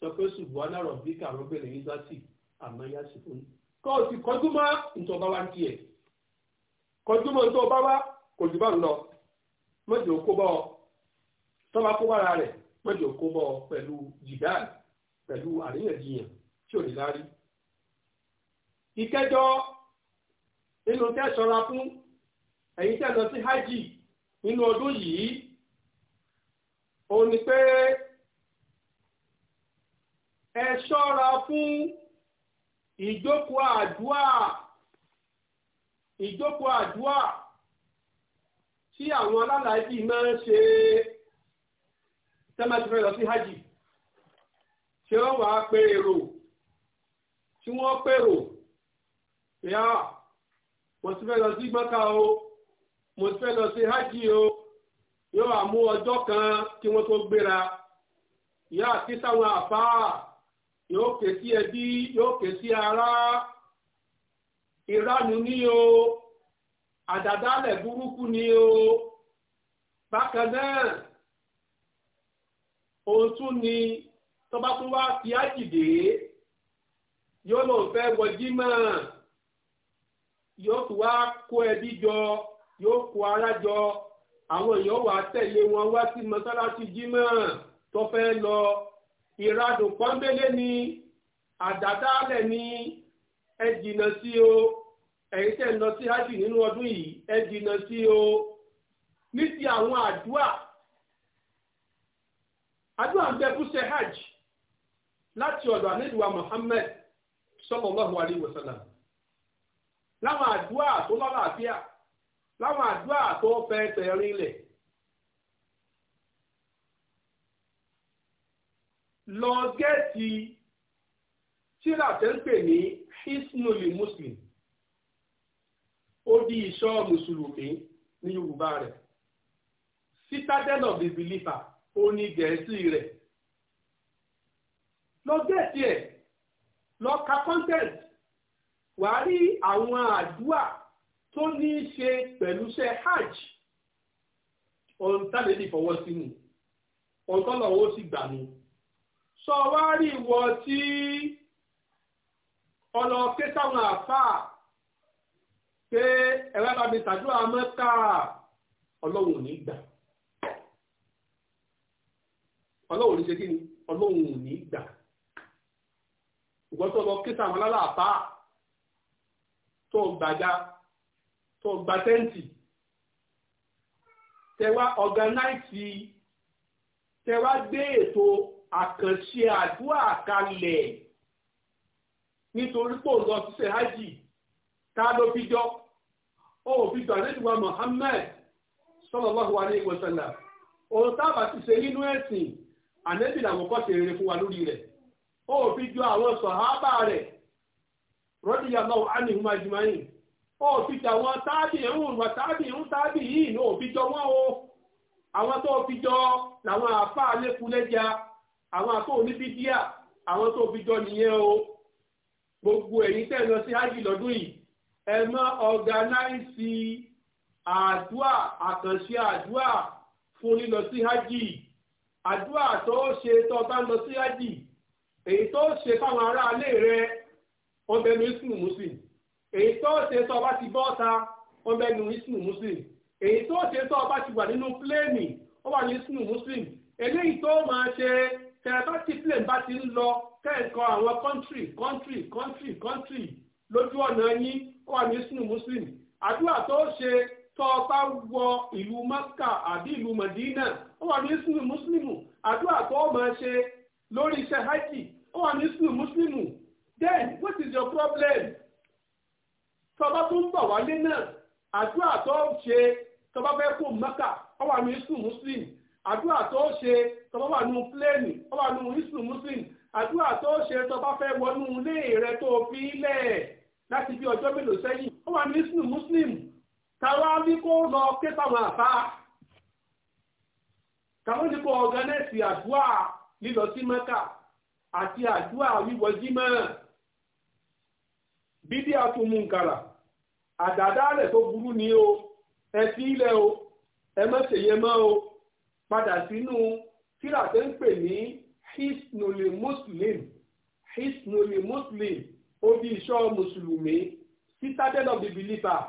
sọ pé ṣùgbọ́n alárọ̀ bí kàrọ́ bẹ̀rẹ̀ yín àmọ́ yá sí fún un kọ́ ọ ti kọjú mọ́ ntọ́ba wa tiẹ̀ kọjú mọ́ wa kò jù bá ń lọ mọ́jọ kó bọ́ hajj nínú ọdún yìí òun ni pé ẹ ṣọ́ra fún ìjókòó àdúà ìjókòó àdúà tí àwọn alálàájì máa ń ṣe tẹ́mẹ́tì fẹ́ lọ sí hajj ṣé wọ́n wàá pé èrò tí wọ́n pèrò ìyá wọ́n ti fẹ́ lọ sí gbọ́ká o. mo ti fẹ́ lọ sí hajj o yóò wá mú ọjọ́ kan kí wọ́n tó gbéra ìyá àti sáwọn àfáà yóò ké sí ẹbí yóò ké sí ara ìránù ni o àdàdálẹ̀ burúkú ni o bákan náà òun tún ni tọ́ba tún wá fi dé yóò lòun fẹ́ wọ jímọ̀ yóò tún wá kó ẹbí jọ. yóò kó ara jọ àwọn èèyàn wà á tẹ̀lé wọn wá sí mọ́sálásí jímọ̀ tó fẹ́ lọ pọ́nbélé ni àdádálẹ̀ ni ẹ sí o ẹ̀yin tẹ̀ ń lọ sí hajj nínú ọdún yìí ẹ sí o ní ti àwọn àdúà àdúà ń bẹ fún hajj láti ọ̀dọ̀ ànídùúwà Muhammad sallallahu alaihi wasallam láwọn àdúà láwọn àdúrà tó fẹsẹ̀ rinlẹ̀ lọ gẹ́ẹ̀tì tíra tẹ́ ń pè ní hisnuli muslim ó di ìṣọ́ mùsùlùmí ní yorùbá rẹ̀ citadel of the believer ó ní gẹ̀ẹ́sì rẹ̀ lọ gẹ́ẹ̀tì ẹ̀ lọ ka content wàá rí àwọn àdúrà tó ní í ṣe pẹ̀lú iṣẹ́ hajj ohun tálẹ̀ lè fọwọ́ sí mu ohun tọ́lọ̀ owó sì gbà mu sọ wá rí ìwọ tí ọlọ́ọ̀kẹ́ sáwọn àfáà pé ẹ̀rọ bá mi tàdúrà mẹ́ta ọlọ́run ò ní gbà ọlọ́run ò ní ṣe kí ni ọlọ́run ò ní gbà ìwọ́n tó lọ kí sáwọn alálàáfáà tó gbàjá tó gba tẹ́ǹtì tẹ́wá ọ̀gánáìtì tẹ́wá gbé ètò àkànṣe àdúrà kalẹ̀ nítorí pò lọ sí hajj ká ló fi jọ ó fi jọ àdéhùwà Muhammad sallallahu alaihi wa òun ti ṣe nínú ẹ̀sìn ànẹ́bì làwọn kọ́ ṣe rere fún wa lórí rẹ̀ ó fi jọ ó fi tàwọn tábì ń wà tábì ń tábì yìí ní òbí jọ wọ́n o àwọn tó fi jọ làwọn àfa lẹ́kulẹ́jà àwọn àfa oníbídíà àwọn tó fi jọ nìyẹn o gbogbo ẹ̀yin tẹ̀ lọ sí hajj lọ́dún yìí ẹ mọ́ ọ̀gánáìsì àdúà àkànṣe àdúà fún lílọ sí hajj àdúà tó ṣe tó bá ń lọ sí hajj èyí tó ṣe fáwọn aráalé rẹ ọbẹ̀ mi sùn mùsùlùmí èyí tó ṣe tó ọba ti bọ́ ọ̀ta ó bẹ́ẹ̀ nu ismu muslim èyí tó ṣe tó ọba ti wà nínú pléènì ó wà ní ismu muslim eléyìí tó máa ṣe tẹ̀ẹ̀bá tí plane bá ti ń lọ kẹ́ẹ̀kọ́ àwọn country country country country lójú ọ̀nà yín ó wà ní muslim àdúrà tó ṣe tó ọba wọ ìlú Mẹ́kà àbí ìlú Mẹdínà ó wà ní ismu muslim àdúrà tó máa ṣe lórí iṣẹ́ hajj ó wà ní ismu muslim then what is your problem? tọba tó ń bọ̀ wálé náà àdúrà tó ń ṣe tọba fẹ́ kó mẹ́kà ó wà ní isu muslim àdúrà tó ń ṣe tọba wà nù ó wà muslim àdúrà tó ń ṣe tọba fẹ́ wọnú ilé rẹ tó fi lẹ̀ láti bí ọjọ́ mélòó sẹ́yìn ó wà ní isu muslim tàwa ní kó lọ ké sáwọn tàwa ní kó ọ̀gánẹ́sì àdúrà lílọ sí mẹ́kà bídí àtúmùnkàrà àdàdálẹ̀ tó burú ni o ẹ fi ilẹ̀ o ẹ má ṣèyẹ mọ́ o padà sínú tírà tó ń pè ní hisnuli muslim hisnuli muslim odi ìṣọ́ mùsùlùmí citadel of the believer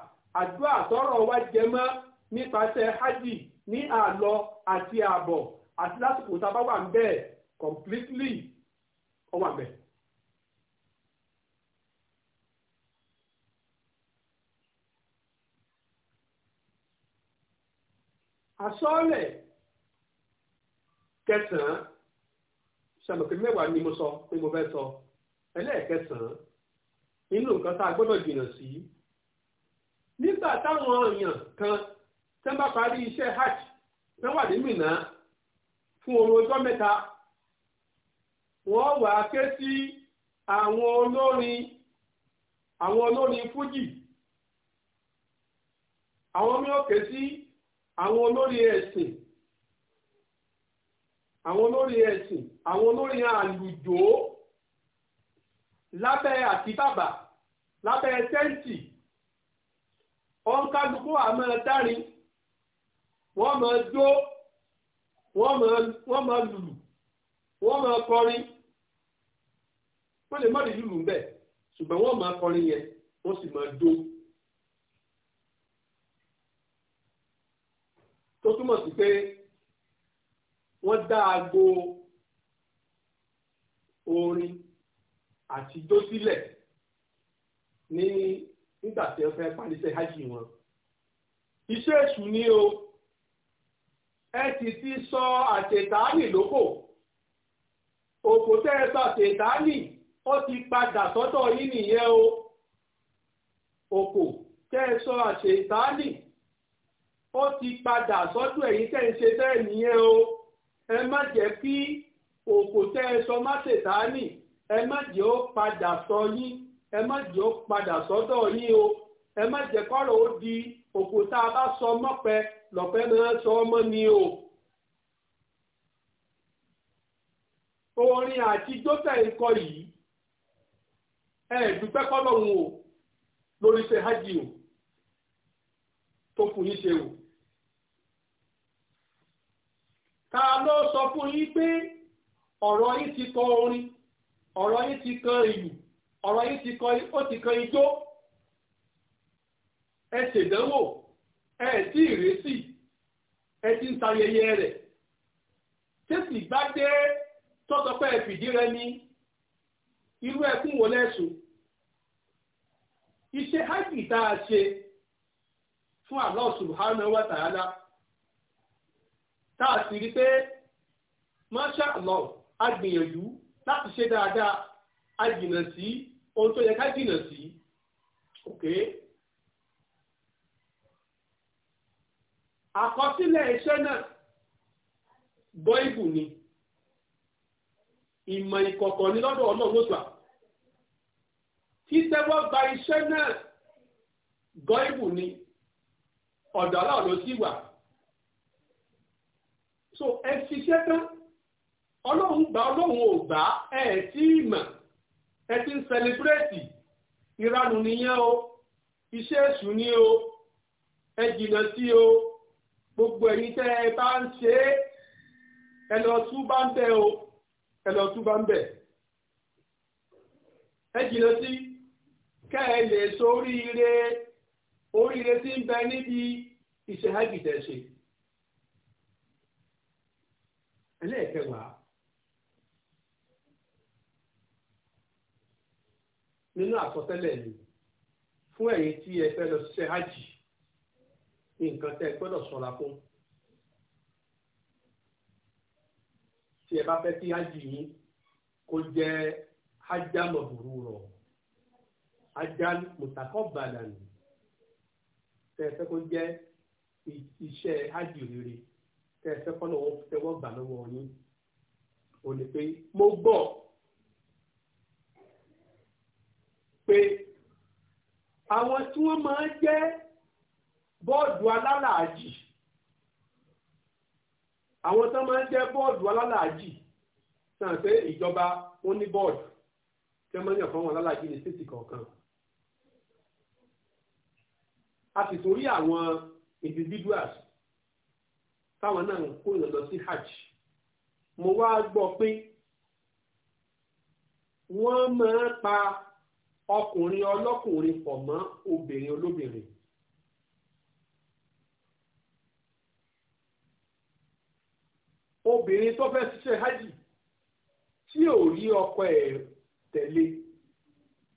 àdúrà tọrọ wa jẹmọ́ nípasẹ̀ hajj ní àlọ àti àbọ̀ àti lásìkò tá a bá wà ń bẹ́ẹ̀ completely ọwà bẹ́ẹ̀. àsọ́ọ̀lẹ̀ kẹsàn-án sàmùkì mẹ́wàá ni mo sọ pé mo fẹ́ sọ ẹlẹ́ẹ̀kẹsàn-án nínú nǹkan tá a gbọ́dọ̀ jìnnà sí nígbà táwọn èèyàn kan tẹ́ bá parí iṣẹ́ hajj tẹ́ wà ní Mínà fún oru ọjọ́ mẹ́ta wọ́n wà á ké sí àwọn olórin àwọn olórin fújì àwọn mi ò ké sí àwọn olórí ẹ̀sìn àwọn olórí ẹ̀sìn àwọn olórí àlùjò lábẹ́ àtíbàbà lábẹ́ tẹ́ǹtì ọ̀nkálukú àmọ́ dárí wọ́n máa jó wọ́n máa lùlù wọ́n máa kọrin wọ́n lè má lùlù ń ṣùgbọ́n wọ́n máa kọrin yẹn wọ́n sì máa jó. tó túmọ̀ sí pé wọ́n dá aago orin sílẹ̀ ní nígbà hajj wọn. iṣẹ́ èṣù ni o ẹ sọ lóko òkò tẹ́ ẹ sọ ó ti o òkò tẹ́ ẹ ó ti padà sọ́dọ̀ ẹ̀yin tẹ́ ń ṣe bẹ́ẹ̀ nìyẹn o ẹ má jẹ́ kí òkò tẹ́ ẹ sọ má ṣètánì ẹ má jẹ́ ó padà sọ yín ẹ má jẹ́ ó padà sọ́dọ̀ yín o ẹ má jẹ́ kọ́rọ̀ ó di òkò tá a bá sọ mọ́pẹ lọ́pẹ́ náà sọ ọmọ ni o. orin àti jótẹ́ ikọ̀ yìí ẹ dúpẹ́ kọ́lọ́hún o lórí ṣe hájì o tó fún yín ṣe o. ka ló sọ fún yín pé ọ̀rọ̀ yín ti kọ orin ọ̀rọ̀ yín ti kan ìlú ọ̀rọ̀ yín ti kan ó ti kan ijó ẹ ṣèdánwò ẹ tí ìrèsì ẹ ti ń sayẹyẹ rẹ̀ tẹ́sì gbá a ṣe fún Allah subhanahu wa ta'ala táà sì rí pé masha allah a gbìyànjú láti ṣe dáadáa a jìnà sí ohun tó yẹ ká jìnà sí okay. àkọsílẹ̀ iṣẹ́ náà bọ́ìbù ni ìmọ̀ ìkọ̀kọ̀ ní lọ́dọ̀ ọlọ́gbọ́gbà títẹ́wọ́ gba iṣẹ́ náà gọ́ìbù ni ọ̀dọ̀ aláwọ̀ ló sì wà so ẹ ṣiṣẹ́ tán ọlọ́run gbà ọlọ́run ò gbà ẹ tí ì ẹ ti ń sẹlẹbírẹ́tì ìranù nìyẹn o iṣẹ́ èṣù ni o ẹ jìnnà sí o gbogbo ẹ̀yin tẹ́ ẹ bá ń ṣe é ẹ lọ tún bá ń bẹ̀ o ẹ lọ tún bá ń bẹ̀ ẹ jìnnà sí kẹ́ ẹ lè so oríire oríire tí ń bẹ níbi ṣe. ẹlẹ́ẹ̀kẹwàá nínú àsọtẹ́lẹ̀ mi fún ẹ̀yin tí ẹ fẹ́ lọ ṣiṣẹ́ hajj nǹkan tẹ́ ẹ gbọ́dọ̀ ṣọ́ra fún tí ẹ bá fẹ́ kí hajj yín kó jẹ́ hajjá mọ̀bùrú rọ̀ hajjá mùtàkọ́bàlà tẹ́ ẹ fẹ́ kó jẹ́ iṣẹ́ hajj rere tẹ ẹ fẹ́ kọ́ lọ́wọ́ tẹwọ́ gbà lọ́wọ́ yín ò ní pé mo gbọ́ pé àwọn tí wọ́n máa ń jẹ́ bọ́ọ̀dù alálàájì àwọn tó máa ń jẹ́ bọ́ọ̀dù alálàájì sàn pé ìjọba ó ní bọ́ọ̀dù tí wọ́n máa yàn fún àwọn alálàájì ní stéètì kọ̀ọ̀kan a sì tún rí àwọn individuals táwọn náà ń kó èèyàn lọ sí hajj mo wá gbọ́ pé wọ́n máa pa ọkùnrin ọlọ́kùnrin pọ̀ mọ́ obìnrin olóbìnrin. obìnrin tó fẹ́ ṣiṣẹ́ hajj tí ò rí ọkọ ẹ̀ tẹ̀lé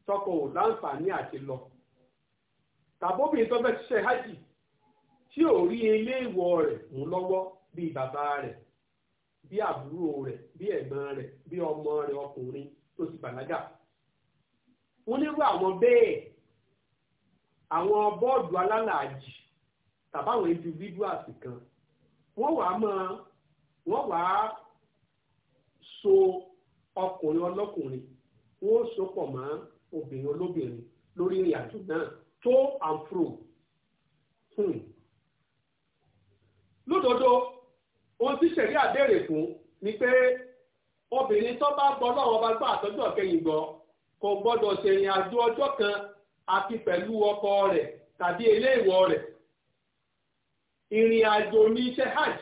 tọkọ ò láǹfààní àti lọ tàbóbìnrin tó fẹ́ ṣiṣẹ́ hajj tí ò rí eléèwọ̀ rẹ̀ mú lọ́wọ́ bíi bàbá rẹ̀ bí àbúrò rẹ̀ bí ẹ̀gbọ́n rẹ̀ bí ọmọ rẹ̀ ọkùnrin tó ti bàlágà. wọ́n nírú àwọn bẹ́ẹ̀ àwọn bọ́ọ̀dù alálàájì tàbáwọn individuals kan wọ́n wàá mọ wọ́n wàá so ọkùnrin ọlọ́kùnrin wọ́n so pọ̀ mọ́ obìnrin olóbìnrin lórí ìrìn àjò náà tó and lódodo ohun tí sẹ̀rí àbẹ̀rẹ̀ fún ni pé obìnrin tó bá gbọ́ lọ́wọ́ bá gbọ́ àtọ́jú ọ̀kẹ́yìn gbọ́ kò gbọ́dọ̀ ṣèrìn àjò ọjọ́ kan àti pẹ̀lú ọkọ rẹ̀ tàbí eléèwọ̀ rẹ̀ ìrìn àjò ní iṣẹ́ hajj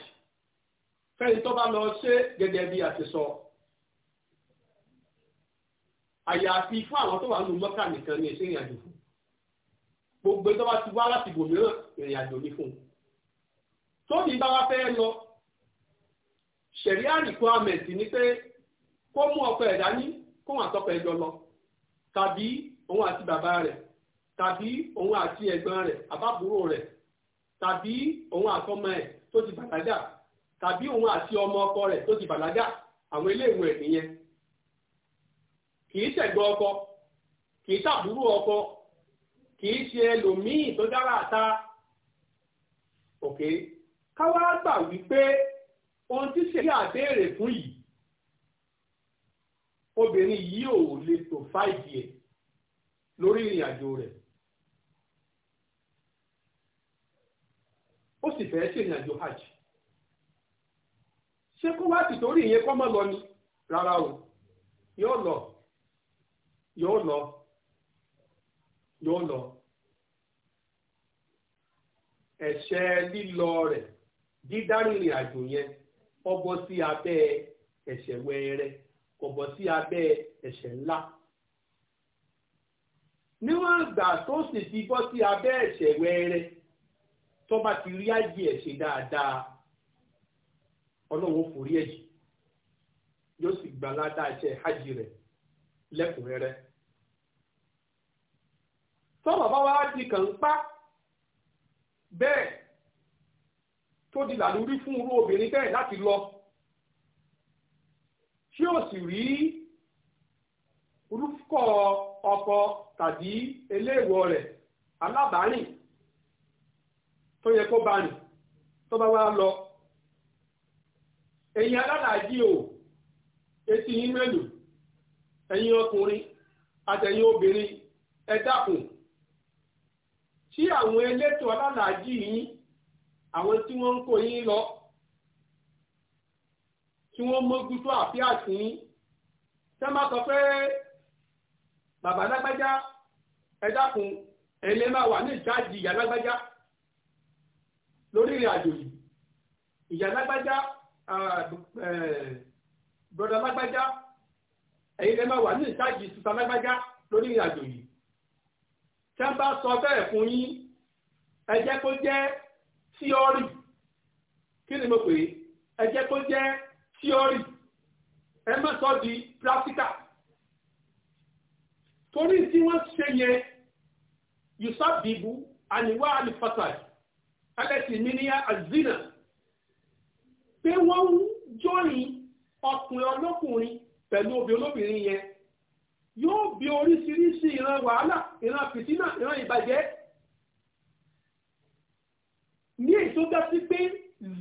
fẹ́ni tó bá lọ ṣe gẹ́gẹ́ bí àtisọ àyàfi fún àwọn tó wà nínú mọ́kà nìkan ní ìṣe ìrìn àjò fún gbogbo tó bá ti wá láti ibòmíràn ìrìn àjò ní fún un tóbi bá wá fẹ́ lọ ṣẹ̀ríà requirement ni pé kó mú ọkọ ẹ̀ dání kó wọn àtọkọ ẹ̀ jọ lọ tàbí òun àti bàbá rẹ̀ tàbí òun àti ẹ̀gbọ́n rẹ̀ àbábúrò rẹ̀ tàbí òun àtọmọ ẹ̀ tó ti bàlágà tàbí òun àti ọmọ ọkọ rẹ̀ tó ti bàlágà àwọn iléèwé ẹ̀ nìyẹn kìí ṣẹ̀gbọ́n ọkọ kìí ṣàbúrò ọkọ kìí ṣe ẹlòmíì tó dára àta òkè. Okay? káwá gbà wípé ohun tí ṣèlú àbéèrè fún yìí obìnrin yìí ò lè tó fáìdì ẹ̀ lórí ìrìn àjò rẹ̀ ó sì fẹ́ ṣe ìrìn àjò hajj ṣé kó wá sì torí ìyẹn kọ́ mọ́ lọ ni rárá o yóò lọ yóò lọ yóò lọ ẹ̀ṣẹ̀ lílọ rẹ̀. dídárí ìrìn àjò yẹn kò sí abẹ́ ẹ̀ṣẹ̀ re kò sí abẹ́ ẹ̀ṣẹ̀ ńlá níwọ̀n ìgbà tó sì ti bọ́ sí abẹ́ ẹ̀ṣẹ̀ wẹ́ẹ́rẹ́ tó bá ti rí àjì ẹ̀ṣẹ̀ dáadáa ọlọ́run forí ẹ̀jì yóò sì gbà hajj rẹ̀ lẹ́kùnrẹ́rẹ́ tọ́wọ́ bá wa di kàn ń pa ó di làlúrí fún irú obìnrin bẹ́ẹ̀ láti lọ tí ó sì rí orúkọ ọkọ tàbí eléèwọ̀ rẹ̀ alábàárìn tó yẹ kó bá rìn tó bá wá lọ ẹ̀yin alálàájì o etí yín mélòó ẹ̀yin ọkùnrin àtẹ̀yin obìnrin ẹ dákun tí àwọn elétò alálàájì yín àwọn tí wọ́n ń kó yín lọ tí wọ́n mójútó àfíà sí yín tẹ́ sọ pé bàbá lágbájá ẹ dákun ẹ̀yin máa wà ní ìjáàjì ìyá lágbájá lórí ìrìn àjò yìí ìyá lágbájá bọ́dà lágbájá ẹ̀yin máa wà ní ìjáàjì ìsúta lágbájá lórí ìrìn àjò yìí tẹ́ sọ bẹ́ẹ̀ fún yín ẹ kó jẹ́ tíọ́rì kí ni mo pè é ẹ jẹ́ kó jẹ́ tíọ́rì ẹ má sọ di pírátíkà torí tí wọ́n ṣe yẹn yusabibu àníwá alifasai alẹ́sì mi ní azina pé wọ́n ń jọ́yìn ọkùnrin ọlọ́kùnrin pẹ̀lú obìnrin olóbìnrin yẹn yóò bí oríṣiríṣi ìran wàhálà ìran fìtínà ìran ìbàjẹ́ ní èyí tó dá sí pé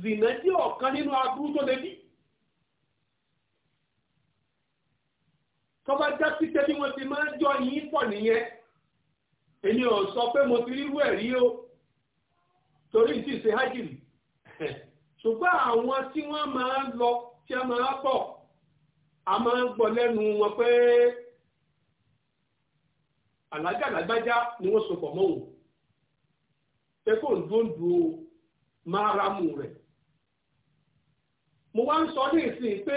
zìnà jẹ́ ọ̀kan nínú aburú tó lè bí. tọ́ba já sí pé bí wọ́n ti máa ń jọ yín pọ̀ nìyẹn èmi ò sọ pé mo ti rírú ẹ̀ rí o torí ti ṣe hájìrì ṣùgbọ́n àwọn tí wọ́n máa ń lọ tí a máa pọ̀ a máa ń gbọ́ lẹ́nu wọn pé àlágàlágbájá ni wọ́n so pọ̀ mọ́ òun pé kò ń dúndùn o máramu rẹ̀ mo wá ń sọ ní ìsìn pé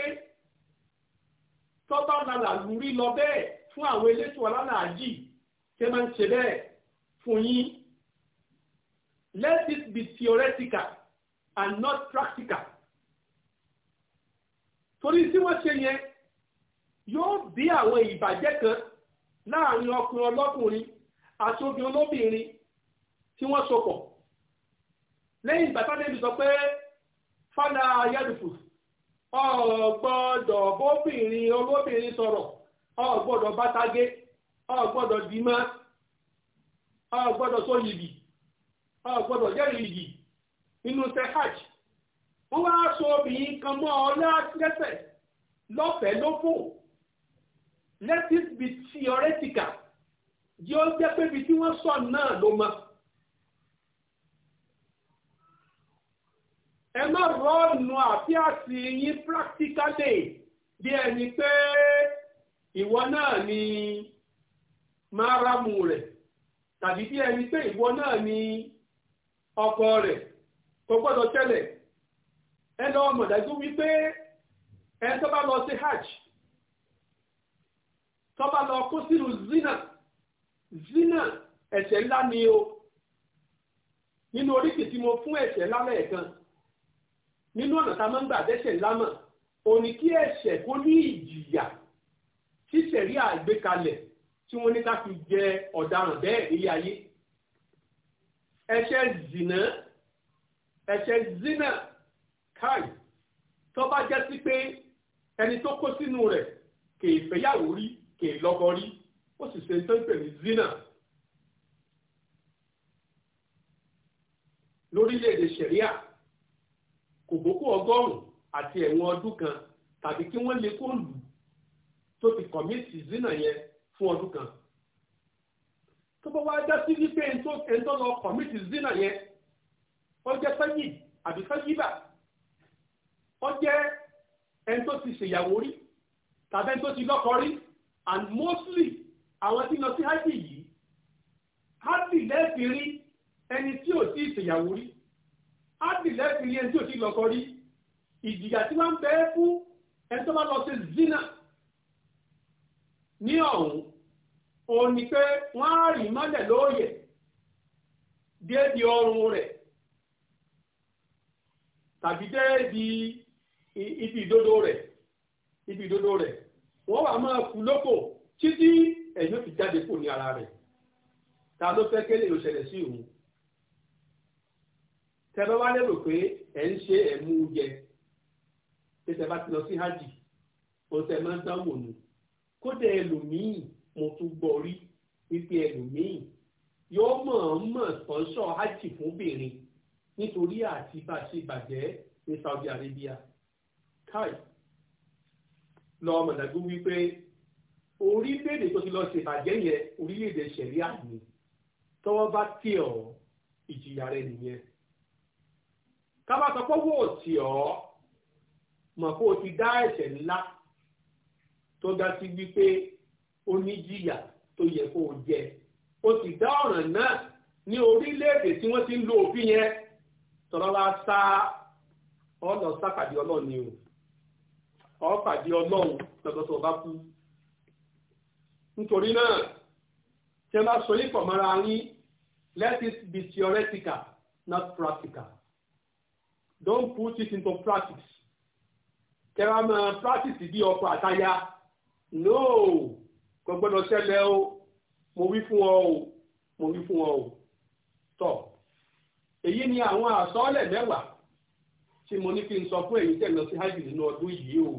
tọ́ba lálà lórí lọ bẹ́ẹ̀ fún àwọn elétò alálàájì tẹ́ máa ń ṣe bẹ́ẹ̀ fún yín let this be theoretical and not practical torí tí wọ́n ṣe yẹn yóò bí àwọn ìbàjẹ́ kan láàrin ọkùnrin ọlọ́kùnrin àti obìnrin olóbìnrin tí wọ́n so pọ̀ lẹ́yìn ìgbà tá débi sọ pé fada yẹdùfù ọ gbọ́dọ̀ bóbìnrin olóbìnrin sọ̀rọ̀ ọ gbọ́dọ̀ bátagé ọ gbọ́dọ̀ dìímá ọ gbọ́dọ̀ sóyìbì ọ gbọ́dọ̀ jẹ́rìyìbì nínú sehaj wọ́n wá so obìnrin kan mọ́ ọ lẹ́sẹ̀ lọ́fẹ̀ẹ́ lófò let it be theoretical jẹ́ ó jẹ́ pé ibi tí wọ́n sọ náà ló máa. ẹ má rọ́ọ̀nù àti àti yín practically bí ẹni pé ìwọ náà ni máa rámù rẹ̀ tàbí bí ẹni pé ìwọ náà ni ọkọ rẹ̀ kò gbọ́dọ̀ tẹ́lẹ̀ ẹ lọ́ọ́ mọ̀dájú wípé ẹ tó bá lọ sí hajj tó bá lọ kó sínú zina zina ẹ̀ṣẹ̀ ńlá ni o nínú oríkì tí mo fún ẹ̀ṣẹ̀ ńlá lẹ́ẹ̀kan nínú ọ̀nà tá a máa ń gbà dẹ́ṣẹ̀ lámọ̀ òní kí ẹ̀ṣẹ̀ kó ní ìjìyà tí sẹ̀rí àgbékalẹ̀ tí wọ́n ní ká fi jẹ ọ̀daràn bẹ́ẹ̀ nílé ayé ẹ̀ṣẹ̀ zìnà ẹ̀ṣẹ̀ zìnà káì tó bá jẹ́ sí pé ẹni tó kó sínú rẹ̀ kèé fẹ́yàwó rí kèé lọ́kọ rí ó sì ṣe tó ń pè ní zìnà. lórílẹ̀-èdè sẹ̀ríà kòbókò ọgọ́rùn-ún àti ẹ̀wọ̀n ọdún kan tàbí kí wọ́n lè kó lù tó ti kọ̀míìtì zina yẹn fún ọdún kan. tó bá wá dá sí wípé ẹni tó lọ kọ̀míìtì zina yẹn ó jẹ́ sẹ́yìn àbí sẹ́yìnbà ó jẹ́ ẹni tó ti ṣèyàwó rí tàbí ẹni tó ti lọ́kọ rí and mostly àwọn tí lọ sí hajj yìí hajj lẹ́ẹ̀fì rí ẹni tí ò tí ì ṣèyàwó rí ábìlẹ̀ fi rí ẹni tí ò ti lọ́kọ rí ìjìyà tí wọ́n ń bẹ fún ẹni tó bá lọ sí zina ní ọ̀hún òun ni pé wọ́n á rì mọ́lẹ̀ lóòyẹ̀ déèdì ọrùn rẹ̀ tàbí déèdì ibi ìdodo rẹ̀ ibi ìdodo rẹ̀ wọ́n wà máa kú lóko títí ẹ̀yìn ó ti jáde kù ní ara rẹ̀ ta ló fẹ́ kéde ló sí òun tẹ́bẹ́ wá lérò pé ẹ̀ ń ṣe ẹ̀mú jẹ pé tẹ́ bá ti lọ sí hajj ó tẹ́ máa ń dánwò nù kódà ẹlòmíì mo tún gbọ́ rí wípé ẹlòmíì yóò mọ̀ ń mọ̀ sponsor hajj fún obìnrin nítorí àti bá ṣe bàjẹ́ ní Saudi Arabia káì lọ mọ̀dàgbé wípé orílẹ̀-èdè tó ti lọ ṣe bàjẹ́ yẹn orílẹ̀-èdè ṣẹ̀ríà ni tọ́wọ́ bá tẹ̀ ọ́ ìjìyà rẹ̀ nìyẹn kábà sọ pé wò sí ọ mọ̀ kó o ti dá ẹ̀ṣẹ̀ ńlá tó ga sí wípé ó ní jìyà tó yẹ kó o jẹ o sì dá ọ̀ràn náà ní orílẹ̀-èdè tí wọ́n ti ń lo òfin yẹn tọ́lọ́ wá sá ọ lọ sápàdé ọlọ́run ni o ọ pàdé ọlọ́run lọ́dọ̀tọ̀ bá kú nítorí náà tí ẹ bá sọ yín pọ̀ mọ́ra yín let it be theoretical not practical don't put it into practice kẹra máa practice bí ọkọ àtaya no kò gbọ́dọ̀ ṣẹlẹ̀ o mo wí fún ọ o mo wí fún ọ o tọ èyí ni àwọn àsọọ́lẹ̀ mẹ́wàá tí mo ní kí n sọ fún èyí tẹ̀ lọ sí hajj nínú ọdún yìí o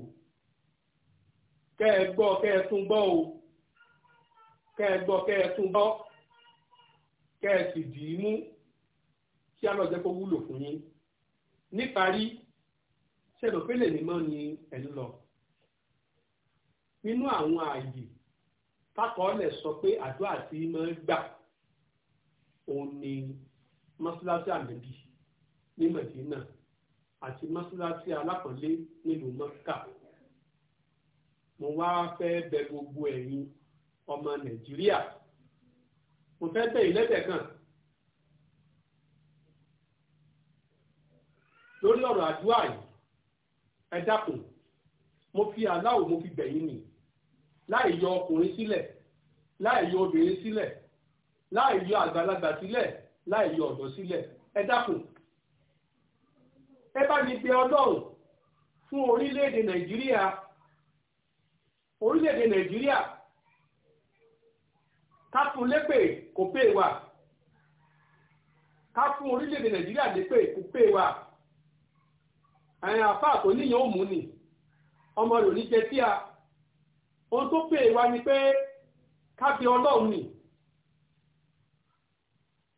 kẹ́ ẹ gbọ́ kẹ́ ẹ tún gbọ́ o kẹ́ ẹ gbọ́ kẹ́ ẹ tún gbọ́ kẹ́ ẹ sì dì í mú kí á lọ jẹ́ kó wúlò fún yín níparí ṣèlópélè mímọ́ ni ẹ̀ ń lọ nínú àwọn ààyè tákọọ́lẹ̀ sọ pé àdúrà tí máa gbà òun ni mọ́ṣáláṣí àmẹ́bí ní Mẹ̀dínà àti mọ́ṣáláṣí alápọ̀nlé nílùú Mọ́kà mo wá fẹ́ bẹ̀ gbogbo ẹ̀yin ọmọ Nàìjíríà mo fẹ́ bẹ̀ ìlẹ́bẹ̀ kan lórí ọ̀rọ̀ àdúrà yìí ẹ dákun mo fi aláwo mo fi bẹ̀yìn nì láì yọ ọkùnrin sílẹ̀ láì yọ obìnrin sílẹ̀ láì yọ àgbàlagbà sílẹ̀ láì yọ ọ̀dọ́ sílẹ̀ ẹ dákun ẹ bá mi bẹ̀ ọlọ́run fún orílẹ̀-èdè nàìjíríà orílẹ̀-èdè nàìjíríà ká fún lépè kò pé wa ká fún orílẹ̀-èdè nàìjíríà lépè kò pé wa àyàn àfáà tó níyàn ó mú ni ọmọ rẹ̀ ò ní jẹ tí a ohun tó pè wá ni pé kábí ọlọ́run ni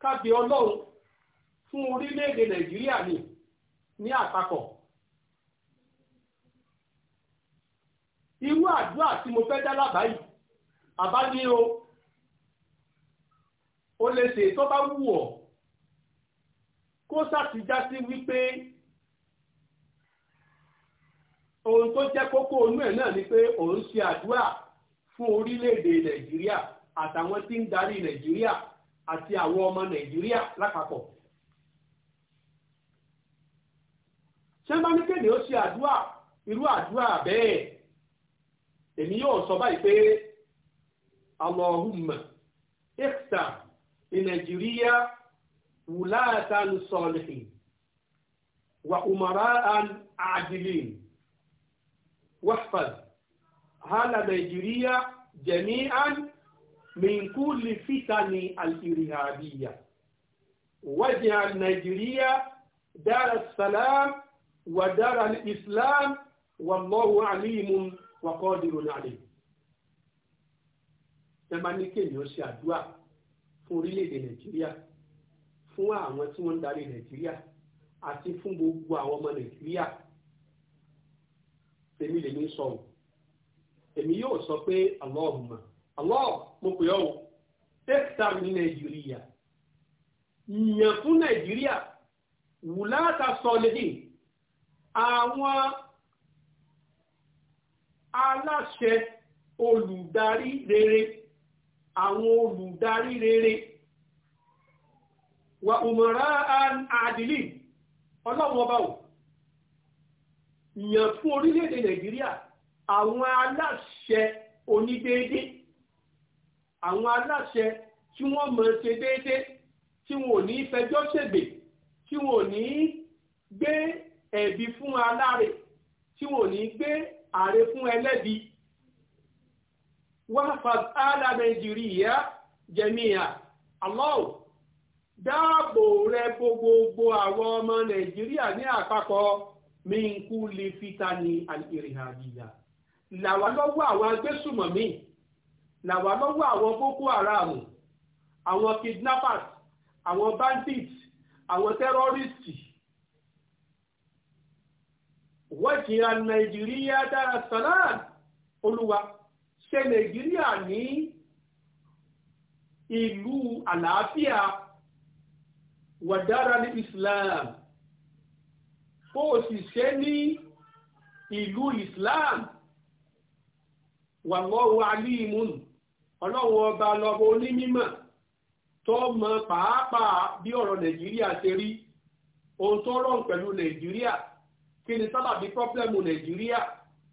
kábí ọlọ́run fún orílẹ̀-èdè nàìjíríà ni ní àpapọ̀ irú àdúrà tí mo fẹ́ dá lábàá yìí àbá ní o o lè ṣe tó bá wù ọ́ kó sàtìjá sí wípé ohun tó jẹ́ kókó inú ẹ̀ náà ni pé òun ṣe àdúrà fún orílẹ̀-èdè nàìjíríà àtàwọn tí ń darí nàìjíríà àti àwọn ọmọ nàìjíríà lápapọ̀. ṣé bá ní kéde ó ṣe àdúrà irú àdúrà bẹ́ẹ̀ èmi yóò sọ báyìí pé Allahumma ikhtar li Nàìjíríà wùláàtàn salihin wa umara'an adilin. واحفظ حال نيجيريا جميعا من كل فتن الإرهابية واجعل نيجيريا دار السلام ودار الإسلام والله عليم وقادر عليه ẹ máa ní kéèyàn ṣe àdúrà fún orílẹ̀-èdè nàìjíríà fún àwọn tí wọ́n ń darí nàìjíríà àti fún gbogbo àwọn ọmọ nàìjíríà tèmi lèmi ń sọ̀rọ̀ èmi yóò sọ pé Allahumma Allah mo pè ọ́ o tẹ́kítà ní Nàìjíríà yàn fún Nàìjíríà wùláta sọ̀lẹ́hìn àwọn aláṣẹ olùdarí rere àwọn olùdarí rere wà òmùrà àdìlì ọlọ́run ọba o yàn fún orílẹ̀-èdè nàìjíríà àwọn aláṣẹ onídéédé àwọn aláṣẹ tí wọ́n mọ̀ ṣe déédé tí wọn ò ní fẹjọ́ ṣègbè tí wọn ò ní gbé ẹ̀bi fún aláre tí wọn ò ní gbé àre fún ẹlẹ́bi wáfàd àlà nàìjíríà jẹ̀míà aláwọ̀ dáàbò rẹ gbogbogbò àwọn ọmọ nàìjíríà ní àpapọ̀ min kulli fitani al-irhadiyya làwa lọ́wọ́ àwọn agbésùmọ̀mí làwa lọ́wọ́ àwọn boko haram àwọn kidnappers àwọn bandits àwọn terrorists wajira nàìjíríà dára sàlám olúwa ṣe nàìjíríà ní ìlú àlàáfíà wàdára ní islam. o sì ṣe ní ìlú Islam wallahu alimun ọlọ́run ọba lọ́wọ́ onímọ̀ tó mọ pàápàá bí ọ̀rọ̀ Nàìjíríà ṣe rí ohun tó rọrùn pẹ̀lú Nàìjíríà kí ni sábàbí pọ́blẹ́mù Nàìjíríà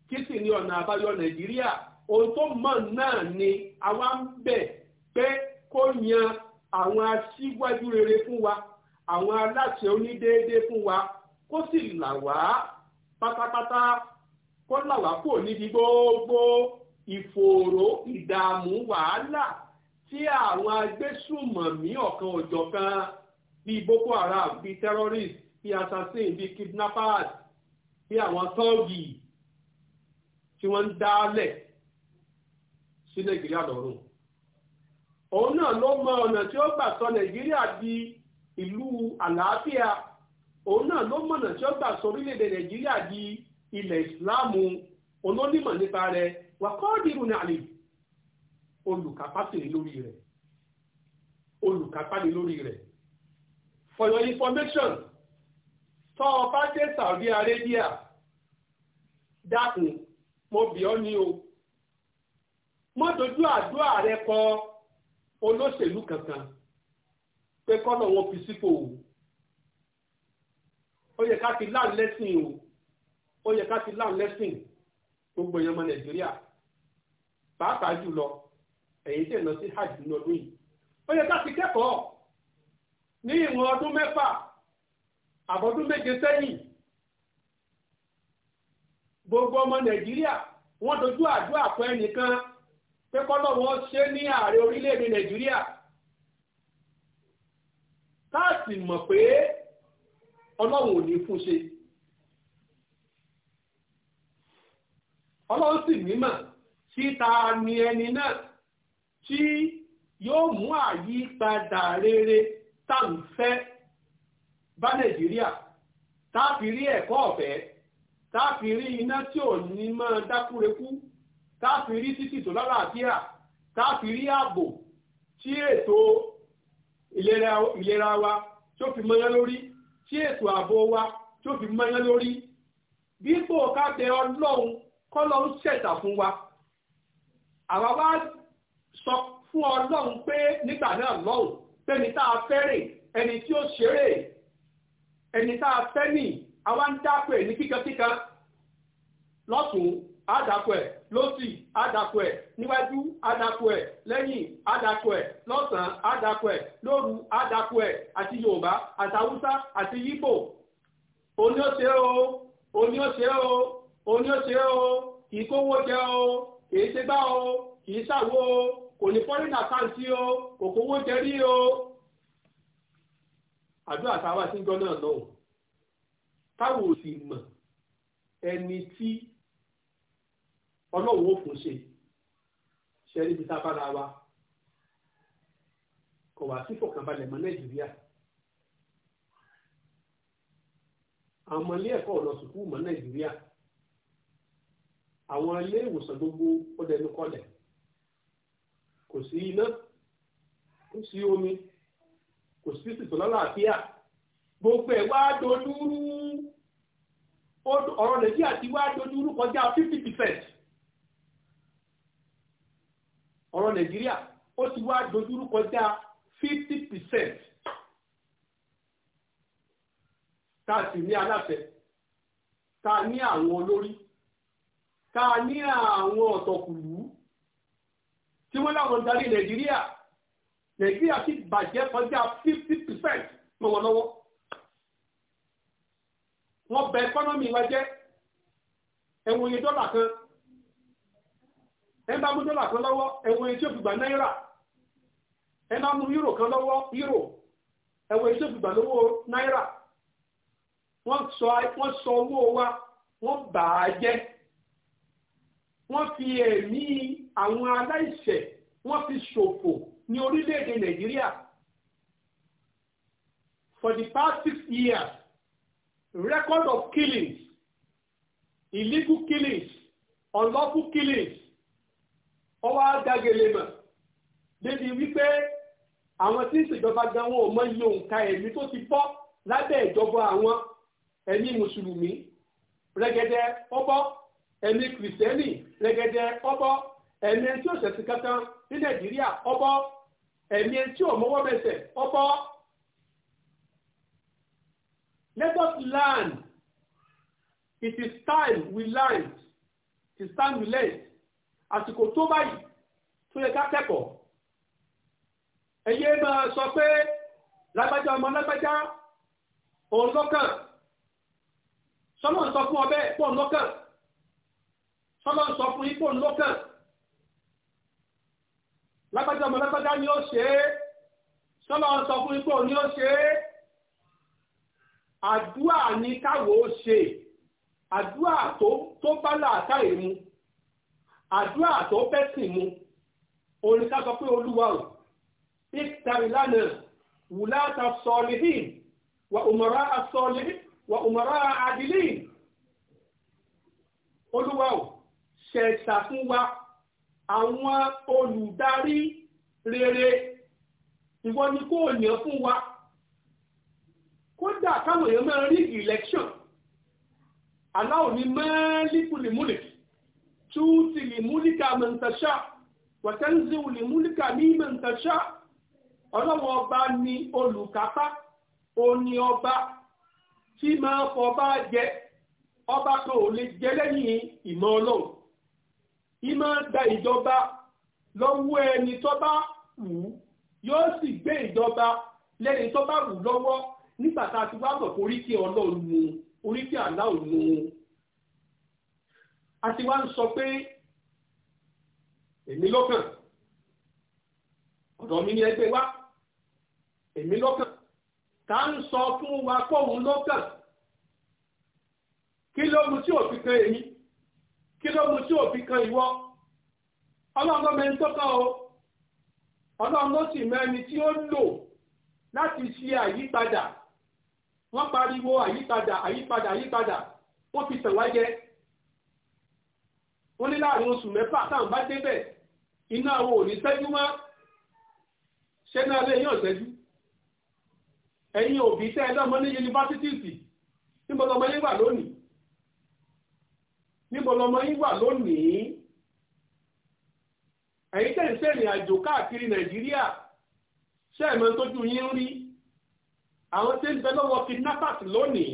kí sì ni ọ̀nà àbáyọ Nàìjíríà ohun tó mọ̀ náà ni àwa ń bẹ̀ pé kó yan àwọn aṣíwájú rere fún wa àwọn aláṣẹ onídéédé fún kó sì là wá pátápátá kó là wá kúrò níbi gbogbo ìfòòró ìdààmú wàhálà tí àwọn agbésùmọ̀mí ọ̀kan òjọ̀kan bíi Boko Haram bíi terrorist bíi assassin bíi kidnappers bíi àwọn tọ́ọ̀gì tí wọ́n ń dálẹ̀ sí Nàìjíríà lọ́rùn òun náà ló mọ ọ̀nà tí ó gbà sọ Nàìjíríà di ìlú àlàáfíà òun náà ló mọ̀nà tí ó gbà sọ orílẹ̀-èdè nàìjíríà di ilẹ̀ ìsìláàmù olónímọ̀ nípa rẹ̀ wàkọ́ọ̀dìrún àlè olùkápásìrì lórí rẹ̀ olùkápáni lórí rẹ̀ for your information tọ́ ọ bá dé Saudi Arabia dákun mo bì ọ́ ní o mo dojú àdúrà kọ olóṣèlú kankan pé ó yẹ ká ti láàn lẹ́sìn o ó yẹ ká ti láàn lẹ́sìn gbogbo èèyàn ọmọ nàìjíríà pàápàá jùlọ ẹ̀yin tẹ̀ lọ sí hajj ní ọdún yìí ó yẹ ká ti kẹ́kọ̀ọ́ ní ìwọ̀n ọdún mẹ́fà àbọ̀dún méje sẹ́yìn gbogbo ọmọ nàìjíríà wọ́n dojú àdúrà fún ẹnìkan pé kọ́lọ́wọ́ ṣe ní ààrẹ orílẹ̀-èdè nàìjíríà káàsì mọ̀ pé ọlọ́run ò ní fún ṣe ọlọ́run sì nímọ̀ síta ni ẹni náà tí yóò mú àyípadà rere tá bá nàìjíríà tá rí ẹ̀kọ́ ọ̀fẹ́ tá rí iná tí ò ní máa dákúrekú tá rí títì tó lálàáfíà tá rí ààbò tí ètò ìlera wa tó fi mọ́yán lórí tí ètò ààbò wa tí ó fi mọ́yán lórí dípò ká bẹ ọlọ́run kọ́lọ́run ṣẹ̀dá fún wa àwa wá sọ fún ọlọ́run pé nígbà náà lọ́hùn pé ní tá a fẹ́rẹ̀ ẹni tí ó ṣeré ẹni tá a fẹ́ nì àwa ń dápẹ́ ní kíkankíkan lọ́tún á dápẹ́ lọ́sì àdàpọ̀ ẹ̀ níwájú àdàpọ̀ ẹ̀ lẹ́yìn àdàpọ̀ ẹ̀ lọ́sàn-án àdàpọ̀ ẹ̀ lóru àti yorùbá àti àti yíbò òní o òní ó o òní o kówó jẹ o kìí ṣe gbá o o kò ní àkáǹtì sì mọ ọlọ́run ó fún ṣe ṣe ẹni bí sábàrà wa kò wá sí fọkànbalẹ̀ mọ́ nàìjíríà àwọn ọmọ ilé ẹ̀kọ́ ọ̀nà sùkúù mọ́ nàìjíríà àwọn ilé ìwòsàn gbogbo ó dẹnu kọlẹ̀ kò sí iná kò sí omi kò sí tìtò lọ́làáfíà gbogbo ẹ̀ wá dojúrú ọ̀rọ̀ nàìjíríà ti wá dojúrú kọjá fifty percent ọ̀rọ̀ nàìjíríà ó ti wá dojúrú kọjá fifty percent tá a sì ní aláṣẹ tá a ní àwọn olórí tá a ní àwọn ọ̀tọ̀kùlú tí wọ́n láwọn darí nàìjíríà nàìjíríà ti bàjẹ́ kọjá fifty percent lọ́wọ́lọ́wọ́ wọ́n bà ẹkọ́nọ́mì wa jẹ́ ẹ̀wọ̀n iye dọ́là kan ẹ bá mú dọ́là kan lọ́wọ́ ẹ̀wọ̀n èyí tí ó fi gbà náírà ẹ bá mú euro kan lọ́wọ́ euro ẹ̀wọ̀n èyí tí fi gbà lọ́wọ́ náírà wọ́n sọ owó wa wọ́n bà á jẹ́ wọ́n fi ẹ̀mí àwọn aláìṣẹ̀ wọ́n fi ṣòfò ní orílẹ̀-èdè nàìjíríà for the past six years record of killings illegal killings unlawful killings ó wá dágele mọ̀ débi wípé àwọn tí ń ṣèjọba gan wọn ò mọ iye òǹkà ẹ̀mí tó ti bọ́ lábẹ́ ìjọba àwọn ẹ̀mí mùsùlùmí rẹ́gẹ́dẹ́ ọbọ̀ ẹ̀mí kìrìsìtẹ́nì rẹ́gẹ́dẹ́ ọbọ̀ ẹ̀mí ẹni tí ó ṣẹ̀sìn kankan ní nàìjíríà ọbọ̀ ẹ̀mí ẹni tí ò mọ́wọ́ mẹsẹ̀ ọbọ̀ let us learn it is time we learn it is time we learn àsìkò tó báyìí tó yẹ ká kẹ́kọ̀ọ́ ẹ yé máa sọ pé lágbájá ọmọ lágbájá òun lọ́kàn sọ́mọ̀ ń sọ fún ọbẹ̀ pọ̀ lọ́kàn sọ́mọ̀ ń sọ fún ipò lọ́kàn lágbájá ọmọ lágbájá ni ó ṣe é sọ́mọ̀ ń sọ fún ipò ni ó ṣe é àdúà ní káwọ́ ṣe àdúà tó bá làákàyè mu àdúrà tó bẹ́sìn mu òní ká sọ pé olúwa o ìtàrí lánàá wùláta sọ̀lìhìn wà òmùrà sọ̀lìhìn wà òmùrà àdìlìn olúwa o ṣẹ̀ṣà fún wa àwọn olùdarí rere ìwọ ni kò yàn fún wa kódà káwọn èèyàn máa rí election aláwọ̀ ní mẹ́ẹ́lí kùlìmùlì tuti limulika man tasha wa tanzi'u limulika mimman tasha ọba ni olùkápá òní ọba tí máa ọba kan ò lè jẹ lẹ́yìn ìmọ̀ ọlọ́run ìmọ̀ gba ìjọba lọ́wọ́ ẹni tó wù yóò sì gbé ìjọba lẹ́ni tó wù lọ́wọ́ ti a ti wá ń sọ pé èmi lọ́kàn ọ̀dọ̀ mi ni ẹgbẹ́ wa èmi lọ́kàn tá ń sọ fún wa kóhun lọ́kàn kí ló tí ò fi kan èmi kí ló mu tí ò fi kan ìwọ ọlọ́run lọ́mọ ẹni tó o ọlọ́run ló sì ti tí ó lò láti ṣe àyípadà wọ́n pariwo àyípadà àyípadà àyípadà wọ́n fi tàn wọ́n ní láàrin oṣù mẹ́fà táwọn bá débẹ̀ iná àwọn ò ní ṣẹ́jú mọ́ ṣé náà lè yàn ṣẹ́jú ẹ̀yin òbí tẹ́ ẹ lọ́mọ ní yunifásitìsì níbo lọmọ yín wà lónìí níbo lọmọ yín wà lónìí ẹ̀yin tẹ́ ń sẹ́rìn àjò káàkiri nàìjíríà ṣé ẹ̀mọ tójú yín ń rí àwọn tẹ́ ń bẹ lọ́wọ́ kidnappers lónìí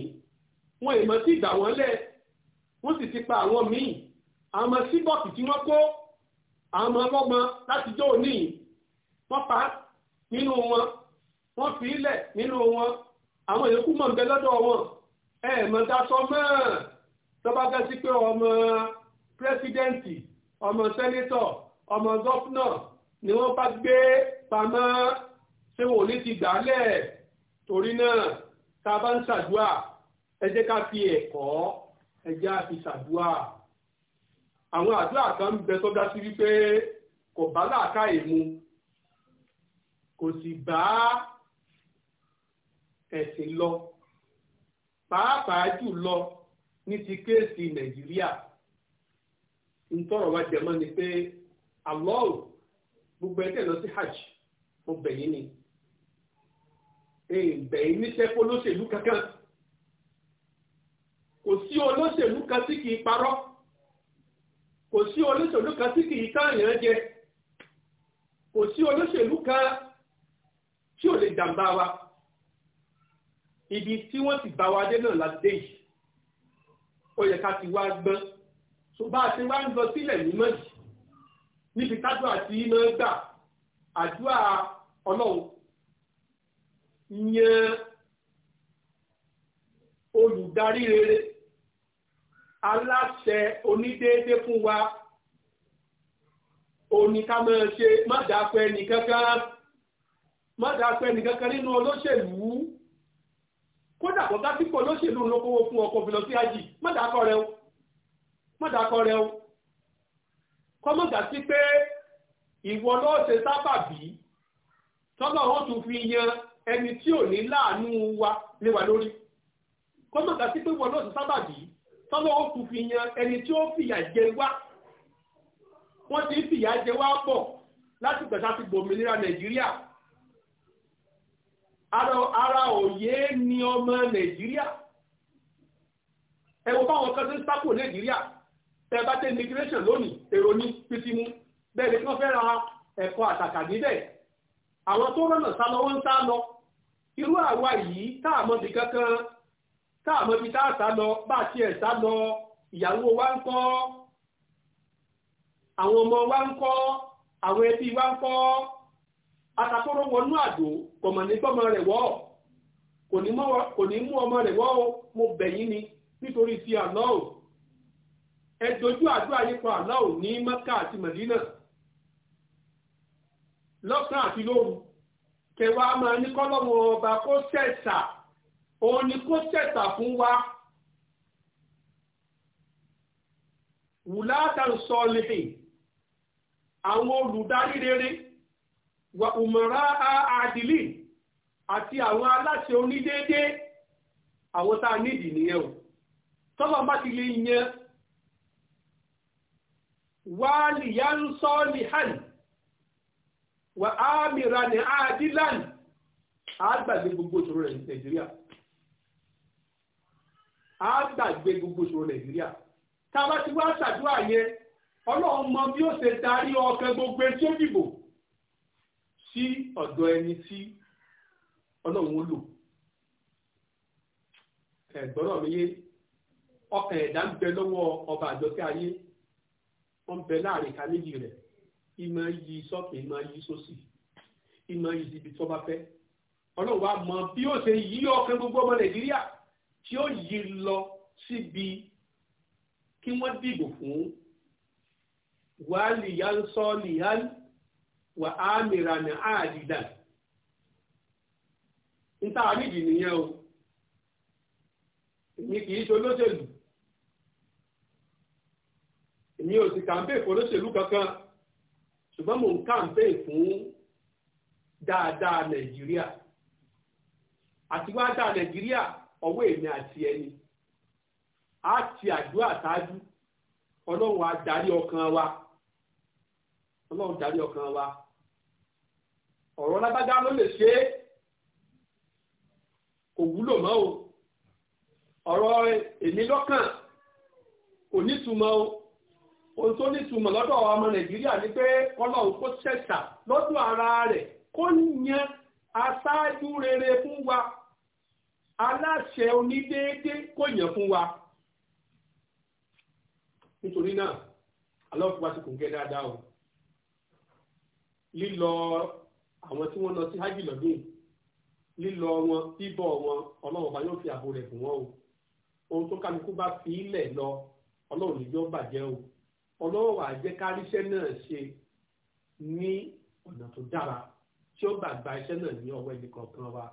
wọn ìmọ̀ sí ìgbà wọn lẹ̀ wọ́n sì ti pa àwọn míì àmọ́ síbọ̀kì tí wọ́n kó àmọ́ ọlọ́gbọ́n láti jọ òní wọ́n pa nínú wọn wọ́n fi ilẹ̀ nínú wọn àwọn yòókù mọ̀ nbẹ lọ́dọ̀ wọn ẹ mọ̀ dasọ mọ́ọ̀ tọ́ba bẹ́ sí pé ọmọ pírẹsidẹ́ǹtì ọmọ sẹ́nẹ́tọ̀ ọmọ gọ́fúnà ni wọ́n bá gbé pamọ́ ṣé wọn ò ní ti gbà torí náà tá a bá ń ṣàdúà ẹ jẹ́ ká fi ẹ̀kọ́ ẹ jẹ́ á fi ṣàdúà àwọn àdúrà kan ń bẹ tó dá sí wípé kò bá làákàyè mu kò sì bá ẹ̀sìn lọ pàápàá jùlọ ní ti kéèsì nàìjíríà ntọrọ wa jẹmọ́ ni pé alọọ gbogbo ẹgbẹ́ lọ sí hajj mo bẹ̀ yín ni bẹ̀ yín níṣẹ́ kó lóṣèlú kankan kò sí olóṣèlú kan tí kì í parọ́ kò sí olóṣèlú kan tí kìí káàyàn jẹ kò sí olóṣèlú kan tí ò lè jàǹbá wa ibi tí wọ́n ti bá wa dé náà láti dé yìí ó yẹ ká ti wá gbọ́n tó bá ti wá ń lọ sílẹ̀ mímọ́ yìí níbi tájú àti iná gbà àdúrà ọlọ́run yan olùdarí rere aláṣẹ onídéédé fún wa òní ká máa ṣe má dápẹ́ nìkankan má dápẹ́ nìkankan nínú olóṣèlú kódà kó bá sípò olóṣèlú ló kówó fún ọkọ̀ òfin lọ sí àjì má dákọ̀ rẹ o má dákọ̀ rẹ o kọ́ má dá sí pé ìwọ lọ́ọ́ ṣe sábàbí tọ́lọ́ wọn tún fi yan ẹni tí ò ní láàánú wa lé lórí kọ́ má sí pé ìwọ lọ́ọ́ ṣe sábàbí tọ́lọ́ ó kù fi yan ẹni tí ó fìyà jẹ wá wọ́n ti ń fìyà jẹ wá pọ̀ láti gbẹ̀sà ti gbòmìnira nàìjíríà ara òye ni ọmọ nàìjíríà ẹ wo báwọn kan ti ń sápò nàìjíríà tẹ́ bá tẹ́ immigration lónìí èrò ní pítímú bẹ́ẹ̀ ni kí wọ́n fẹ́ ra ẹ̀kọ́ àtàkà níbẹ̀ àwọn tó rọ̀nà sá lọ wọ́n ń sá lọ irú àwa yìí tá àmọ́ kankan táàmọ́ ibi tá a sá lọ bá a tiẹ̀ sá lọ ìyàwó wa ń kọ́ àwọn ọmọ wa ń kọ́ àwọn ẹbí wa ń kọ́ atakóró wọnú àdó kọ̀mọ̀ ní gbọ́mọ rẹ̀ wọ́ kò ní mú ọmọ rẹ̀ wọ́ o mo bẹ̀ ni nítorí ti àná o ẹ dojú àdúrà yín kan àná o ní Mẹ́kà àti Mẹ̀dínà lọ́sàn-án àti lóru kẹwàá máa ní kọ́lọ́mù ọba kó ṣẹ̀ṣà. òun ni kó ṣẹ̀tà fún wa wùlátàn sọlẹ̀ àwọn olùdarí rere wà òmùrà àdìlì àti àwọn aláṣẹ onídéédé àwọn tá a nídìí nìyẹn o tọ́lọ́ bá ti lè yan wáàlì yá ń sọ́ọ̀lì wà ní gbogbo á gbàgbé gbogbo ìṣòro nàìjíríà tá a bá ti wá ṣàdúrà yẹn ọlọ́run mọ bí ó ṣe darí ọkàn gbogbo etí ó dìbò sí ọ̀dọ̀ ẹni tí ọlọ́run ó lò ẹ̀gbọ́rọ̀ mi yé ọkàn ẹ̀dá ń bẹ lọ́wọ́ ọba àjọkẹ́ ayé wọ́n ń bẹ láàrin ìka rẹ̀ ìmọ̀ yí sọ́ọ̀kì ìmọ̀ yí sósì ìmọ̀ yí síbi tó bá fẹ́ ọlọ́run wa mọ bí ó ṣe yí ọkàn gbogbo ọmọ nàìjíríà tí ó yí lọ síbi kí wọ́n dìbò fún wàhálì yansọ́ nìyálì wà á mìíràn ní àdìdà níta àrídì nìyẹn o èmi kì í ṣe olóṣèlú èmi ò sì kàǹpé fún olóṣèlú kankan ṣùgbọ́n mò ń kàǹpé fún dáadáa nàìjíríà àti wá dáa nàìjíríà ọwọ́ èmi àti ẹni á ti àdúrà ṣáájú ọlọ́run á darí ọkàn wa ọlọ́run darí ọkàn wa ọ̀rọ̀ lágbájá ló lè ṣe é kò wúlò mọ́ o ọ̀rọ̀ èmi lọ́kàn kò nítumọ̀ o ohun tó nítumọ̀ lọ́dọ̀ ọmọ nàìjíríà ni pé ọlọ́run kó ṣẹ̀ṣà lọ́dọ̀ ara rẹ̀ kó yan aṣáájú rere fún wa aláṣẹ onídéédé kò yàn fún wa nítorí náà alọ́ọ̀fù wa ti kò ń gẹ́ dáadáa o lílọ àwọn tí wọ́n lọ sí hajj lọ́dún lílọ wọn bíbọ̀ wọn ọlọ́run bá yóò fi ààbò rẹ̀ fún wọn o ohun tó kálukú bá fi ilẹ̀ lọ ọlọ́run níjọ́ bàjẹ́ o ọlọ́run wà káríṣẹ́ náà ṣe ní ọ̀nà tó dára tí ó gbàgbà iṣẹ́ náà ní ọwọ́ ẹnì kọ̀ọ̀kan wa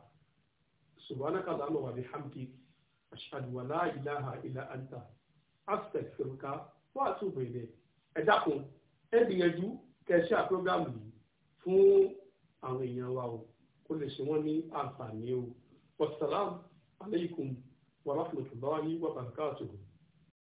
subhanaka allahumma wa bihamdik ashhadu an la ilaha illa anta astaghfiruka wa atubu ilayk ẹ dákun ẹ gbìyànjú kẹsí àpérógámù yìí fún àwọn èèyàn wa o kó lè ṣe wọn ní àǹfààní o wasalaamu alaykum wa rahmatulahi wa barakatuhu.